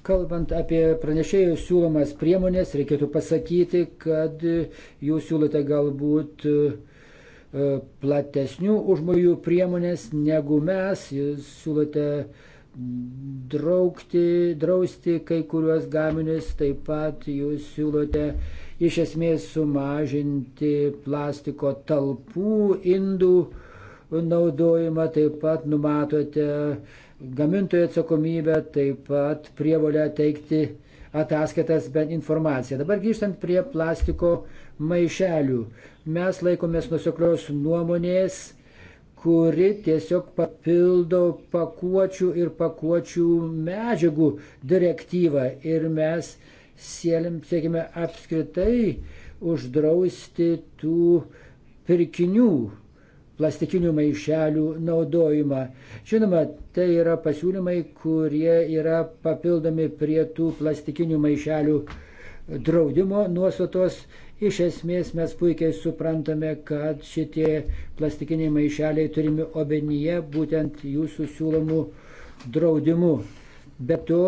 Speaker 2: Kalbant apie pranešėjų siūlomas priemonės, reikėtų pasakyti, kad jūs siūlote galbūt e, platesnių užmojų priemonės negu mes, jūs siūlote uh, draukti, drausti kai kuriuos gaminius, taip pat jūs siūlote iš esmės sumažinti plastiko talpų indų naudojimą, taip pat numatote gamintojo atsakomybę, taip pat prievolę teikti ataskaitas bent informaciją. Dabar grįžtant prie plastiko maišelių. Mes laikomės nusiklios nuomonės, kuri tiesiog papildo pakuočių ir pakuočių medžiagų direktyvą. Ir mes sielim, siekime apskritai uždrausti tų pirkinių plastikinių maišelių naudojimą. Žinoma, tai yra pasiūlymai, kurie yra papildomi prie tų plastikinių maišelių draudimo nuostatos, Iš esmės mes puikiai suprantame, kad šitie plastikiniai maišeliai turimi obenyje būtent jūsų siūlomų draudimų. Bet to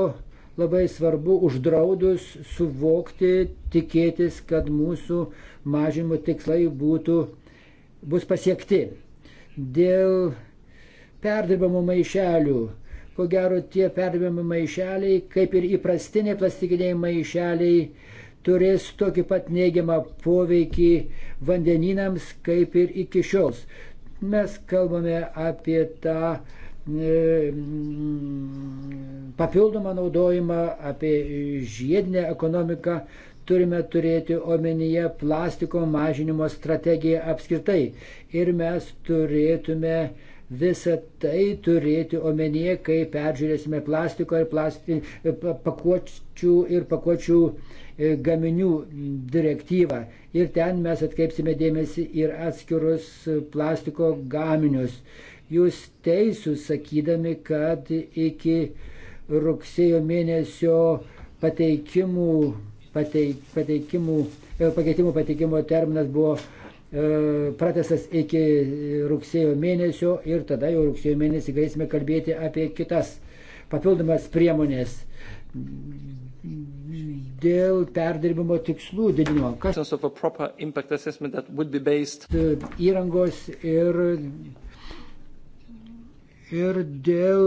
Speaker 2: labai svarbu uždraudus suvokti, tikėtis, kad mūsų mažimo tikslai būtų, bus pasiekti. Dėl perdirbamų maišelių ko gero tie perdirbami maišeliai, kaip ir įprastiniai plastikiniai maišeliai, turės tokį pat neigiamą poveikį vandeninams kaip ir iki šiol. Mes kalbame apie tą e, mm, papildomą naudojimą, apie žiedinę ekonomiką, turime turėti omenyje plastiko mažinimo strategiją apskritai. Ir mes turėtume visą tai turėti omenyje, kai peržiūrėsime plastiko ir plasti, e, pakuočių ir pakuočių e, E, gaminių direktyvą. Ir ten mes atkreipsime dėmesį ir atskirus plastiko gaminius. Jūs teisūs sakydami, kad iki rugsėjo mėnesio pateikimų, pateik, pateikimų, e, pakeitimų pateikimo terminas buvo e, pratesas iki rugsėjo mėnesio ir tada jau rugsėjo mėnesį galėsime kalbėti apie kitas papildomas priemonės dėl perdirbimo
Speaker 4: tikslų didinimo. Kas
Speaker 2: įrangos ir, ir dėl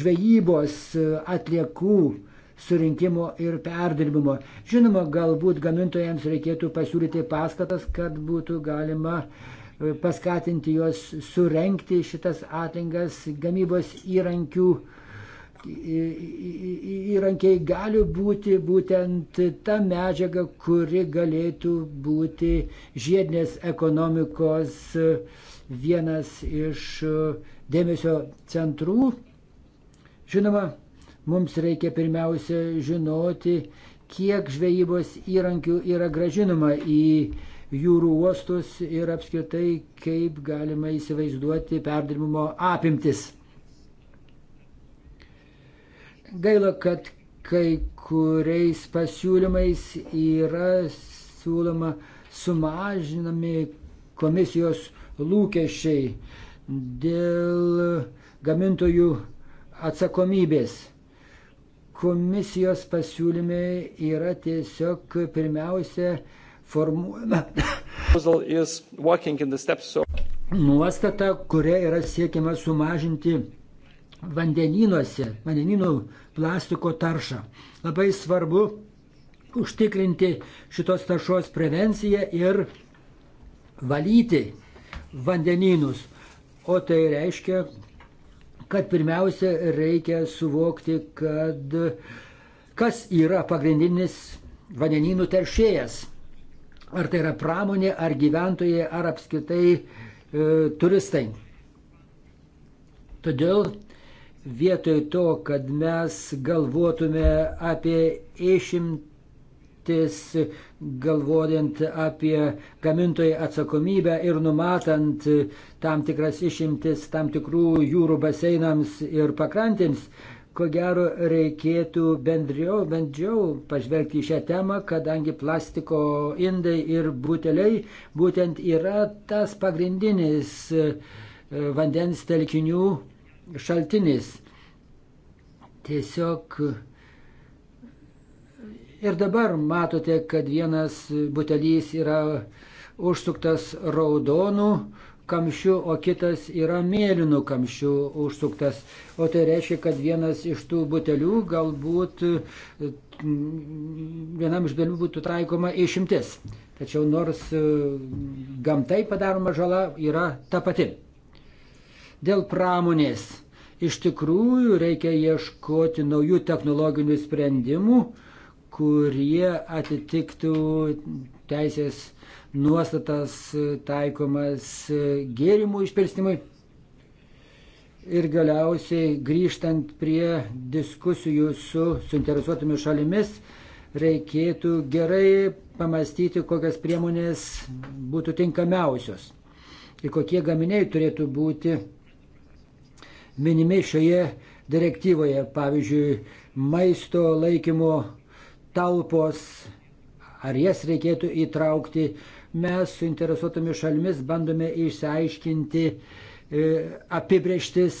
Speaker 2: žvejybos atliekų surinkimo ir perdirbimo. Žinoma, galbūt gamintojams reikėtų pasiūlyti paskatas, kad būtų galima e, paskatinti juos surenkti šitas atlingas gamybos įrankių uh, įrankiai gali būti būtent ta medžiaga, kuri galėtų būti žiedinės ekonomikos e, vienas iš e, dėmesio centrų. Žinoma, mums reikia pirmiausia žinoti, kiek žvejybos įrankių yra gražinama į jūrų uostus ir apskritai kaip galima įsivaizduoti perdirbimo apimtis. Gaila, kad kai kuriais pasiūlymais yra siūloma sumažinami komisijos lūkesčiai dėl gamintojų atsakomybės. Komisijos pasiūlyme yra tiesiog pirmiausia formuojama nuostata, kuria yra siekiama sumažinti vandenynuose, vandeninų plastiko taršą. Labai svarbu užtikrinti šitos taršos prevenciją ir valyti vandenynus. O tai reiškia, kad pirmiausia reikia suvokti, kad kas yra pagrindinis vandenynų teršėjas. Ar tai yra pramonė, ar gyventojai, ar apskritai e, turistai. Todėl vietoj to, kad mes galvotume apie išimtis, galvojant apie gamintojų atsakomybę ir numatant tam tikras išimtis tam tikrų jūrų baseinams ir pakrantėms, ko gero reikėtų bendriau, bendriau pažvelgti į šią temą, kadangi plastiko indai ir buteliai būtent yra tas pagrindinis e, vandens telkinių šaltinis. Tiesiog ir dabar matote, kad vienas butelys yra užsuktas raudonų kamščių, o kitas yra mėlynų kamščių užsuktas. O tai reiškia, kad vienas iš tų butelių galbūt vienam iš dalių būtų taikoma išimtis. Tačiau nors gamtai padaroma žala yra ta pati. Dėl pramonės iš tikrųjų reikia ieškoti naujų technologinių sprendimų, kurie atitiktų teisės nuostatas taikomas gėrimų išpirstimui. Ir galiausiai grįžtant prie diskusijų su suinteresuotomis šalimis, reikėtų gerai pamastyti, kokias priemonės būtų tinkamiausios ir kokie gaminiai turėtų būti minimi šioje direktyvoje, pavyzdžiui, maisto laikymo talpos, ar jas reikėtų įtraukti. Mes su interesuotomis šalimis bandome išsiaiškinti e, apibrieštis,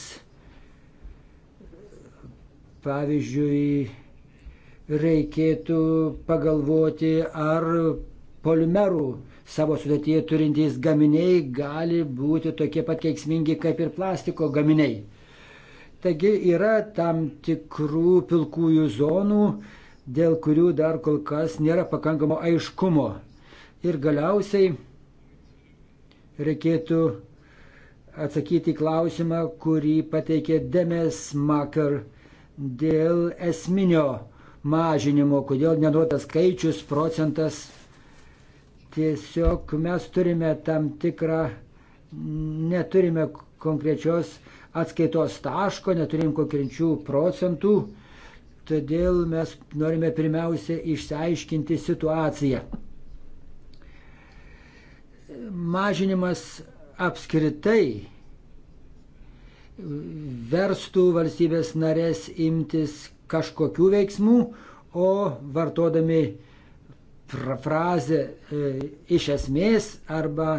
Speaker 2: pavyzdžiui, reikėtų pagalvoti, ar polimerų savo sudėtyje turintys gaminiai gali būti tokie pat keiksmingi kaip ir plastiko gaminiai. Taigi yra tam tikrų pilkųjų zonų, dėl kurių dar kol kas nėra pakankamo aiškumo. Ir galiausiai reikėtų atsakyti į klausimą, kurį pateikė Demes Makar dėl esminio mažinimo, kodėl neduotas skaičius, procentas. Tiesiog mes turime tam tikrą, neturime konkrečios atskaitos taško, neturim konkrečių procentų, todėl mes norime pirmiausia išsiaiškinti situaciją. Mažinimas apskritai verstų valstybės narės imtis kažkokių veiksmų, o vartodami frazę e, iš esmės arba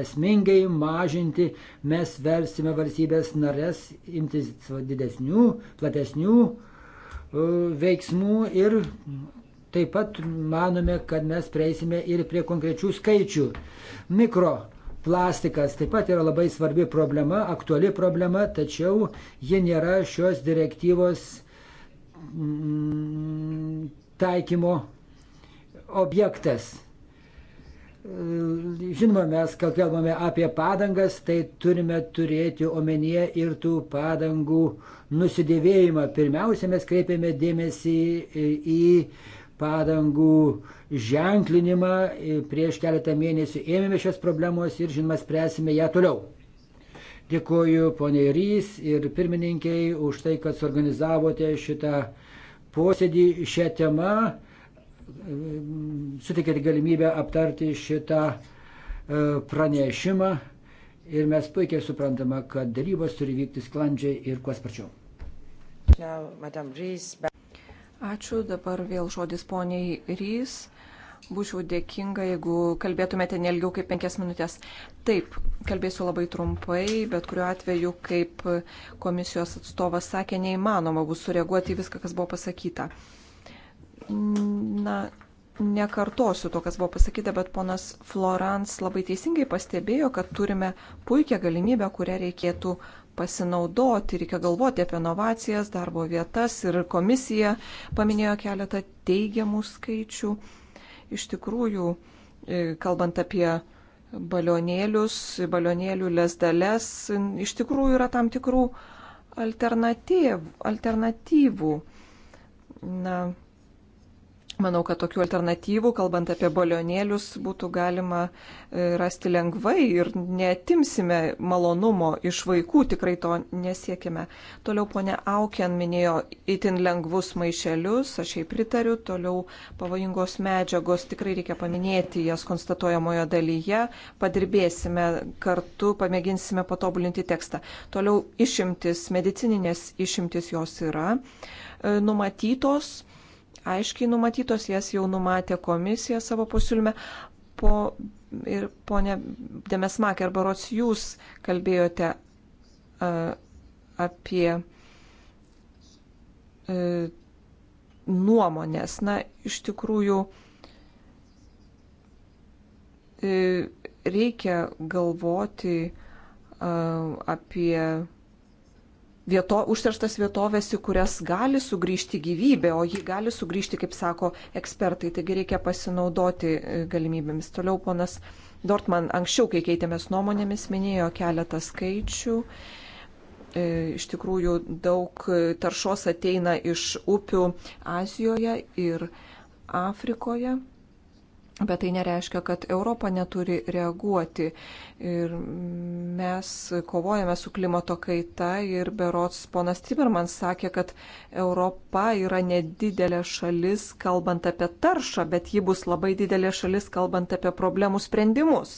Speaker 2: esmingai mažinti, mes versime valstybės narės imtis didesnių, platesnių e, veiksmų ir taip pat manome, kad mes prieisime ir prie konkrečių skaičių. Mikro Plastikas taip pat yra labai svarbi problema, aktuali problema, tačiau ji nėra šios direktyvos mm, taikymo objektas. Žinoma, mes, kai kalbame apie padangas, tai turime turėti omenyje ir tų padangų nusidėvėjimą. Pirmiausia, mes kreipiame dėmesį į padangų ženklinimą. Prieš keletą mėnesių ėmėme šios problemos ir, žinoma, spręsime ją toliau. Dėkuoju poniai Rys ir pirmininkiai už tai, kad suorganizavote šitą posėdį šią temą suteikėte galimybę aptarti šitą e, pranešimą ir mes puikiai suprantame, kad darybos turi vykti sklandžiai ir kuo sparčiau.
Speaker 3: Ačiū, dabar vėl žodis poniai Rys. Būčiau dėkinga, jeigu kalbėtumėte nelgiau kaip penkias minutės. Taip, kalbėsiu labai trumpai, bet kuriuo atveju, kaip komisijos atstovas sakė, neįmanoma bus sureaguoti į viską, kas buvo pasakyta. Uh, Na, nekartosiu to, kas buvo pasakyta, bet ponas Florans labai teisingai pastebėjo, kad turime puikią galimybę, kurią reikėtų pasinaudoti, reikia galvoti apie inovacijas, darbo vietas ir komisija paminėjo keletą teigiamų skaičių. Iš tikrųjų, e, kalbant apie balionėlius, balionėlių lesdales, iš tikrųjų yra tam tikrų alternatyv, alternatyvų. Na, Manau, kad tokių alternatyvų, kalbant apie balionėlius, būtų galima e, rasti lengvai ir netimsime malonumo iš vaikų, tikrai to nesiekime. Toliau ponia Aukien minėjo itin lengvus maišelius, aš jai pritariu, toliau pavojingos medžiagos tikrai reikia paminėti jas konstatuojamojo dalyje, padirbėsime kartu, pamėginsime patobulinti tekstą. Toliau išimtis, medicininės išimtis jos yra e, numatytos aiškiai numatytos, jas jau numatė komisija savo pasiūlyme. Po, ir ponė Demesmakė ir Barots, jūs kalbėjote uh, apie uh, nuomonės. Na, iš tikrųjų, uh, reikia galvoti uh, apie vieto, užterštas vietovės, į kurias gali sugrįžti gyvybė, o ji gali sugrįžti, kaip sako ekspertai, taigi reikia pasinaudoti e, galimybėmis. Toliau ponas Dortman anksčiau, kai keitėmės nuomonėmis, minėjo keletą skaičių. E, iš tikrųjų daug taršos ateina iš upių Azijoje ir Afrikoje. Bet tai nereiškia, kad Europa neturi reaguoti. Ir mes kovojame su klimato kaita ir berots ponas Timerman sakė, kad Europa yra nedidelė šalis, kalbant apie taršą, bet ji bus labai didelė šalis, kalbant apie problemų sprendimus.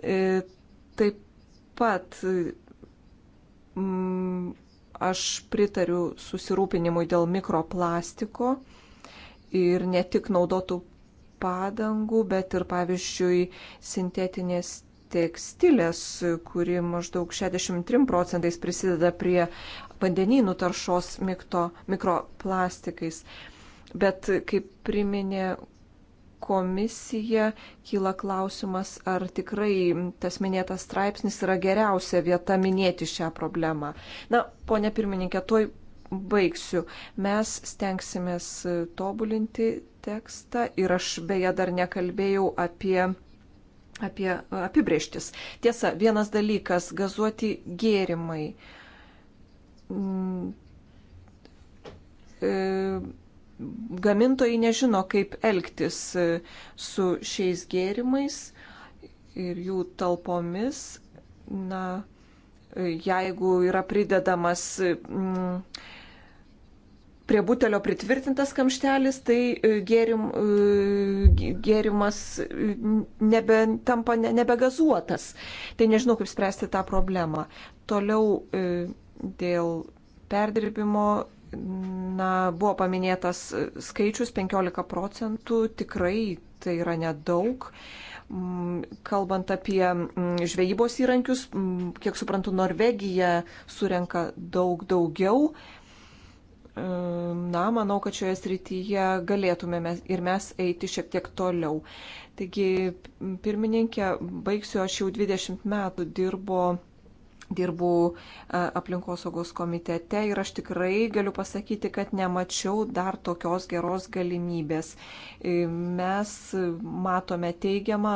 Speaker 3: E, taip pat mm, aš pritariu susirūpinimui dėl mikroplastiko ir ne tik naudotų padangų, bet ir pavyzdžiui sintetinės tekstilės, kuri maždaug 63 procentais prisideda prie vandenynų taršos mikto, mikroplastikais. Bet kaip priminė komisija, kyla klausimas, ar tikrai tas minėtas straipsnis yra geriausia vieta minėti šią problemą. Na, ponė pirmininkė, tuoj baigsiu. Mes stengsimės e, tobulinti tekstą ir aš beje dar nekalbėjau apie, apie e, apibrieštis. Tiesa, vienas dalykas - gazuoti gėrimai. Mm, e, gamintojai nežino, kaip elgtis su šiais gėrimais ir jų talpomis. Na, jeigu yra pridedamas mm, prie butelio pritvirtintas kamštelis, tai e, gėrim, e, gėrimas e, nebe, tampa ne, nebegazuotas. Tai nežinau, kaip spręsti tą problemą. Toliau dėl perdirbimo. Na, buvo paminėtas skaičius 15 procentų, tikrai tai yra nedaug. Mm, kalbant apie mm, žvejybos įrankius, mm, kiek suprantu, Norvegija surenka daug daugiau, na, manau, kad šioje srityje galėtumėme ir mes eiti šiek tiek toliau. Taigi, pirmininkė, baigsiu, aš jau 20 metų dirbo dirbau e, aplinkosaugos komitete ir aš tikrai galiu pasakyti, kad nemačiau dar tokios geros galimybės. E, mes matome teigiamą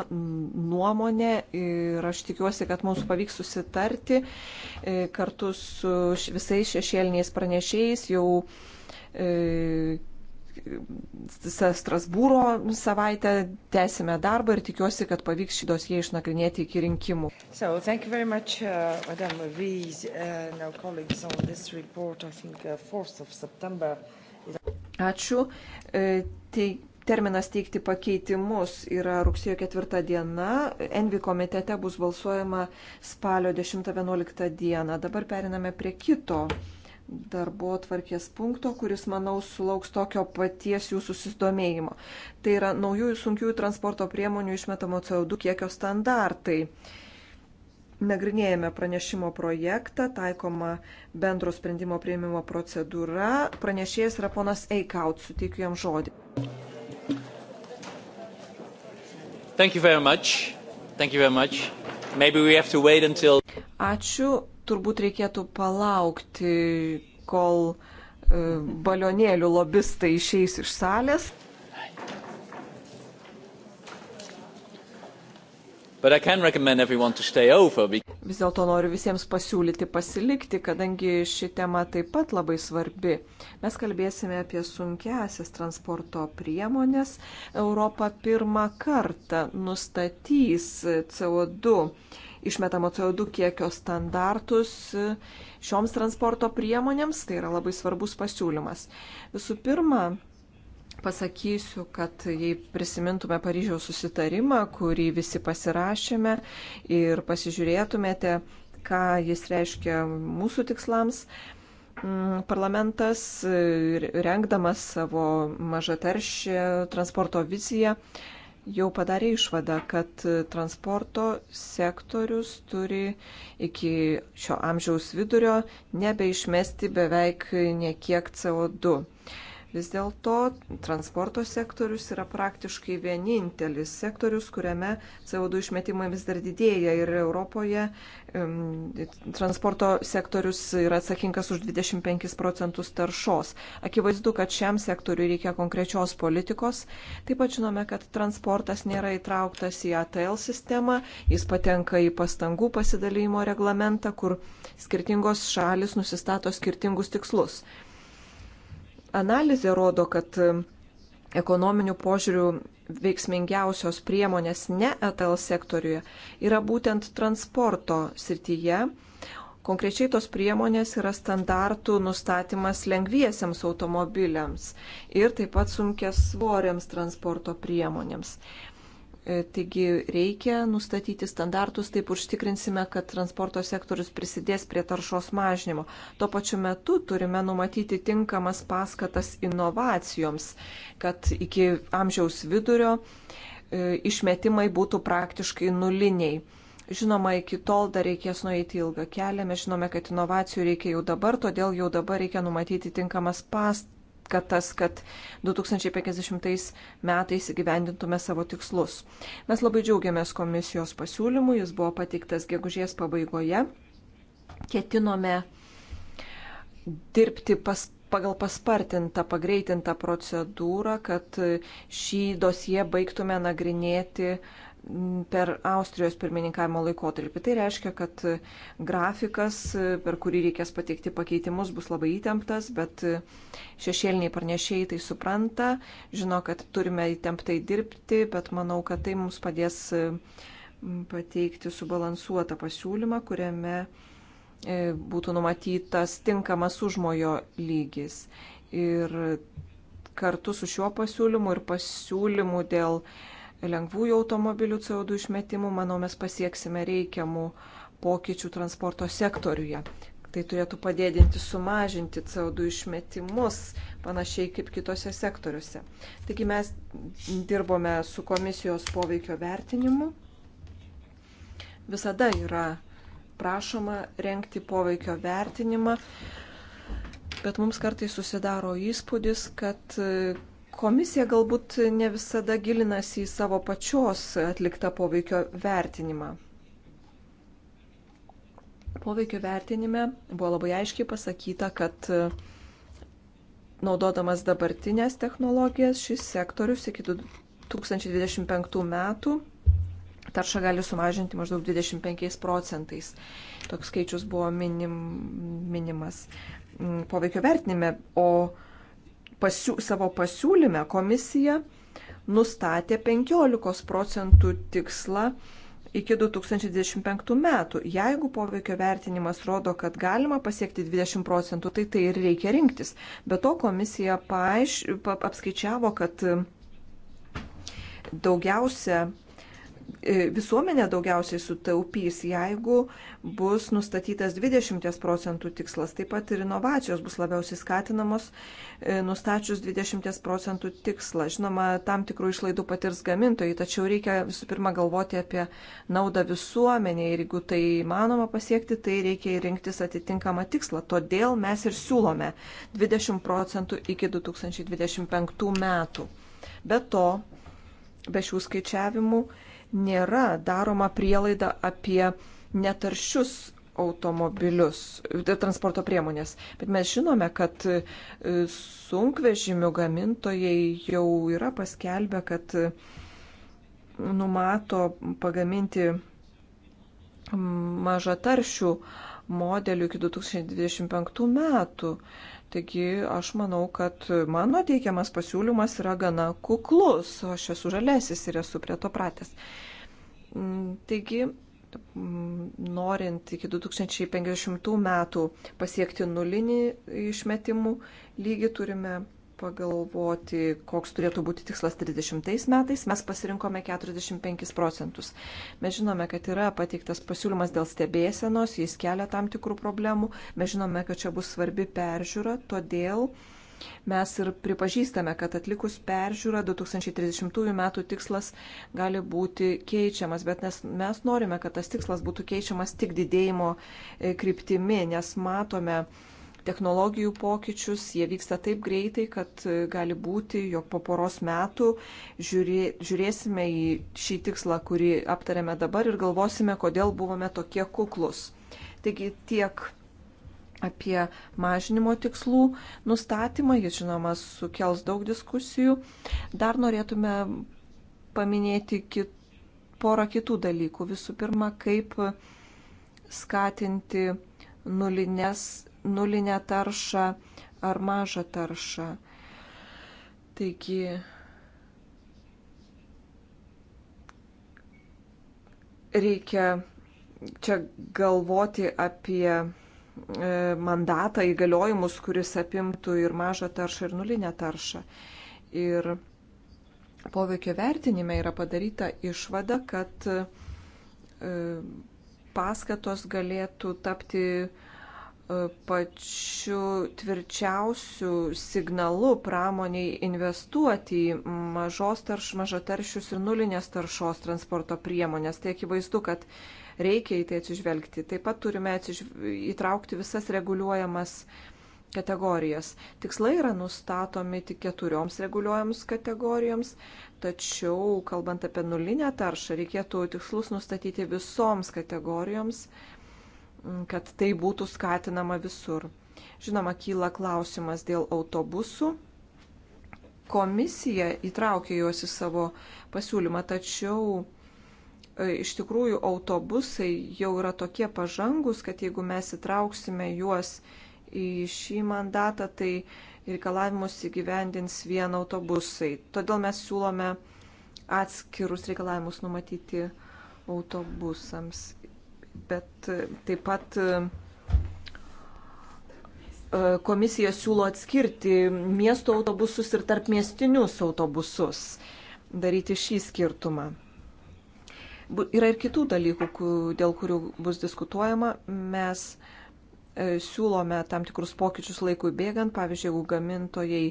Speaker 3: nuomonę ir aš tikiuosi, kad mums pavyks susitarti e, kartu su visais šešėliniais pranešėjais jau Strasbūro savaitę tęsime darbą ir tikiuosi, kad pavyks šį dosiją išnagrinėti iki rinkimų. So, much, uh, Riz, uh, report, think, uh, Ačiū. E, tai terminas teikti pakeitimus yra rugsėjo 4 diena. Envi komitete bus balsuojama spalio 10-11 dieną. Dabar periname prie kito darbo tvarkės punkto, kuris, manau, sulauks tokio paties jų susidomėjimo. Tai yra naujųjų sunkiųjų transporto priemonių išmetamo CO2 kiekio standartai. Nagrinėjame pranešimo projektą, taikoma bendro sprendimo prieimimo procedūra. Pranešėjas yra ponas Eikaut, suteikiu jam žodį.
Speaker 4: Thank you very much. Thank you very much. Maybe we have to wait until...
Speaker 3: Ačiū turbūt reikėtų palaukti, kol e, balionėlių lobistai išeis iš salės.
Speaker 4: Vis
Speaker 3: dėlto noriu visiems pasiūlyti pasilikti, kadangi ši tema taip pat labai svarbi. Mes kalbėsime apie sunkiasias transporto priemonės. Europa pirmą kartą nustatys CO2 išmetamo CO2 kiekio standartus e, šioms transporto priemonėms. Tai yra labai svarbus pasiūlymas. Visų pirma, pasakysiu, kad jei prisimintume Paryžiaus susitarimą, kurį visi pasirašėme ir pasižiūrėtumėte, ką jis reiškia mūsų tikslams, parlamentas, e, renkdamas savo mažataršį transporto viziją, jau padarė išvadą, kad transporto sektorius turi iki šio amžiaus vidurio nebeišmesti beveik niekiek CO2. Vis dėlto transporto sektorius yra praktiškai vienintelis sektorius, kuriame CO2 išmetimai vis dar didėja ir Europoje um, transporto sektorius yra atsakingas už 25 procentus taršos. Akivaizdu, kad šiam sektoriui reikia konkrečios politikos. Taip pat žinome, kad transportas nėra įtrauktas į ATL sistemą, jis patenka į pastangų pasidalymo reglamentą, kur skirtingos šalis nusistato skirtingus tikslus. Analizė rodo, kad um, ekonominių požiūrių veiksmingiausios priemonės ne ETL sektoriuje yra būtent transporto srityje. Konkrečiai tos priemonės yra standartų nustatymas lengviesiams automobiliams ir taip pat sunkias svoriams transporto priemonėms. E, taigi reikia nustatyti standartus, taip užtikrinsime, kad transporto sektorius prisidės prie taršos mažnymo. Tuo pačiu metu turime numatyti tinkamas paskatas inovacijoms, kad iki amžiaus vidurio e, išmetimai būtų praktiškai nuliniai. Žinoma, iki tol dar reikės nueiti ilgą kelią, mes žinome, kad inovacijų reikia jau dabar, todėl jau dabar reikia numatyti tinkamas past, kad tas, kad 2050 metais įgyvendintume savo tikslus. Mes labai džiaugiamės komisijos pasiūlymu, jis buvo pateiktas gegužės pabaigoje. Ketinome dirbti pas, pagal paspartintą, pagreitintą procedūrą, kad šį dosiją baigtume nagrinėti uh, per Austrijos pirmininkavimo laikotarpį. Tai reiškia, kad grafikas, per kurį reikės pateikti pakeitimus, bus labai įtemptas, bet šešėliniai pranešėjai tai supranta, žino, kad turime įtemptai dirbti, bet manau, kad tai mums padės mm, pateikti subalansuotą pasiūlymą, kuriame e, būtų numatytas tinkamas užmojo lygis. Ir kartu su šiuo pasiūlymu ir pasiūlymu dėl uh, lengvųjų automobilių CO2 išmetimų, manau, mes pasieksime reikiamų pokyčių transporto sektoriuje. Tai turėtų padėdinti sumažinti CO2 išmetimus, panašiai kaip kitose sektoriuose. Taigi mes dirbome su komisijos poveikio vertinimu. Visada yra prašoma renkti poveikio vertinimą, bet mums kartai susidaro įspūdis, kad Komisija galbūt ne visada gilinasi į savo pačios atliktą poveikio vertinimą. Poveikio vertinime buvo labai aiškiai pasakyta, kad e, naudodamas dabartinės technologijas šis sektorius iki 2025 metų taršą gali sumažinti maždaug 25 procentais. Toks skaičius buvo minim, minimas poveikio vertinime, o pasiū, savo pasiūlyme komisija nustatė 15 procentų tikslą iki 2025 metų. Jeigu poveikio vertinimas rodo, kad galima pasiekti 20 procentų, tai tai ir reikia rinktis. Be to komisija paaiš, apskaičiavo, kad daugiausia E, visuomenė daugiausiai sutaupys, jeigu bus nustatytas 20 procentų tikslas. Taip pat ir inovacijos bus labiausiai skatinamos e, nustačius 20 procentų tikslą. Žinoma, tam tikrų išlaidų patirs gamintojai, tačiau reikia visų pirma galvoti apie naudą visuomenė ir jeigu tai įmanoma pasiekti, tai reikia rinktis atitinkamą tikslą. Todėl mes ir siūlome 20 procentų iki 2025 metų. Be to, be šių skaičiavimų, nėra daroma prielaida apie netaršius automobilius, e, transporto priemonės. Bet mes žinome, kad e, sunkvežimių gamintojai jau yra paskelbę, kad e, numato pagaminti mažataršių modelių iki 2025 metų. Taigi aš manau, kad mano teikiamas pasiūlymas yra gana kuklus, o aš esu žalesis ir esu prie to pratęs. Mm, taigi, mm, norint iki 2050 metų pasiekti nulinį išmetimų lygį, turime pagalvoti, koks turėtų būti tikslas 30 metais, mes pasirinkome 45 procentus. Mes žinome, kad yra pateiktas pasiūlymas dėl stebėsenos, jis kelia tam tikrų problemų, mes žinome, kad čia bus svarbi peržiūra, todėl mes ir pripažįstame, kad atlikus peržiūrą 2030 metų tikslas gali būti keičiamas, bet nes mes norime, kad tas tikslas būtų keičiamas tik didėjimo e, kryptimi, nes matome, technologijų pokyčius, jie vyksta taip greitai, kad e, gali būti, jog po poros metų žiūrė, žiūrėsime į šį tikslą, kurį aptarėme dabar ir galvosime, kodėl buvome tokie kuklus. Taigi tiek apie mažinimo tikslų nustatymą, jis žinoma sukels daug diskusijų. Dar norėtume paminėti kit, porą kitų dalykų. Visų pirma, kaip skatinti nulines nulinę taršą ar mažą taršą. Taigi reikia čia galvoti apie e, mandatą įgaliojimus, kuris apimtų ir mažą taršą, ir nulinę taršą. Ir poveikio vertinime yra padaryta išvada, kad e, paskatos galėtų tapti E, pačiu tvirčiausiu signalu pramoniai investuoti į mažos tarš, mažataršius ir nulinės taršos transporto priemonės. Tai akivaizdu, kad reikia į tai atsižvelgti. Taip pat turime atsižv... įtraukti visas reguliuojamas kategorijas. Tikslai yra nustatomi tik keturioms reguliuojams kategorijoms, tačiau kalbant apie nulinę taršą, reikėtų tikslus nustatyti visoms kategorijoms kad tai būtų skatinama visur. Žinoma, kyla klausimas dėl autobusų. Komisija įtraukė juos į savo pasiūlymą, tačiau e, iš tikrųjų autobusai jau yra tokie pažangus, kad jeigu mes įtrauksime juos į šį mandatą, tai reikalavimus įgyvendins vien autobusai. Todėl mes siūlome atskirus reikalavimus numatyti autobusams bet e, taip pat e, e, komisija siūlo atskirti miesto autobusus ir tarp miestinius autobusus, daryti šį skirtumą. Yra ir kitų dalykų, dėl kurių bus diskutuojama. Mes E, siūlome tam tikrus pokyčius laikui bėgant, pavyzdžiui, jeigu gamintojai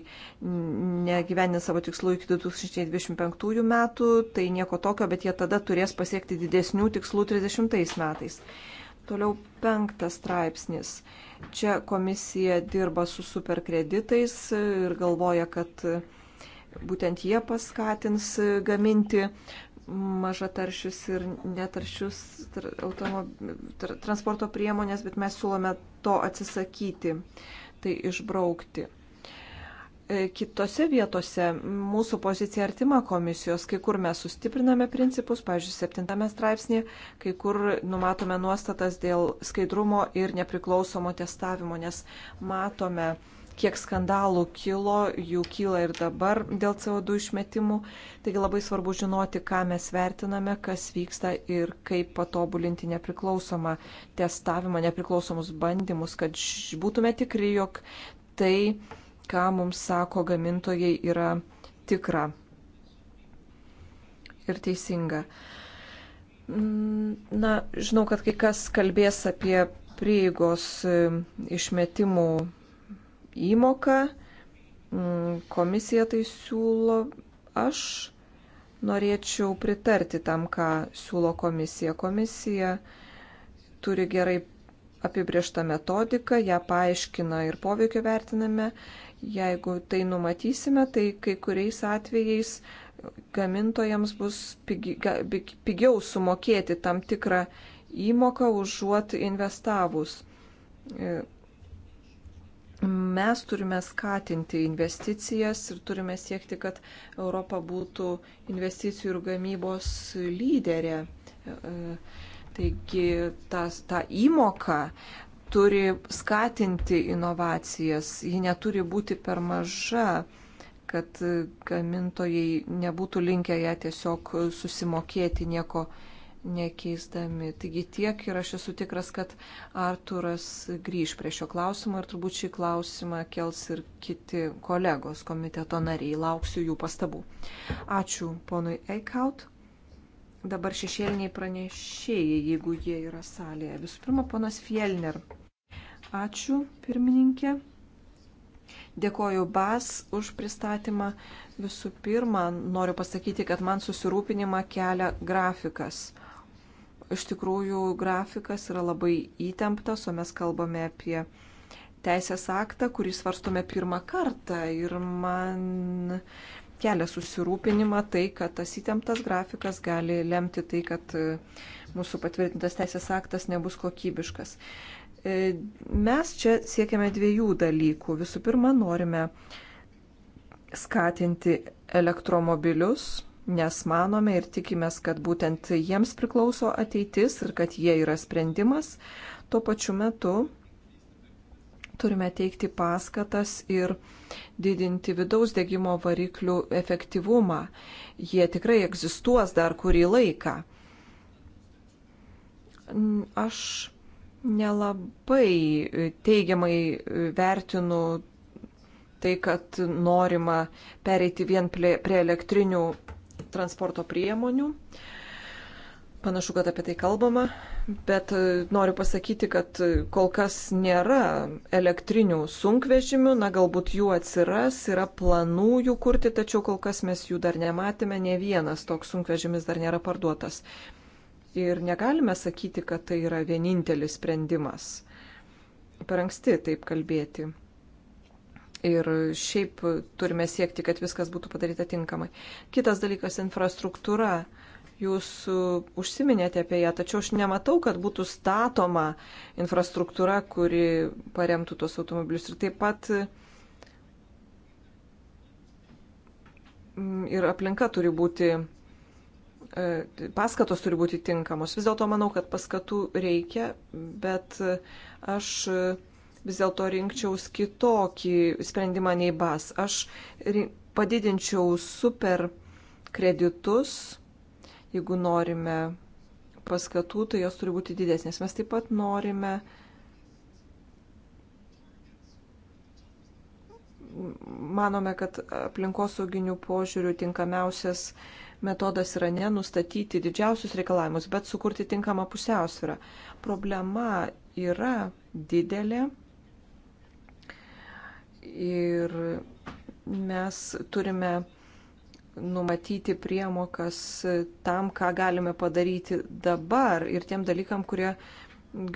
Speaker 3: negyvenė savo tikslų iki 2025 metų, tai nieko tokio, bet jie tada turės pasiekti didesnių tikslų 30 metais. Toliau penktas straipsnis. Čia komisija dirba su superkreditais ir galvoja, kad būtent jie paskatins gaminti mažataršius ir netaršius tra, tra, transporto priemonės, bet mes siūlome to atsisakyti, tai išbraukti. E, kitose vietose mūsų pozicija artima komisijos, kai kur mes sustipriname principus, pavyzdžiui, septintame straipsnėje, kai kur numatome nuostatas dėl skaidrumo ir nepriklausomo testavimo, nes matome, kiek skandalų kilo, jų kyla ir dabar dėl CO2 išmetimų. Taigi labai svarbu žinoti, ką mes vertiname, kas vyksta ir kaip patobulinti nepriklausomą testavimą, nepriklausomus bandymus, kad būtume tikri, jog tai, ką mums sako gamintojai, yra tikra ir teisinga. Mm, na, žinau, kad kai kas kalbės apie prieigos e, išmetimų įmoką, mm, komisija tai siūlo, aš norėčiau pritarti tam, ką siūlo komisija. Komisija turi gerai apibriešta metodika, ją paaiškina ir poveikio vertiname. Jeigu tai numatysime, tai kai kuriais atvejais gamintojams bus pigi, ga, pigiau sumokėti tam tikrą įmoką užuot investavus. E, mes turime skatinti investicijas ir turime siekti, kad Europa būtų investicijų ir gamybos lyderė. Taigi tas, ta įmoka turi skatinti inovacijas, ji neturi būti per maža kad gamintojai nebūtų linkę ją tiesiog susimokėti nieko nekeisdami. Taigi tiek ir aš esu tikras, kad Arturas grįž prie šio klausimo ir turbūt šį klausimą kels ir kiti kolegos komiteto nariai. Lauksiu jų pastabų. Ačiū ponui Eikaut. Dabar šešėliniai pranešėjai, jeigu jie yra salėje. Visų pirma, ponas Fielner. Ačiū, pirmininkė. Dėkoju Bas už pristatymą. Visų pirma, noriu pasakyti, kad man susirūpinimą kelia grafikas. Iš tikrųjų, grafikas yra labai įtemptas, o mes kalbame apie teisės aktą, kurį svarstome pirmą kartą. Ir man kelia susirūpinimą tai, kad tas įtemptas grafikas gali lemti tai, kad e, mūsų patvirtintas teisės aktas nebus kokybiškas. E, mes čia siekiame dviejų dalykų. Visų pirma, norime skatinti elektromobilius nes manome ir tikimės, kad būtent jiems priklauso ateitis ir kad jie yra sprendimas. Tuo pačiu metu turime teikti paskatas ir didinti vidaus degimo variklių efektyvumą. Jie tikrai egzistuos dar kurį laiką. Aš nelabai teigiamai vertinu tai, kad norima pereiti vien prie elektrinių transporto priemonių. Panašu, kad apie tai kalbama, bet e, noriu pasakyti, kad e, kol kas nėra elektrinių sunkvežimių, na galbūt jų atsiras, yra planų jų kurti, tačiau kol kas mes jų dar nematėme, ne vienas toks sunkvežimis dar nėra parduotas. Ir negalime sakyti, kad tai yra vienintelis sprendimas. Per anksti taip kalbėti ir šiaip turime siekti, kad viskas būtų padaryta tinkamai. Kitas dalykas - infrastruktūra. Jūs uh, užsiminėte apie ją, tačiau aš nematau, kad būtų statoma infrastruktūra, kuri paremtų tos automobilius. Ir taip pat mm, ir aplinka turi būti, uh, paskatos turi būti tinkamos. Vis dėlto manau, kad paskatų reikia, bet uh, aš vis dėlto rinkčiaus kitokį sprendimą nei BAS. Aš padidinčiau super kreditus, jeigu norime paskatų, tai jos turi būti didesnės. Mes taip pat norime manome, kad aplinkosauginių požiūrių tinkamiausias metodas yra nenustatyti didžiausius reikalavimus, bet sukurti tinkamą pusiausvyrą. Problema yra didelė ir mes turime numatyti priemokas tam, ką galime padaryti dabar ir tiem dalykam, kurie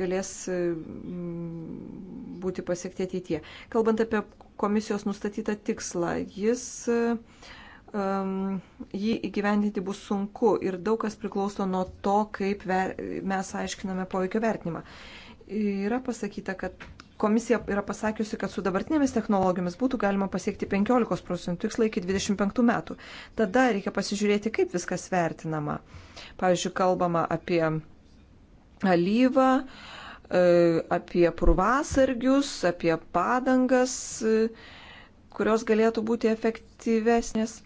Speaker 3: galės mm, būti pasiekti ateitie. Kalbant apie komisijos nustatytą tikslą, jis, um, jį įgyvendinti bus sunku ir daug kas priklauso nuo to, kaip ver, mes aiškiname poveikio vertinimą. Yra pasakyta, kad Komisija yra pasakiusi, kad su dabartinėmis technologijomis būtų galima pasiekti 15 procentų tikslą iki 25 metų. Tada reikia pasižiūrėti, kaip viskas vertinama. Pavyzdžiui, kalbama apie alyvą, e, apie purvasargius, apie padangas, e, kurios galėtų būti efektyvesnės.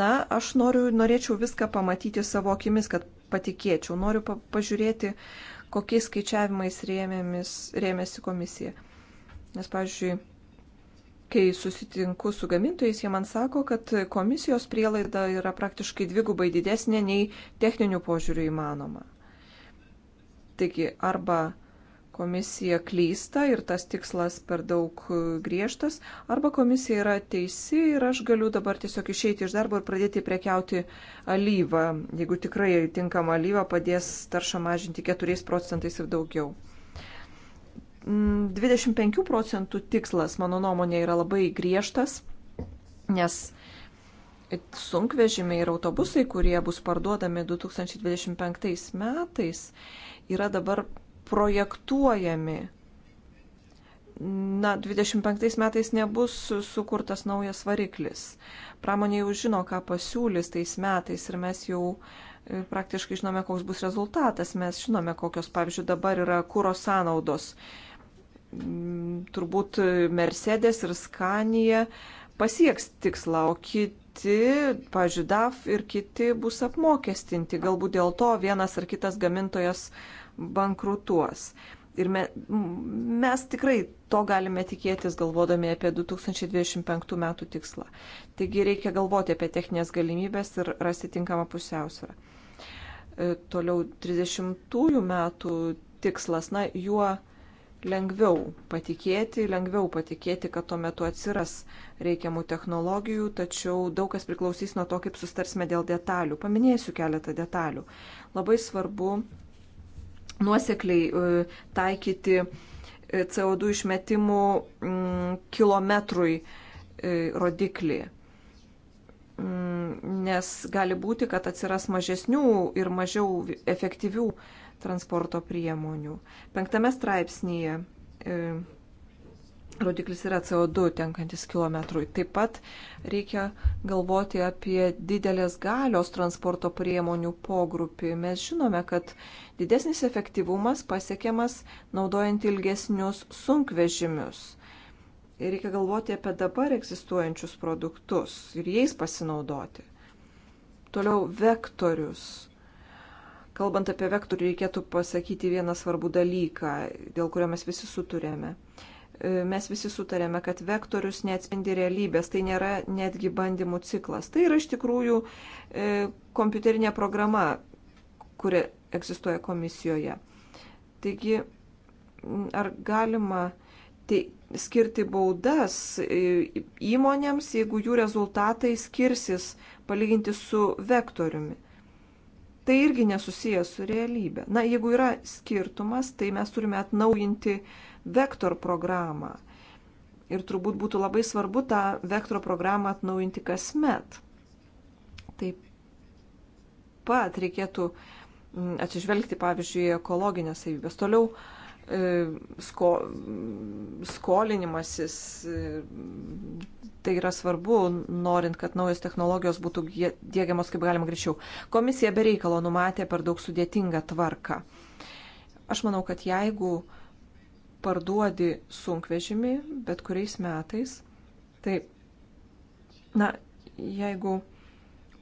Speaker 3: Na, aš noriu, norėčiau viską pamatyti savo akimis, kad patikėčiau. Noriu pa pažiūrėti, kokiais skaičiavimais rėmėmis, rėmėsi komisija. Nes, pavyzdžiui, kai susitinku su gamintojais, jie man sako, kad komisijos prielaida yra praktiškai dvigubai didesnė nei techninių požiūrių įmanoma. Taigi, arba komisija klysta ir tas tikslas per daug griežtas, arba komisija yra teisi ir aš galiu dabar tiesiog išeiti iš darbo ir pradėti prekiauti alyvą, jeigu tikrai tinkama alyva padės taršą mažinti 4 procentais ir daugiau. 25 mm, procentų tikslas, mano nuomonė, yra labai griežtas, nes sunkvežimiai ir autobusai, kurie bus parduodami 2025 metais, yra dabar projektuojami. Na, 25 metais nebus sukurtas naujas variklis. Pramonė jau žino, ką pasiūlys tais metais ir mes jau e, praktiškai žinome, koks bus rezultatas. Mes žinome, kokios, pavyzdžiui, dabar yra kūro sąnaudos Mm, turbūt Mercedes ir Scania pasieks tikslą, o kiti, pažiūrėjau, DAF ir kiti bus apmokestinti. Galbūt dėl to vienas ar kitas gamintojas bankrutuos. Ir me, mes tikrai to galime tikėtis, galvodami apie 2025 metų tikslą. Taigi reikia galvoti apie techninės galimybės ir rasti tinkamą pusiausvyrą. E, toliau 30 metų tikslas, na, juo lengviau patikėti, lengviau patikėti, kad tuo metu atsiras reikiamų technologijų, tačiau daug kas priklausys nuo to, kaip sustarsime dėl detalių. Paminėsiu keletą detalių. Labai svarbu nuosekliai e, taikyti e, CO2 išmetimų mm, kilometrui e, rodiklį. Mm, nes gali būti, kad atsiras mažesnių ir mažiau efektyvių transporto priemonių. Penktame straipsnėje e, rodiklis yra CO2 tenkantis kilometrui. Taip pat reikia galvoti apie didelės galios transporto priemonių pogrupį. Mes žinome, kad didesnis efektyvumas pasiekiamas naudojant ilgesnius sunkvežimius. Ir reikia galvoti apie dabar egzistuojančius produktus ir jais pasinaudoti. Toliau vektorius. Kalbant apie vektorių, reikėtų pasakyti vieną svarbų dalyką, dėl kurio mes visi suturėme. E, mes visi sutarėme, kad vektorius neatspindi realybės, tai nėra netgi bandymų ciklas. Tai yra iš tikrųjų e, kompiuterinė programa, kuri egzistuoja komisijoje. Taigi, ar galima tai skirti baudas e, įmonėms, jeigu jų rezultatai skirsis palyginti su vektoriumi? tai irgi nesusijęs su realybė. Na, jeigu yra skirtumas, tai mes turime atnaujinti vektor programą. Ir turbūt būtų labai svarbu tą vektor programą atnaujinti kasmet. Taip pat reikėtų mm, atsižvelgti, pavyzdžiui, ekologinės savybės. Toliau uh, E, sko, skolinimasis. E, tai yra svarbu, norint, kad naujos technologijos būtų dėgiamos kaip galima greičiau. Komisija be reikalo numatė per daug sudėtingą tvarką. Aš manau, kad jeigu parduodi sunkvežimį bet kuriais metais, tai, na, jeigu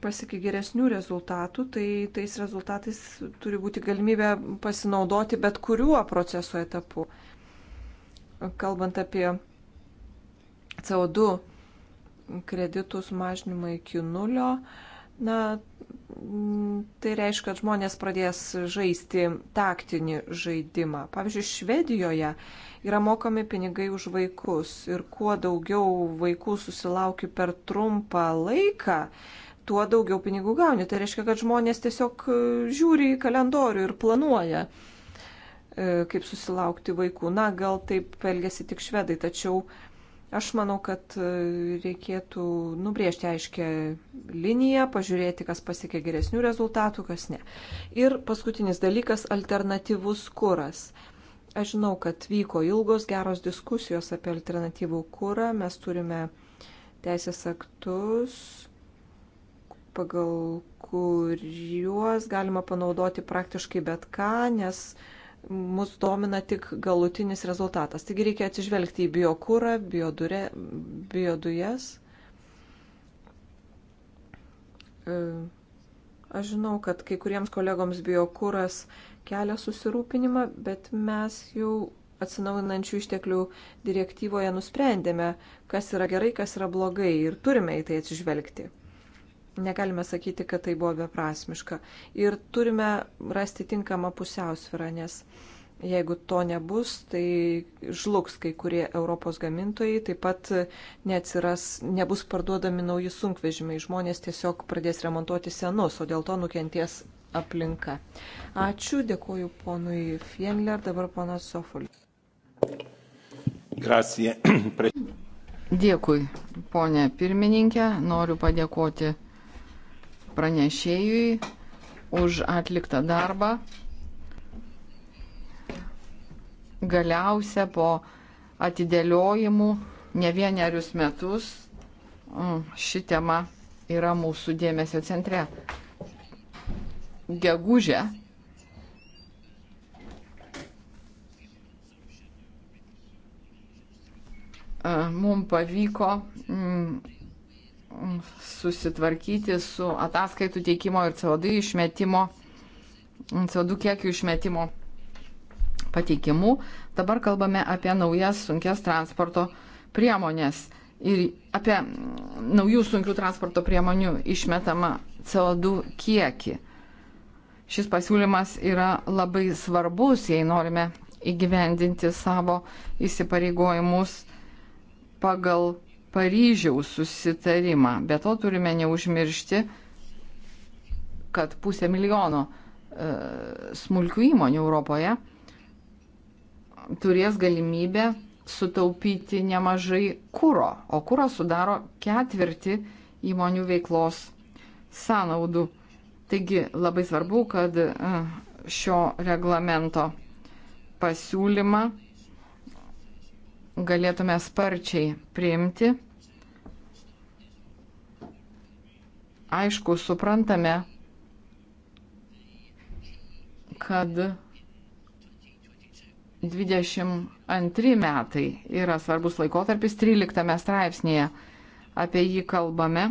Speaker 3: pasiekė geresnių rezultatų, tai tais rezultatais turi būti galimybė pasinaudoti bet kuriuo proceso etapu. Kalbant apie CO2 kreditų sumažinimą iki nulio, na, tai reiškia, kad žmonės pradės žaisti taktinį žaidimą. Pavyzdžiui, Švedijoje yra mokami pinigai už vaikus ir kuo daugiau vaikų susilaukiu per trumpą laiką, uh, tuo daugiau pinigų gauni. Tai reiškia, kad žmonės tiesiog e, žiūri į kalendorių ir planuoja, e, kaip susilaukti vaikų. Na, gal taip elgesi tik švedai, tačiau aš manau, kad e, reikėtų nubriežti aiškę liniją, pažiūrėti, kas pasiekė geresnių rezultatų, kas ne. Ir paskutinis dalykas - alternatyvus kuras aš žinau, kad vyko ilgos geros diskusijos apie alternatyvų kūrą, mes turime teisės aktus, pagal kuriuos galima panaudoti praktiškai bet ką, nes mus domina tik galutinis rezultatas. Taigi reikia atsižvelgti į biokūrą, biodure, biodujas. E, aš žinau, kad kai kuriems kolegoms biokūras kelia susirūpinimą, bet mes jau atsinaujinančių išteklių direktyvoje nusprendėme, kas yra gerai, kas yra blogai ir turime į tai atsižvelgti negalime sakyti, kad tai buvo beprasmiška. Ir turime rasti tinkamą pusiausvyrą, nes jeigu to nebus, tai žlugs kai kurie Europos gamintojai, taip pat neatsiras, nebus parduodami nauji sunkvežimiai, žmonės tiesiog pradės remontuoti senus, o dėl to nukenties aplinka. Ačiū, dėkoju ponui Fienler, dabar ponas Sofulis.
Speaker 4: Grazie.
Speaker 1: Dėkui, ponė pirmininkė. Noriu padėkoti pranešėjui už atliktą darbą. Galiausia po atidėliojimų ne vienerius metus mm, ši tema yra mūsų dėmesio centre. Gegužė e, mums pavyko mm, susitvarkyti su ataskaitų teikimo ir CO2 išmetimo, CO2 kiekių išmetimo pateikimu. Dabar kalbame apie naujas sunkės transporto priemonės ir apie naujų sunkių transporto priemonių išmetamą CO2 kiekį. Šis pasiūlymas yra labai svarbus, jei norime įgyvendinti savo įsipareigojimus pagal Paryžiaus susitarimą. Be to turime neužmiršti, kad pusė milijono e, smulkių įmonių Europoje turės galimybę sutaupyti nemažai kūro, o kūras sudaro ketvirtį įmonių veiklos sąnaudų. Taigi labai svarbu, kad e, šio reglamento pasiūlymą galėtume sparčiai priimti. Aišku, suprantame, kad 22 metai yra svarbus laikotarpis 13 straipsnėje. Apie jį kalbame.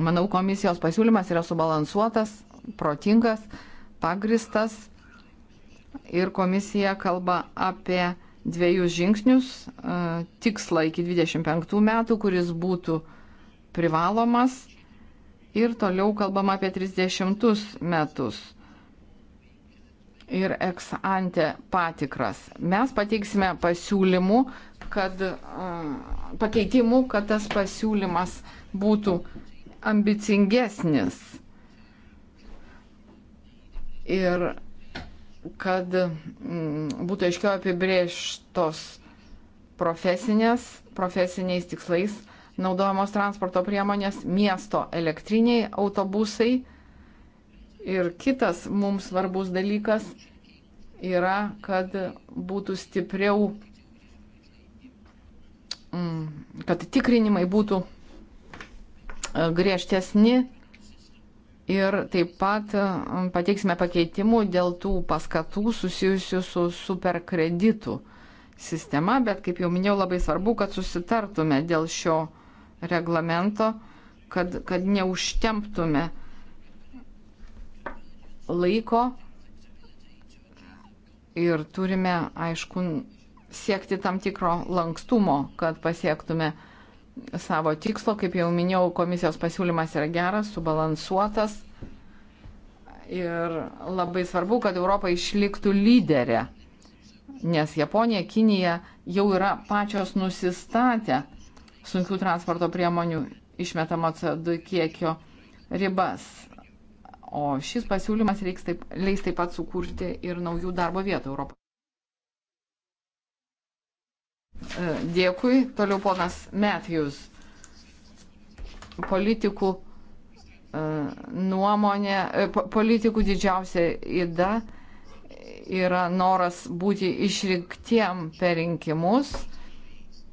Speaker 1: Manau, komisijos pasiūlymas yra subalansuotas, protingas, pagristas ir komisija kalba apie dviejus žingsnius e, - tikslą iki 25 metų, kuris būtų privalomas ir toliau kalbama apie 30 metus ir ex ante patikras. Mes pateiksime pasiūlymų, kad e, pakeitimų, kad tas pasiūlymas būtų ambicingesnis. Ir kad mm, būtų aiškiau apibrėžtos profesinės, profesiniais tikslais naudojamos transporto priemonės, miesto elektriniai autobusai. Ir kitas mums svarbus dalykas yra, kad būtų stipriau, mm, kad tikrinimai būtų e, griežtesni Ir taip pat um, pateiksime pakeitimų dėl tų paskatų susijusių su superkreditų sistema, bet kaip jau minėjau, labai svarbu, kad susitartume dėl šio reglamento, kad, kad neužtemptume laiko ir turime, aišku, siekti tam tikro lankstumo, kad pasiektume savo tikslo. Kaip jau minėjau, komisijos pasiūlymas yra geras, subalansuotas. Ir labai svarbu, kad Europa išliktų lyderė, nes Japonija, Kinija jau yra pačios nusistatę sunkių transporto priemonių išmetamo CO2 kiekio ribas. O šis pasiūlymas leis taip, leis taip pat sukurti ir naujų darbo vietų Europoje. E, dėkui. Toliau ponas Matthews. Politikų e, nuomonė, e, politikų didžiausia įda yra noras būti išrinktiem per rinkimus.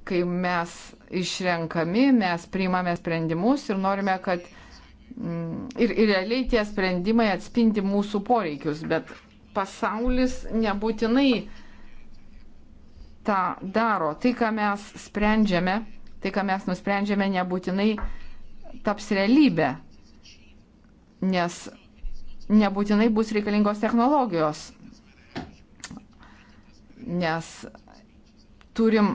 Speaker 1: Kai mes išrenkami, mes priimame sprendimus ir norime, kad mm, ir, ir realiai tie sprendimai atspindi mūsų poreikius, bet pasaulis nebūtinai tą daro. Tai, ką mes sprendžiame, tai, ką mes nusprendžiame, nebūtinai taps realybė, nes nebūtinai bus reikalingos technologijos, nes turim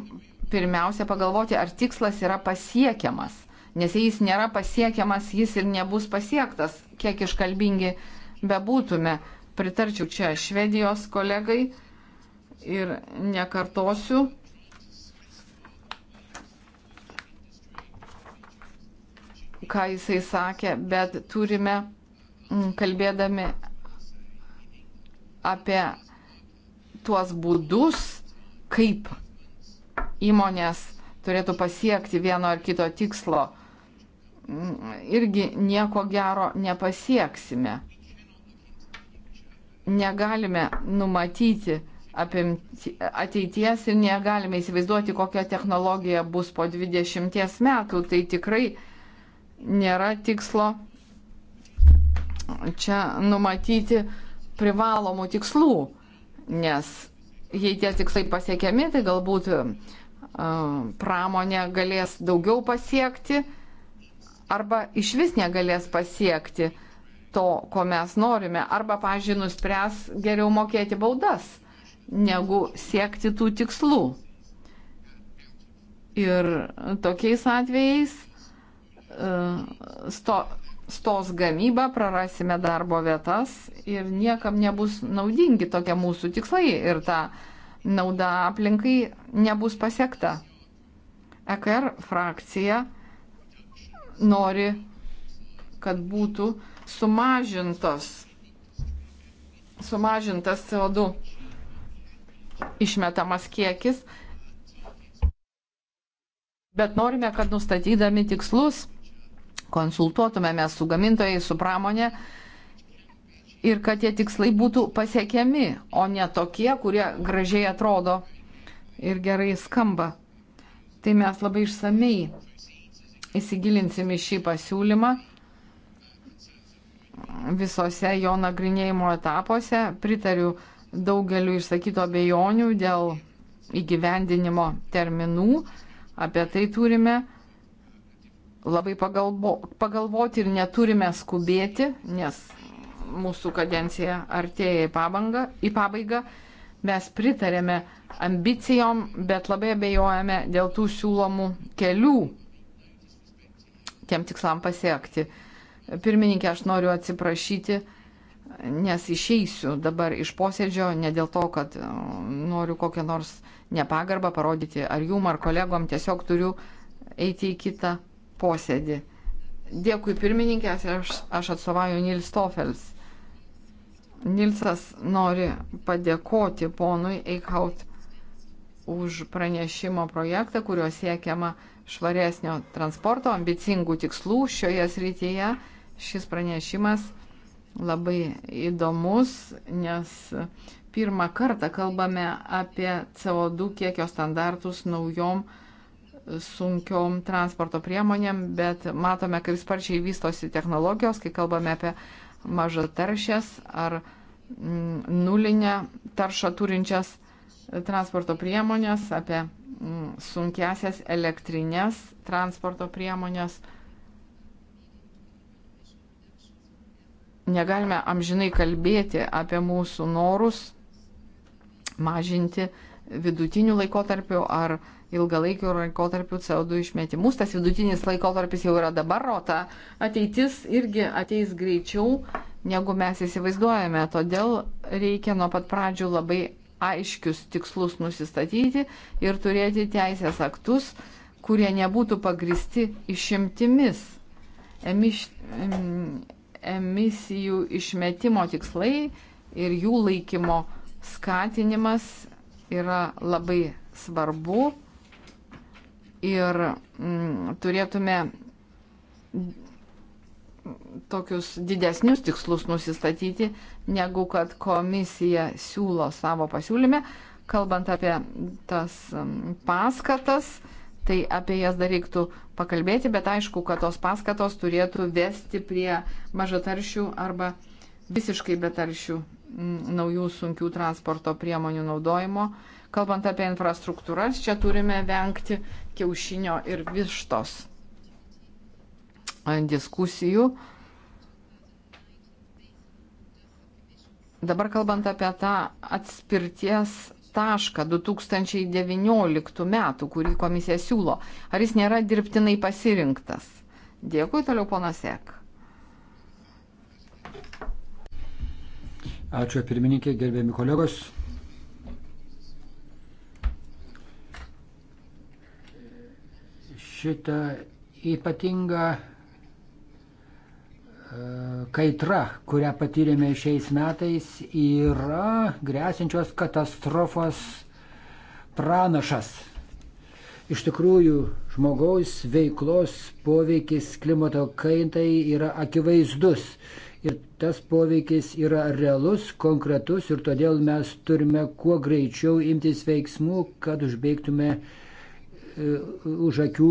Speaker 1: pirmiausia pagalvoti, ar tikslas yra pasiekiamas, nes jei jis nėra pasiekiamas, jis ir nebus pasiektas, kiek iškalbingi bebūtume. Pritarčiau čia Švedijos kolegai ir nekartosiu. ką jisai sakė, bet turime, mm, kalbėdami apie tuos būdus, kaip įmonės turėtų pasiekti vieno ar kito tikslo, mm, irgi nieko gero nepasieksime. Negalime numatyti apimti, ateities ir negalime įsivaizduoti, kokia technologija bus po 20 metų. Tai tikrai nėra tikslo čia numatyti privalomų tikslų, nes jei tie tikslai pasiekiami, tai galbūt uh, pramonė galės daugiau pasiekti arba iš vis negalės pasiekti to, ko mes norime, arba, pažiūrėjau, nuspręs geriau mokėti baudas. Uh, negu siekti tų tikslų. Ir tokiais atvejais e, sto, stos gamyba, prarasime darbo vietas ir niekam nebus naudingi tokie mūsų tikslai ir ta nauda aplinkai nebus pasiekta. EKR frakcija nori, kad būtų sumažintos, sumažintas CO2 išmetamas kiekis, bet norime, kad nustatydami tikslus konsultuotumėme su gamintojai, su pramonė ir kad tie tikslai būtų pasiekiami, o ne tokie, kurie gražiai atrodo ir gerai skamba. Tai mes labai išsamei įsigilinsim į šį pasiūlymą visose jo nagrinėjimo etapuose. Pritariu daugeliu išsakytų abejonių dėl įgyvendinimo terminų. Apie tai turime labai pagalbo, pagalvoti ir neturime skubėti, nes mūsų kadencija artėja į, pabangą, į pabaigą. Mes pritarėme ambicijom, bet labai abejojame dėl tų siūlomų kelių tiem tikslam pasiekti. Pirmininkė, aš noriu atsiprašyti nes išeisiu dabar iš posėdžio ne dėl to, kad e, noriu kokią nors nepagarbą parodyti ar jum, ar kolegom, tiesiog turiu eiti į kitą posėdį. Dėkui pirmininkė, aš, aš atstovauju Nils Tofels. Nilsas nori padėkoti ponui Eikhaut už pranešimo projektą, kuriuo siekiama švaresnio transporto, ambicingų tikslų šioje srityje. Šis pranešimas labai įdomus, nes pirmą kartą kalbame apie CO2 kiekio standartus naujom sunkiom transporto priemonėm, bet matome, kaip sparčiai vystosi technologijos, kai kalbame apie mažą taršęs ar mm, nulinę taršą turinčias e, transporto priemonės, apie mm, sunkesias elektrinės transporto priemonės. negalime amžinai kalbėti apie mūsų norus mažinti vidutinių laikotarpių ar ilgalaikių laikotarpių CO2 išmetimus. Tas vidutinis laikotarpis jau yra dabar, o ta ateitis irgi ateis greičiau, negu mes įsivaizduojame. Todėl reikia nuo pat pradžių labai aiškius tikslus nusistatyti ir turėti teisės aktus, kurie nebūtų pagristi išimtimis. Emiš, emisijų išmetimo tikslai ir jų laikymo skatinimas yra labai svarbu ir mm, turėtume tokius didesnius tikslus nusistatyti, negu kad komisija siūlo savo pasiūlyme, kalbant apie tas mm, paskatas. Mm, tai apie jas dar reiktų pakalbėti, bet aišku, kad tos paskatos turėtų vesti prie mažataršių arba visiškai betaršių naujų sunkių transporto priemonių naudojimo. Kalbant apie infrastruktūras, čia turime vengti kiaušinio ir vištos diskusijų. Dabar kalbant apie tą atspirties tašką 2019 metų, kurį komisija siūlo. Ar jis nėra dirbtinai pasirinktas? Dėkui toliau, ponas Ek.
Speaker 2: Ačiū pirmininkė, gerbėmi kolegos. Šitą ypatingą kaitra, kurią patyrėme šiais metais, yra grėsinčios katastrofos pranašas. Iš tikrųjų, žmogaus veiklos poveikis klimato kaitai yra akivaizdus. Ir tas poveikis yra realus, konkretus ir todėl mes turime kuo greičiau imtis veiksmų, kad užbėgtume e, už akių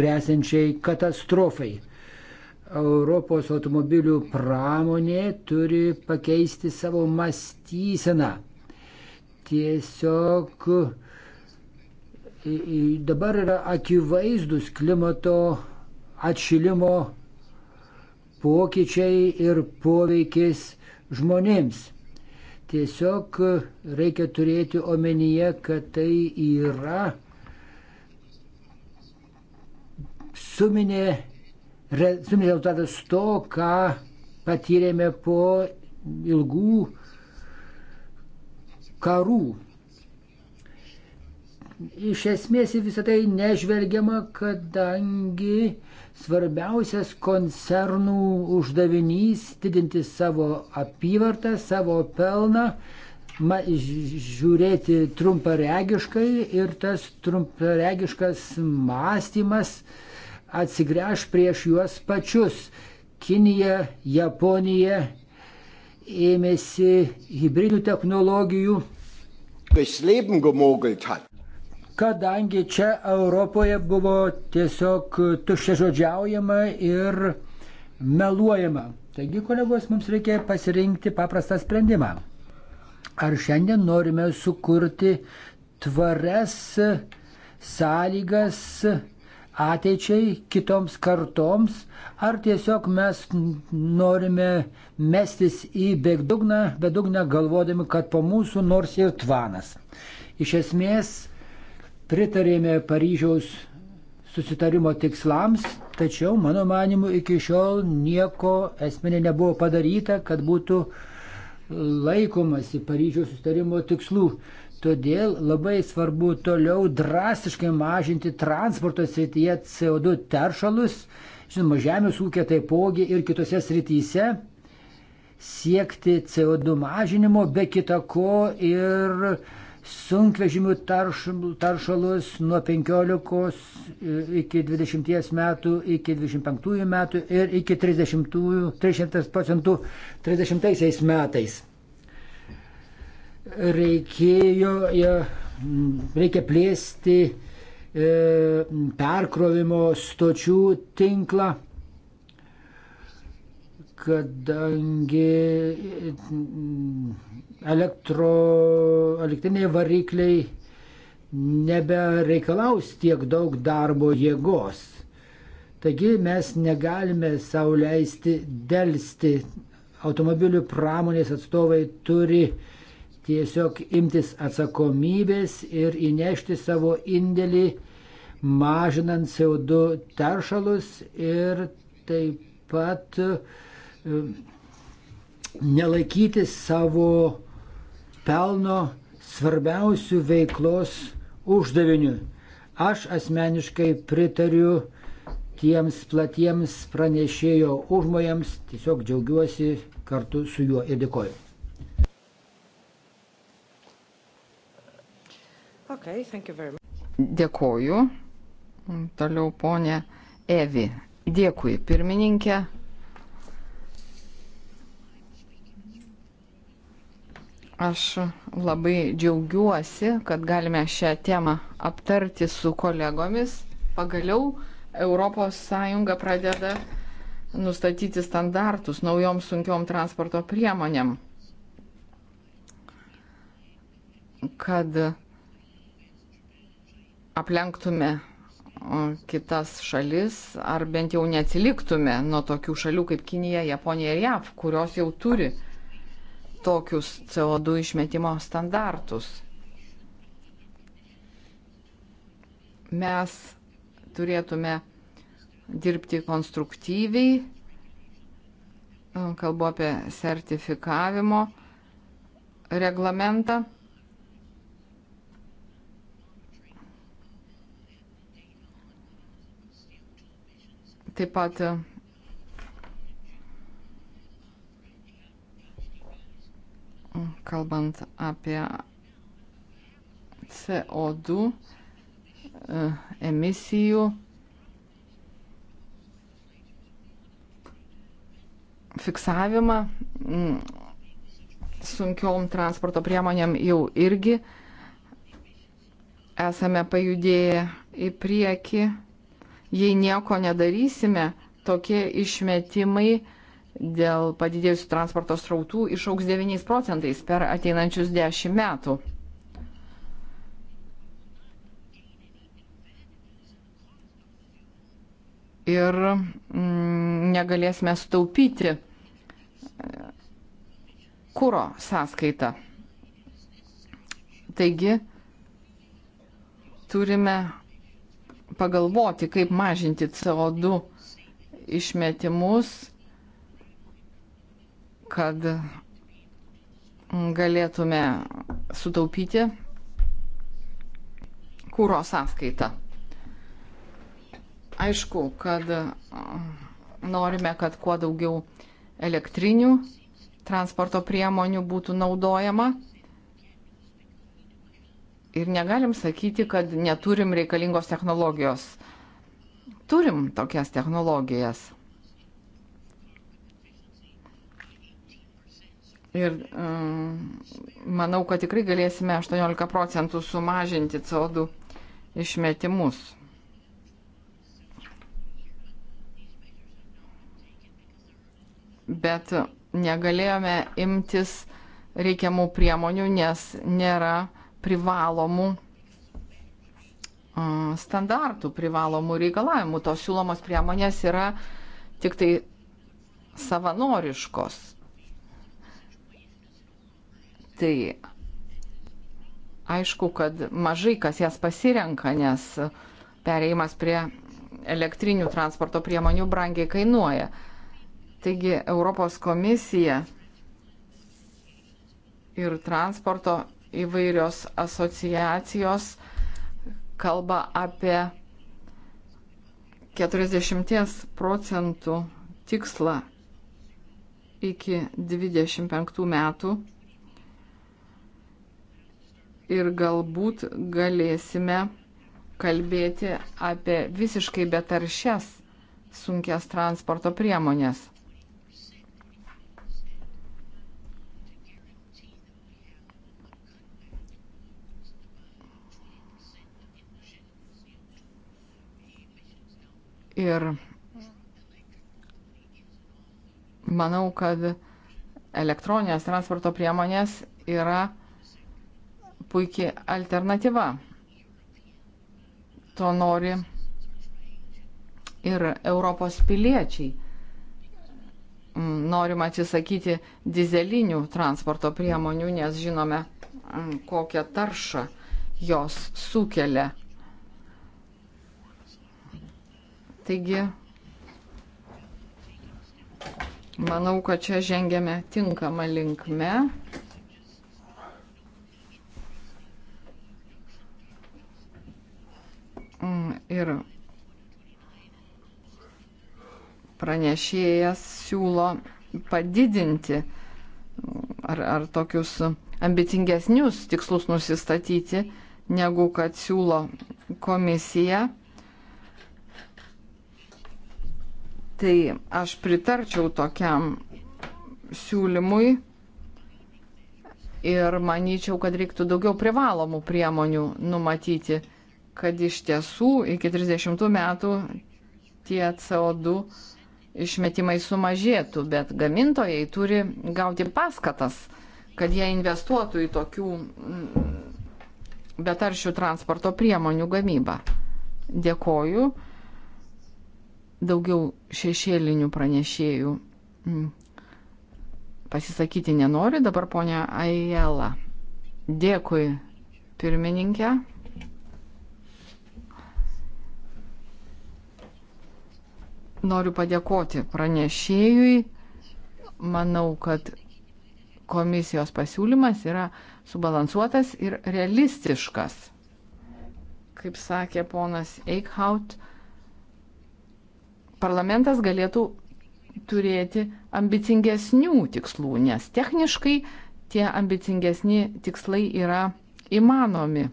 Speaker 2: grėsinčiai katastrofai. Europos automobilių pramonė turi pakeisti savo mąstyseną. Tiesiog dabar yra akivaizdus klimato atšilimo pokyčiai ir poveikis žmonėms. Tiesiog reikia turėti omenyje, kad tai yra suminė suminis rezultatas to, ką patyrėme po ilgų karų. Iš esmės į visą tai nežvelgiama, kadangi svarbiausias koncernų uždavinys didinti savo apyvartą, savo pelną, ma, žiūrėti trumparegiškai ir tas trumparegiškas mąstymas uh, atsigręš prieš juos pačius. Kinija, Japonija ėmėsi hybridinių technologijų. Kadangi čia Europoje buvo tiesiog tuščiažodžiaujama ir meluojama. Taigi, kolegos, mums reikia pasirinkti paprastą sprendimą. Ar šiandien norime sukurti tvarias sąlygas ateičiai, kitoms kartoms, ar tiesiog mes norime mestis į bedugną, bedugną galvodami, kad po mūsų nors ir tvanas. Iš esmės pritarėme Paryžiaus susitarimo tikslams, tačiau mano manimu iki šiol nieko esminė nebuvo padaryta, kad būtų laikomasi Paryžiaus susitarimo tikslų. Todėl labai svarbu toliau drastiškai mažinti transporto srityje CO2 teršalus, žinoma, žemės ūkio taipogi ir kitose srityse siekti CO2 mažinimo, be kita ko ir sunkvežimių taršalus nuo 15 e, iki 20 metų, iki 25 metų ir iki 30, 300 procentų 30 metais reikėjo, reikia plėsti e, perkrovimo stočių tinklą, kadangi e, elektro, elektriniai varikliai nebereikalaus tiek daug darbo jėgos. Taigi mes negalime sauliaisti dėlsti. Automobilių pramonės atstovai turi uh, tiesiog imtis atsakomybės ir įnešti savo indėlį, mažinant CO2 teršalus ir taip pat e, nelaikyti savo pelno svarbiausių veiklos uždavinių. Aš asmeniškai pritariu tiems platiems pranešėjo užmojams, tiesiog džiaugiuosi kartu su juo ir dėkoju.
Speaker 3: Okay,
Speaker 1: Dėkoju. Toliau ponė Evi. Dėkui, pirmininkė. Aš labai džiaugiuosi, kad galime šią temą aptarti su kolegomis. Pagaliau ES pradeda nustatyti standartus naujom sunkiom transporto priemonėm, kad aplenktume kitas šalis, ar bent jau neatsiliktume nuo tokių šalių kaip Kinija, Japonija ir JAV, kurios jau turi tokius CO2 išmetimo standartus. Mes turėtume dirbti konstruktyviai, kalbu apie sertifikavimo reglamentą. Taip pat e, kalbant apie CO2 e, emisijų fiksavimą sunkiom transporto priemonėm jau irgi esame pajudėję į priekį jei nieko nedarysime, tokie išmetimai dėl padidėjusių transporto srautų išauks 9 procentais per ateinančius 10 metų. Ir mm, negalėsime staupyti e, kūro sąskaitą. Taigi turime pagalvoti, kaip mažinti CO2 išmetimus, kad galėtume sutaupyti kūro sąskaitą. Aišku, kad norime, kad kuo daugiau elektrinių transporto priemonių būtų naudojama ir negalim sakyti, kad neturim reikalingos technologijos. Turim tokias technologijas. Ir um, manau, kad tikrai galėsime 18 procentų sumažinti CO2 išmetimus. Bet negalėjome imtis reikiamų priemonių, nes nėra privalomų standartų, privalomų reikalavimų. Tos siūlomos priemonės yra tik tai savanoriškos. Tai aišku, kad mažai kas jas pasirenka, nes pereimas prie elektrinių transporto priemonių brangiai kainuoja. Taigi Europos komisija ir transporto įvairios asociacijos kalba apie 40 procentų tikslą iki 25 metų ir galbūt galėsime kalbėti apie visiškai betaršias sunkias transporto priemonės. Ir manau, kad elektroninės transporto priemonės yra puikiai alternatyva. To nori ir Europos piliečiai. Norim atsisakyti dizelinių transporto priemonių, nes žinome, kokią taršą jos sukelia. Taigi, manau, kad čia žengėme tinkamą linkmę. Mm, ir pranešėjas siūlo padidinti ar, ar tokius ambicingesnius tikslus nusistatyti, negu kad siūlo komisija. Tai aš pritarčiau tokiam siūlymui ir manyčiau, kad reiktų daugiau privalomų priemonių numatyti, kad iš tiesų iki 30 metų tie CO2 išmetimai sumažėtų, bet gamintojai turi gauti paskatas, kad jie investuotų į tokių mm, betaršių transporto priemonių gamybą. Dėkoju daugiau šešėlinių pranešėjų mm. pasisakyti nenori. Dabar ponia Aiela. Dėkui, pirmininkė. Noriu padėkoti pranešėjui. Manau, kad komisijos pasiūlymas yra subalansuotas ir realistiškas. Kaip sakė ponas Eichhaut, parlamentas galėtų turėti ambicingesnių tikslų, nes techniškai tie ambicingesni tikslai yra įmanomi.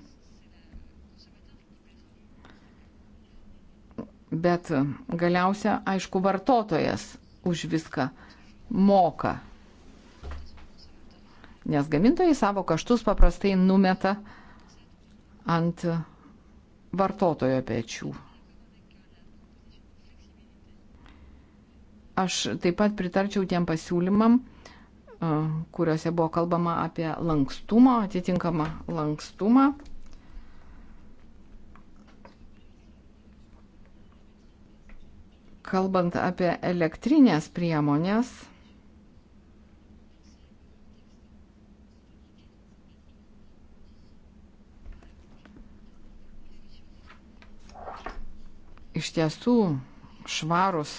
Speaker 1: Bet galiausia, aišku, vartotojas už viską moka. Nes gamintojai savo kaštus paprastai numeta ant vartotojo pečių. Aš taip pat pritarčiau tiem pasiūlymam, e, kuriuose buvo kalbama apie lankstumą, atitinkamą lankstumą. Kalbant apie elektrinės priemonės, iš tiesų švarus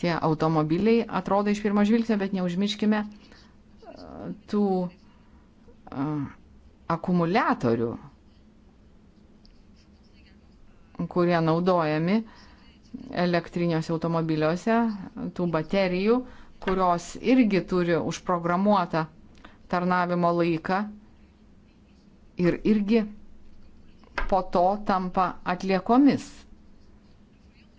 Speaker 1: tie automobiliai atrodo iš pirmo žvilgsnio, bet neužmirškime e, tų e, akumuliatorių, kurie naudojami elektriniuose automobiliuose, tų baterijų, kurios irgi turi užprogramuotą tarnavimo laiką ir irgi po to tampa atliekomis.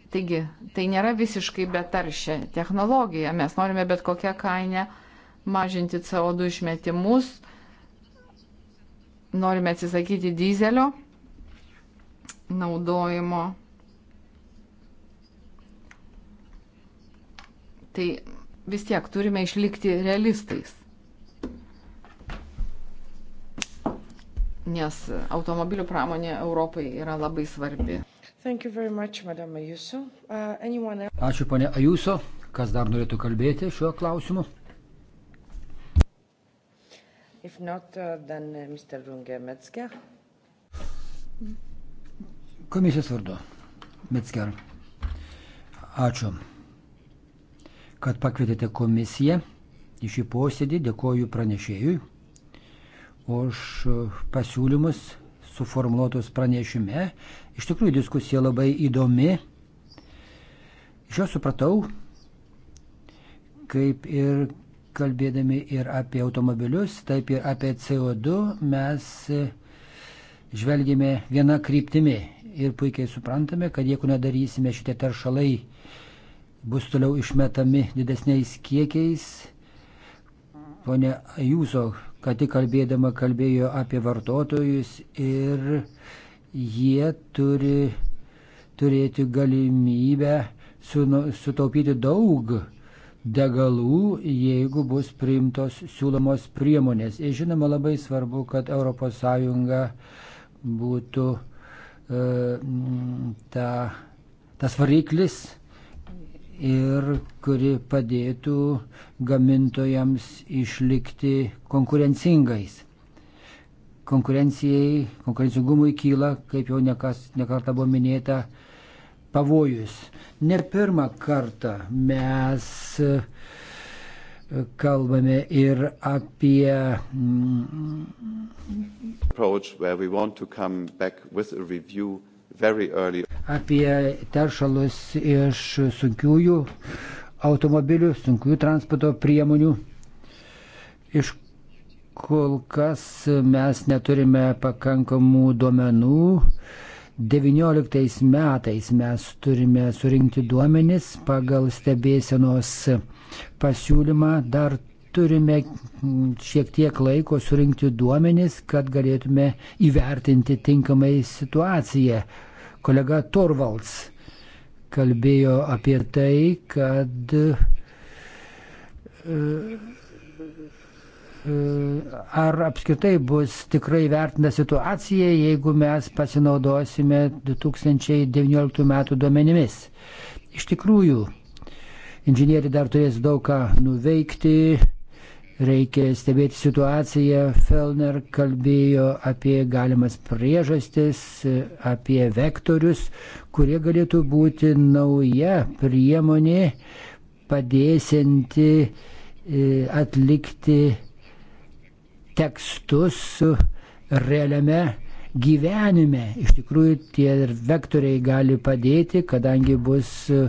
Speaker 1: Taigi, tai nėra visiškai betaršia technologija. Mes norime bet kokią kainą mažinti CO2 išmetimus, norime atsisakyti dizelio naudojimo. Tai vis tiek turime išlikti realistais. Nes automobilių pramonė Europai yra labai svarbi. Much, uh,
Speaker 2: Ačiū, ponė Ajuso. Kas dar norėtų kalbėti šiuo klausimu?
Speaker 3: If not, uh, then uh, Mr. Runge Metzger.
Speaker 2: Komisijos vardu. Metzger. Ačiū, kad pakvietėte komisiją į šį posėdį. Dėkoju pranešėjui už uh, pasiūlymus suformuotos pranešime. Iš tikrųjų diskusija labai įdomi. Iš jo supratau, kaip ir kalbėdami ir apie automobilius, taip ir apie CO2 mes e, žvelgėme vieną kryptimį ir puikiai suprantame, kad jeigu nedarysime šitie teršalai, bus toliau išmetami didesniais kiekiais. Pone Jūso ką tik kalbėdama kalbėjo apie vartotojus ir jie turi turėti galimybę nu, sutaupyti daug degalų, jeigu bus priimtos siūlomos priemonės. Ir žinoma, labai svarbu, kad ES būtų e, ta, tas variklis, ir kuri padėtų gamintojams išlikti konkurencingais. Konkurencijai, konkurencingumui kyla, kaip jau nekas, nekarta buvo minėta, pavojus. Ne pirmą kartą mes e, kalbame ir apie. Mm,
Speaker 4: Approach where we want to come
Speaker 3: back with a review
Speaker 2: apie teršalus iš sunkiųjų automobilių, sunkiųjų transporto priemonių. Iš kol kas mes neturime pakankamų duomenų. 19 metais mes turime surinkti duomenis pagal stebėsenos pasiūlymą. Dar turime šiek tiek laiko surinkti duomenis, kad galėtume įvertinti tinkamai situaciją Kolega Torvalds kalbėjo apie tai, kad e, e, ar apskritai bus tikrai vertina situacija, jeigu mes pasinaudosime 2019 metų duomenimis. Iš tikrųjų, inžinieriai dar turės daug ką nuveikti, Reikia stebėti situaciją. Felner kalbėjo apie galimas priežastis, apie vektorius, kurie galėtų būti nauja priemonė padėsinti e, atlikti tekstus realiame gyvenime. Iš tikrųjų, tie vektoriai gali padėti, kadangi bus e,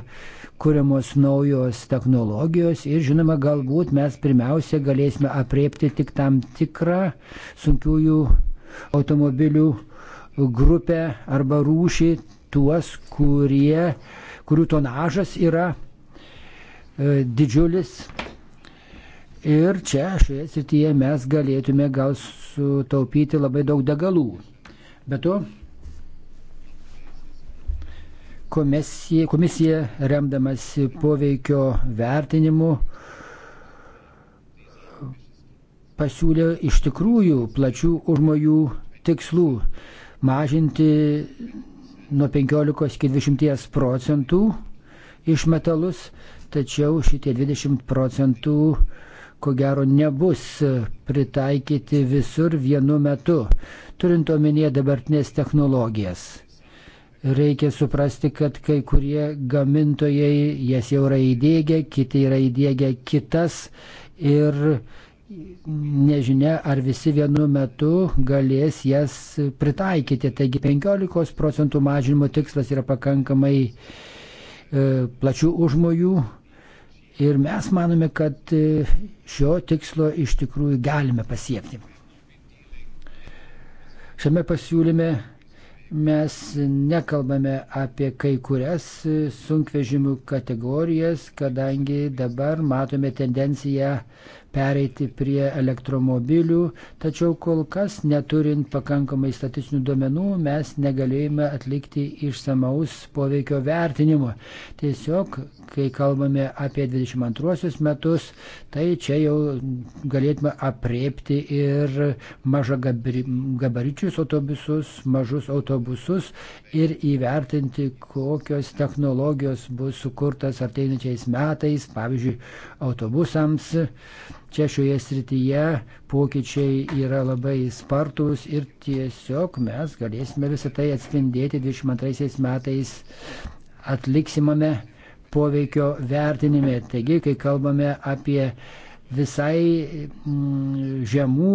Speaker 2: kuriamos naujos technologijos ir, žinoma, galbūt mes pirmiausia galėsime apriepti tik tam tikrą sunkiųjų automobilių grupę arba rūšį, tuos, kurie, kurių tonažas yra e, didžiulis. Ir čia šioje srityje mes galėtume gal sutaupyti labai daug degalų. Be to, komisija, komisija remdamasi poveikio vertinimu pasiūlė iš tikrųjų plačių užmojų tikslų mažinti nuo 15 iki 20 procentų išmetalus, tačiau šitie 20 procentų ko gero nebus pritaikyti visur vienu metu, turint omenyje dabartinės technologijas. Reikia suprasti, kad kai kurie gamintojai jas jau yra įdėgę, kiti yra įdėgę kitas ir nežinia, ar visi vienu metu galės jas pritaikyti. Taigi 15 procentų mažinimo tikslas yra pakankamai e, plačių užmojų, Ir mes manome, kad e, šio tikslo iš tikrųjų galime pasiekti. Šiame pasiūlyme mes nekalbame apie kai kurias e, sunkvežimių kategorijas, kadangi dabar matome tendenciją pereiti prie elektromobilių, tačiau kol kas neturint pakankamai statistinių duomenų mes negalėjome atlikti išsamaus poveikio vertinimo. Tiesiog, kai kalbame apie 22 metus, tai čia jau galėtume apriepti ir mažą gabaričius autobusus, mažus autobusus ir įvertinti, kokios technologijos bus sukurtas ateinančiais metais, pavyzdžiui, autobusams Čia šioje srityje pokyčiai yra labai spartus ir tiesiog mes galėsime visą tai atspindėti 22 metais atliksimame poveikio vertinime. Taigi, kai kalbame apie visai mm, žemų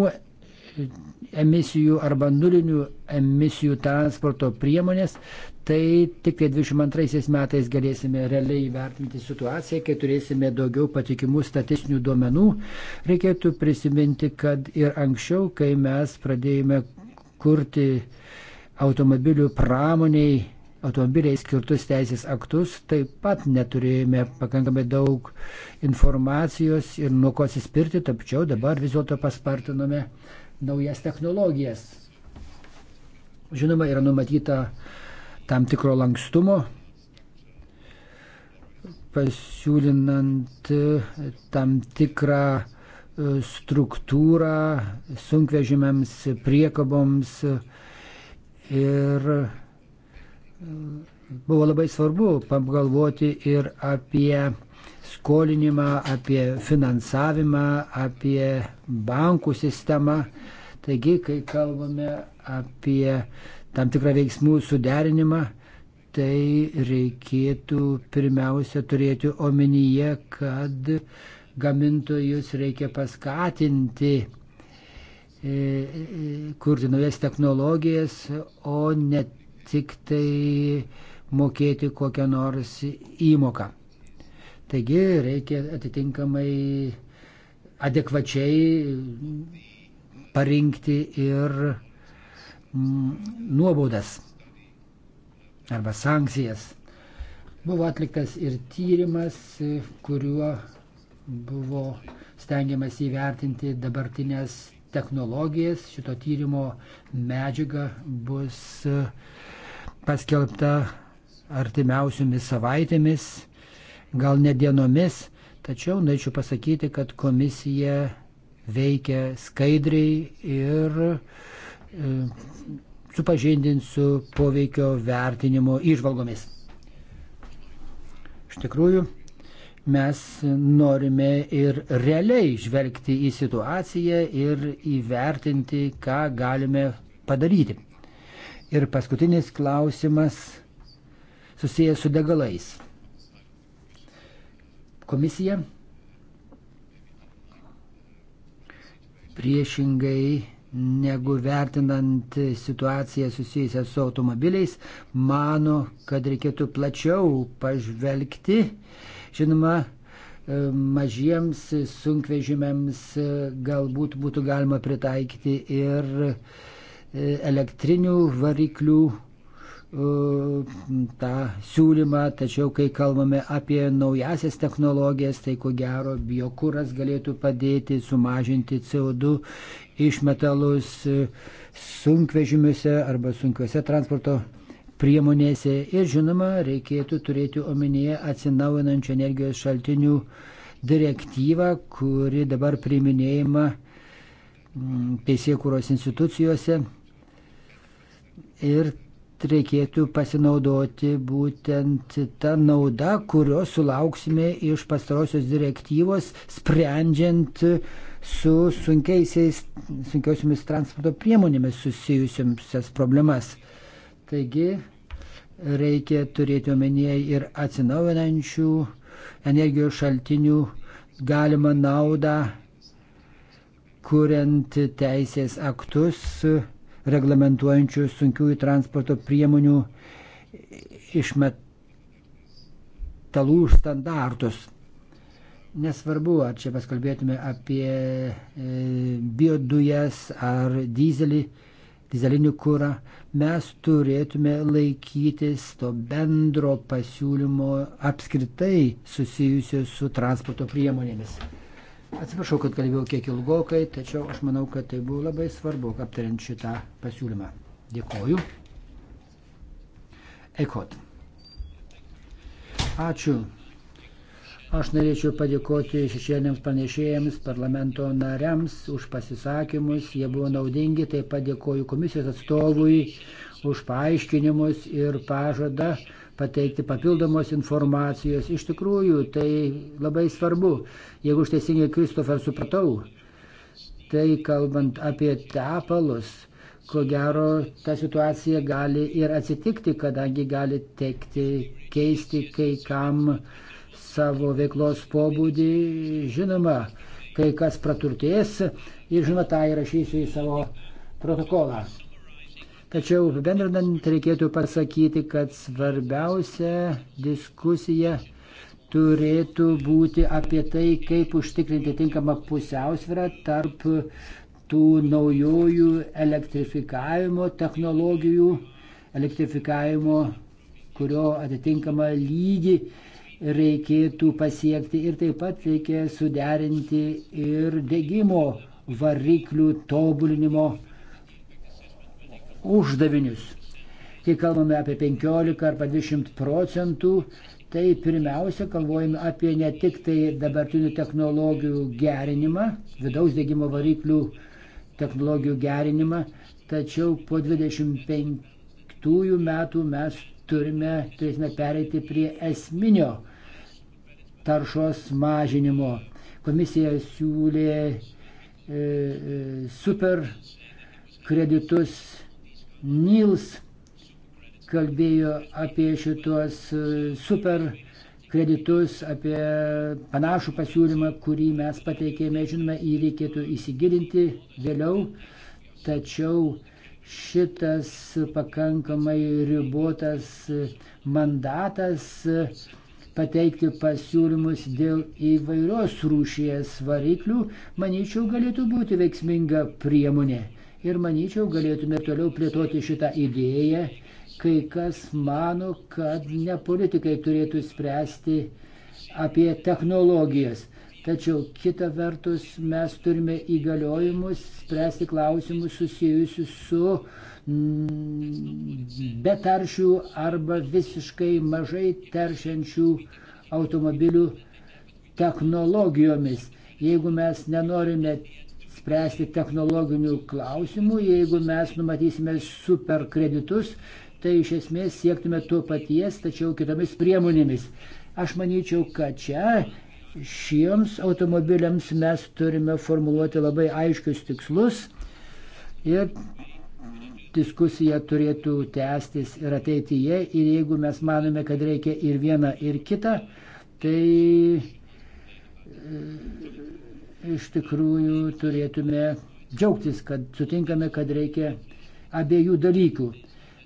Speaker 2: emisijų arba nulinių emisijų transporto priemonės, tai tik 22 tai metais galėsime realiai vertinti situaciją, kai turėsime daugiau patikimų statistinių duomenų. Reikėtų prisiminti, kad ir anksčiau, kai mes pradėjome kurti automobilių pramoniai, automobiliai skirtus teisės aktus, taip pat neturėjome pakankamai daug informacijos ir nuo ko atsispirti, tačiau dabar vis dėlto paspartinome naujas technologijas. Žinoma, yra numatyta uh, tam tikro lankstumo, pasiūlinant e, tam tikrą e, struktūrą sunkvežimiams, priekaboms ir e, buvo labai svarbu pagalvoti ir apie skolinimą, apie finansavimą, apie bankų sistemą. Taigi, kai kalbame apie tam tikrą veiksmų suderinimą, tai reikėtų pirmiausia turėti omenyje, kad gamintojus reikia paskatinti e, e, kurti naujas technologijas, o ne tik tai mokėti kokią nors įmoką. Taigi reikia atitinkamai adekvačiai parinkti ir Mm, nuobaudas arba sankcijas. Buvo atliktas ir tyrimas, e, kuriuo buvo stengiamas įvertinti dabartinės technologijas. Šito tyrimo medžiaga bus e, paskelbta artimiausiomis savaitėmis, gal ne dienomis, tačiau norėčiau pasakyti, kad komisija veikia skaidriai ir uh, supažindins su poveikio vertinimo išvalgomis. Iš tikrųjų, mes norime ir realiai žvelgti į situaciją ir įvertinti, ką galime padaryti. Ir paskutinis klausimas susijęs su degalais. Komisija priešingai negu vertinant situaciją susijusią su automobiliais, mano, kad reikėtų plačiau pažvelgti. Žinoma, e, mažiems sunkvežimiams e, galbūt būtų galima pritaikyti ir e, elektrinių variklių tą siūlymą, tačiau kai kalbame apie naujasias technologijas, tai ko gero biokūras galėtų padėti sumažinti CO2 išmetalus e, sunkvežimiuose arba sunkiuose transporto priemonėse. Ir žinoma, reikėtų turėti omenyje atsinaujinančių energijos šaltinių direktyvą, kuri dabar priminėjama mm, teisėkūros institucijose. Ir reikėtų pasinaudoti būtent tą naudą, kurios sulauksime iš pastarosios direktyvos, sprendžiant uh, su sunkiosiomis transporto priemonėmis susijusiams problemas. Taigi reikia turėti omenyje ir atsinaujinančių energijos šaltinių galima naudą, kuriant teisės aktus, reglamentuojančius sunkiųjų transporto priemonių išmetalų standartus. Nesvarbu, ar čia mes kalbėtume apie e, biodujas ar dizelį, dizelinį kūrą, mes turėtume laikytis to bendro pasiūlymo apskritai susijusio su transporto priemonėmis. Atsiprašau, kad kalbėjau kiek ilgokai, tačiau aš manau, kad tai buvo labai svarbu aptariant šitą pasiūlymą. Dėkoju. Ekot. Ačiū. Aš norėčiau padėkoti šešėliniams pranešėjams, parlamento nariams už pasisakymus, jie buvo naudingi, taip pat dėkoju komisijos atstovui už paaiškinimus ir pažadą pateikti papildomos informacijos. Iš tikrųjų, tai labai svarbu. Jeigu aš teisingai Kristofer supratau, tai kalbant apie tepalus, ko gero ta situacija gali ir atsitikti, kadangi gali tekti keisti kai kam uh, savo veiklos pobūdį. Žinoma, kai kas praturtės ir žinoma, tą įrašysiu į savo protokolą. Tačiau bendradant reikėtų pasakyti, kad svarbiausia diskusija turėtų būti apie tai, kaip užtikrinti tinkamą pusiausvyrą tarp tų naujojų elektrifikavimo technologijų, elektrifikavimo, kurio atitinkamą lygį reikėtų pasiekti ir taip pat reikia suderinti ir degimo variklių tobulinimo uždavinius. Kai kalbame apie 15 ar 20 procentų, tai pirmiausia kalvojame apie ne tik tai dabartinių technologijų gerinimą, vidaus degimo variklių technologijų gerinimą, tačiau po 25 metų mes turime, turėsime pereiti prie esminio taršos mažinimo. Komisija siūlė e, e super kreditus Nils kalbėjo apie šitos e, super kreditus, apie panašų pasiūlymą, kurį mes pateikėme, žinome, jį reikėtų įsigilinti vėliau, tačiau šitas pakankamai ribotas mandatas pateikti pasiūlymus dėl įvairios rūšies variklių, manyčiau, galėtų būti veiksminga priemonė. Ir manyčiau, galėtume toliau plėtoti šitą idėją. Kai kas mano, kad ne politikai turėtų spręsti apie technologijas. Tačiau kita vertus mes turime įgaliojimus spręsti klausimus susijusius su mm, betaršių arba visiškai mažai teršiančių automobilių technologijomis. Jeigu mes nenorime spręsti technologinių klausimų, jeigu mes numatysime superkreditus, tai iš esmės siektume to paties, tačiau kitomis priemonėmis. Aš manyčiau, kad čia šiems automobiliams mes turime formuluoti labai aiškius tikslus ir diskusija turėtų tęstis ir ateityje. Ir jeigu mes manome, kad reikia ir vieną, ir kitą, tai e, iš tikrųjų turėtume džiaugtis, kad sutinkame, kad reikia abiejų dalykų.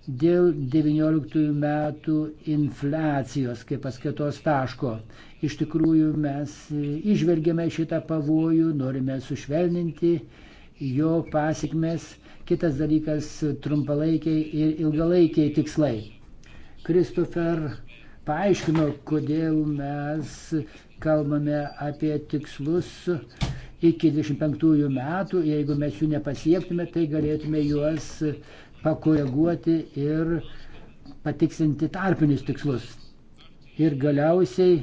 Speaker 2: Dėl 19 metų infliacijos kaip paskaitos taško Iš tikrųjų mes e, išvelgėme šitą pavojų, norime sušvelninti jo pasiekmes. Kitas dalykas - trumpalaikiai ir ilgalaikiai tikslai. Kristofer paaiškino, kodėl mes kalbame apie tikslus iki 25 metų, jeigu mes jų nepasiektume, tai galėtume juos pakoreguoti ir patiksinti tarpinius tikslus. Ir galiausiai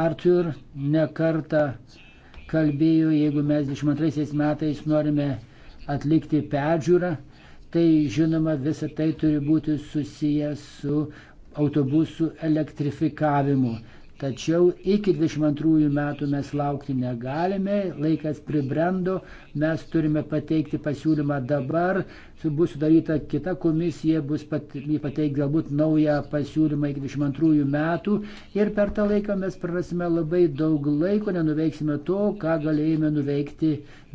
Speaker 2: Artur nekarta kalbėjo, jeigu mes 22 metais norime atlikti peržiūrą, tai žinoma visa tai turi būti susijęs su autobusų elektrifikavimu. Tačiau iki 22 metų mes laukti negalime, laikas pribrendo, mes turime pateikti pasiūlymą dabar, bus sudaryta kita komisija, bus pateikti galbūt naują pasiūlymą iki 22 metų ir per tą laiką mes prarasime labai daug laiko, nenuveiksime to, ką galėjome nuveikti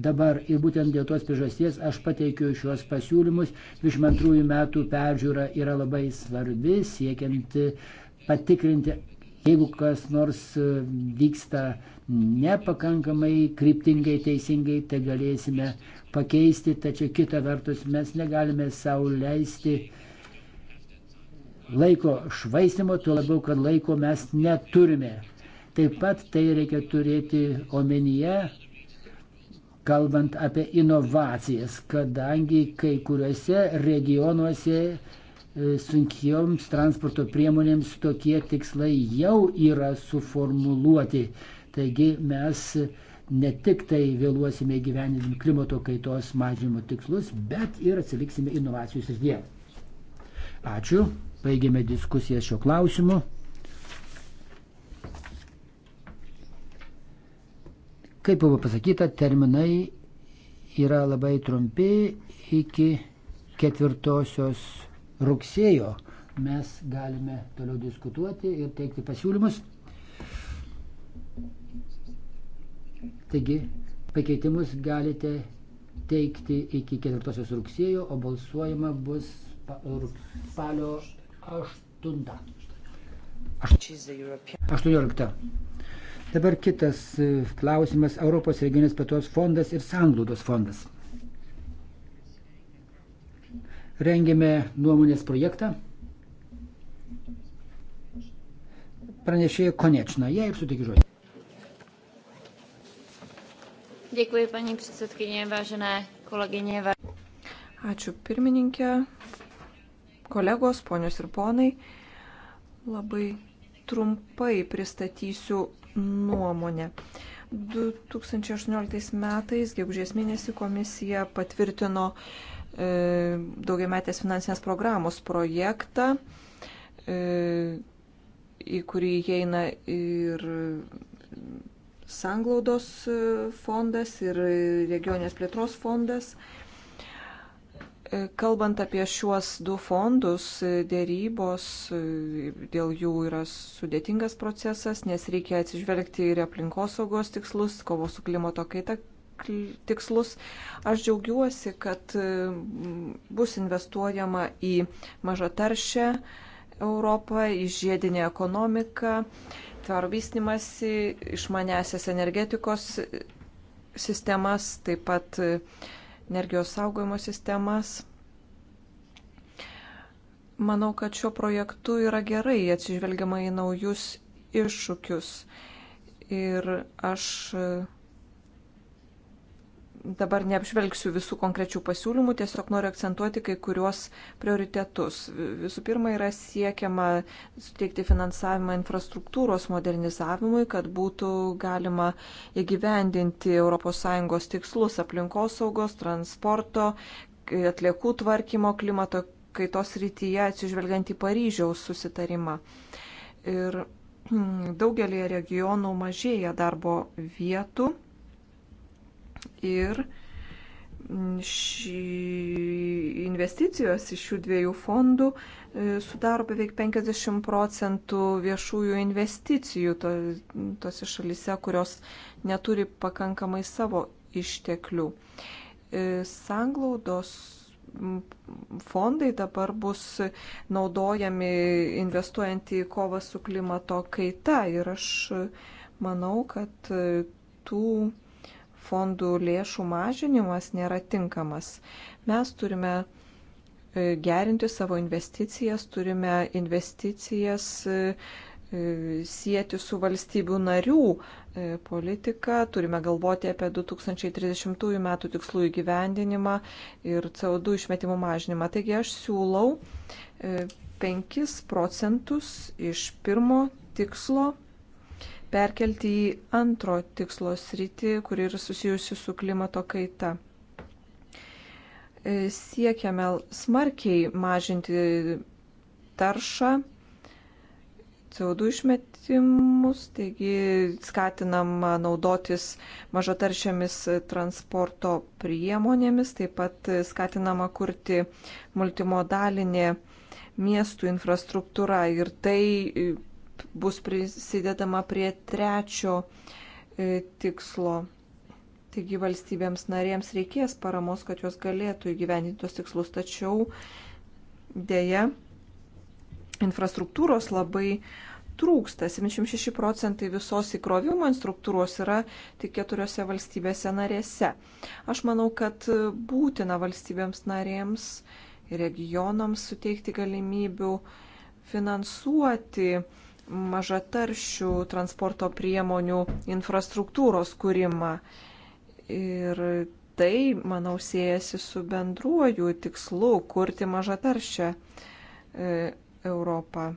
Speaker 2: dabar. Ir būtent dėl tos priežasties aš pateikiu šios pasiūlymus. 22 metų peržiūra yra labai svarbi, siekiant patikrinti Jeigu kas nors e, vyksta nepakankamai kryptingai, teisingai, tai galėsime pakeisti, tačiau kita vertus mes negalime savo leisti laiko švaistimo, tuo labiau, kad laiko mes neturime. Taip pat tai reikia turėti omenyje, kalbant apie inovacijas, kadangi kai kuriuose regionuose E, sunkioms transporto priemonėms tokie tikslai jau yra suformuluoti. Taigi mes ne tik tai vėluosime gyveninant klimato kaitos mažinimo tikslus, bet ir atsiliksime inovacijų srityje. Ačiū, baigėme diskusiją šio klausimu. Kaip buvo pasakyta, terminai yra labai trumpi iki ketvirtosios rugsėjo mes galime toliau diskutuoti ir teikti pasiūlymus. Taigi, pakeitimus galite teikti iki 4 rugsėjo, o balsuojama bus spalio 8. 18. Dabar kitas e, klausimas - Europos regionės plėtos fondas ir sanglūdos fondas rengėme nuomonės projektą. Pranešėja Konečna, jai ir sutikiu žodį.
Speaker 1: Děkuji, paní předsedkyně,
Speaker 3: vážené kolegyně. Vá... Ačiū pirmininkė, kolegos, ponios ir ponai. Labai trumpai pristatysiu nuomonę. 2018 metais, gegužės mėnesį, komisija patvirtino uh, E, daugiametės finansinės programos projektą, e, į kurį įeina ir sanglaudos fondas ir regionės plėtros fondas. E, kalbant apie šiuos du fondus, dėrybos dėl jų yra sudėtingas procesas, nes reikia atsižvelgti ir aplinkosaugos tikslus, kovos su klimato kaita tikslus. Aš džiaugiuosi, kad mm, bus investuojama į mažataršę Europą, į žiedinę ekonomiką, tvarų vystimasi, išmanesias energetikos sistemas, taip pat energijos saugojimo sistemas. Manau, kad šiuo projektu yra gerai atsižvelgiama į naujus iššūkius. Ir aš Dabar neapžvelgsiu visų konkrečių pasiūlymų, tiesiog noriu akcentuoti kai kuriuos prioritetus. Visų pirma, yra siekiama suteikti finansavimą infrastruktūros modernizavimui, kad būtų galima įgyvendinti ES tikslus aplinkosaugos, transporto, atliekų tvarkymo, klimato kaitos rytyje atsižvelgiant į Paryžiaus susitarimą. Ir daugelį regionų mažėja darbo vietų ir ši investicijos iš šių dviejų fondų e, sudaro beveik 50 procentų viešųjų investicijų to, tose šalise, kurios neturi pakankamai savo išteklių. E, sanglaudos fondai dabar bus naudojami investuojant į kovą su klimato kaita ir aš manau, kad tų fondų lėšų mažinimas nėra tinkamas. Mes turime e, gerinti savo investicijas, turime investicijas e, e, sieti su valstybių narių politika, turime galvoti apie 2030 metų tikslų įgyvendinimą ir CO2 išmetimų mažinimą. Taigi aš siūlau 5 procentus iš pirmo tikslo perkelti į antro tikslo sritį, kuri yra susijusi su klimato kaita. E, siekiame smarkiai mažinti taršą, CO2 išmetimus, taigi skatinama naudotis mažotaršiamis transporto priemonėmis, taip pat skatinama kurti multimodalinė miestų infrastruktūra ir tai bus prisidedama prie trečio e, tikslo. Taigi valstybėms narėms reikės paramos, kad jos galėtų įgyvendinti tos tikslus, tačiau dėja infrastruktūros labai trūksta. 76 procentai visos įkrovimo infrastruktūros yra tik keturiose valstybėse narėse. Aš manau, kad būtina valstybėms narėms ir regionams suteikti galimybių finansuoti mažataršių transporto priemonių infrastruktūros kūrimą. Ir tai, manau, siejasi su bendruoju tikslu kurti mažataršę e, Europą.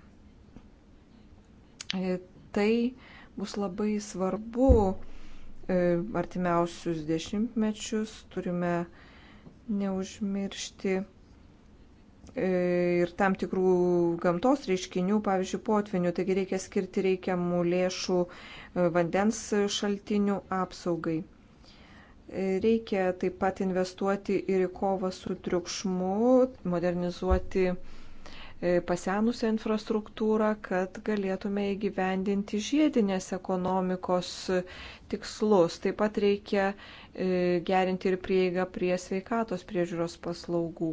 Speaker 3: E, tai bus labai svarbu e, artimiausius dešimtmečius. Turime neužmiršti E, ir tam tikrų gamtos reiškinių, pavyzdžiui, potvinių, taigi reikia skirti reikiamų lėšų e, vandens šaltinių apsaugai. E, reikia taip pat investuoti ir į kovą su triukšmu, modernizuoti pasenusią infrastruktūrą, kad galėtume įgyvendinti žiedinės ekonomikos tikslus. Taip pat reikia gerinti ir prieigą prie sveikatos priežiūros paslaugų.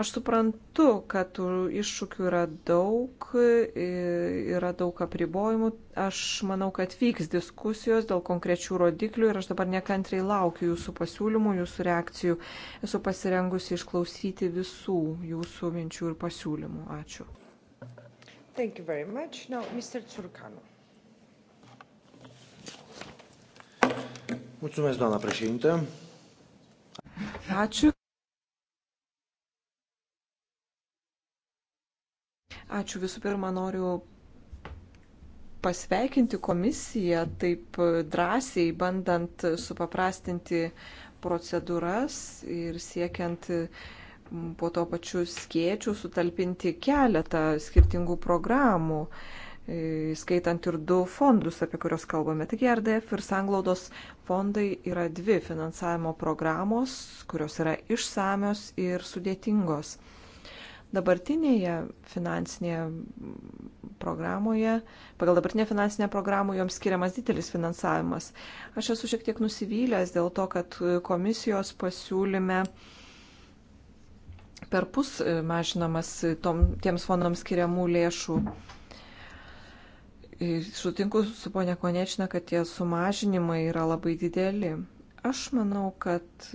Speaker 3: Aš suprantu, kad tų iššūkių yra daug, yra daug apribojimų. Aš manau, kad vyks diskusijos dėl konkrečių rodiklių ir aš dabar nekantriai laukiu jūsų pasiūlymų, jūsų reakcijų. Esu pasirengusi išklausyti visų jūsų minčių ir pasiūlymų. Ačiū. Now,
Speaker 4: Mulțumesc, doamna președintă.
Speaker 3: Ačiū. Ačiū visų pirma, noriu pasveikinti komisiją taip drąsiai, bandant supaprastinti procedūras ir siekiant po to pačiu skėčiu sutalpinti keletą skirtingų programų, skaitant ir du fondus, apie kuriuos kalbame. Taigi RDF ir Sanglaudos fondai yra dvi finansavimo programos, kurios yra išsamios ir sudėtingos. Dabartinėje finansinėje programoje, pagal dabartinę finansinę programą joms skiriamas didelis finansavimas. Aš esu šiek tiek nusivylęs dėl to, kad komisijos pasiūlyme per pus mažinamas tom, tiems fondams skiriamų lėšų sutinku su ponia Konečina, kad tie sumažinimai yra labai dideli. Aš manau, kad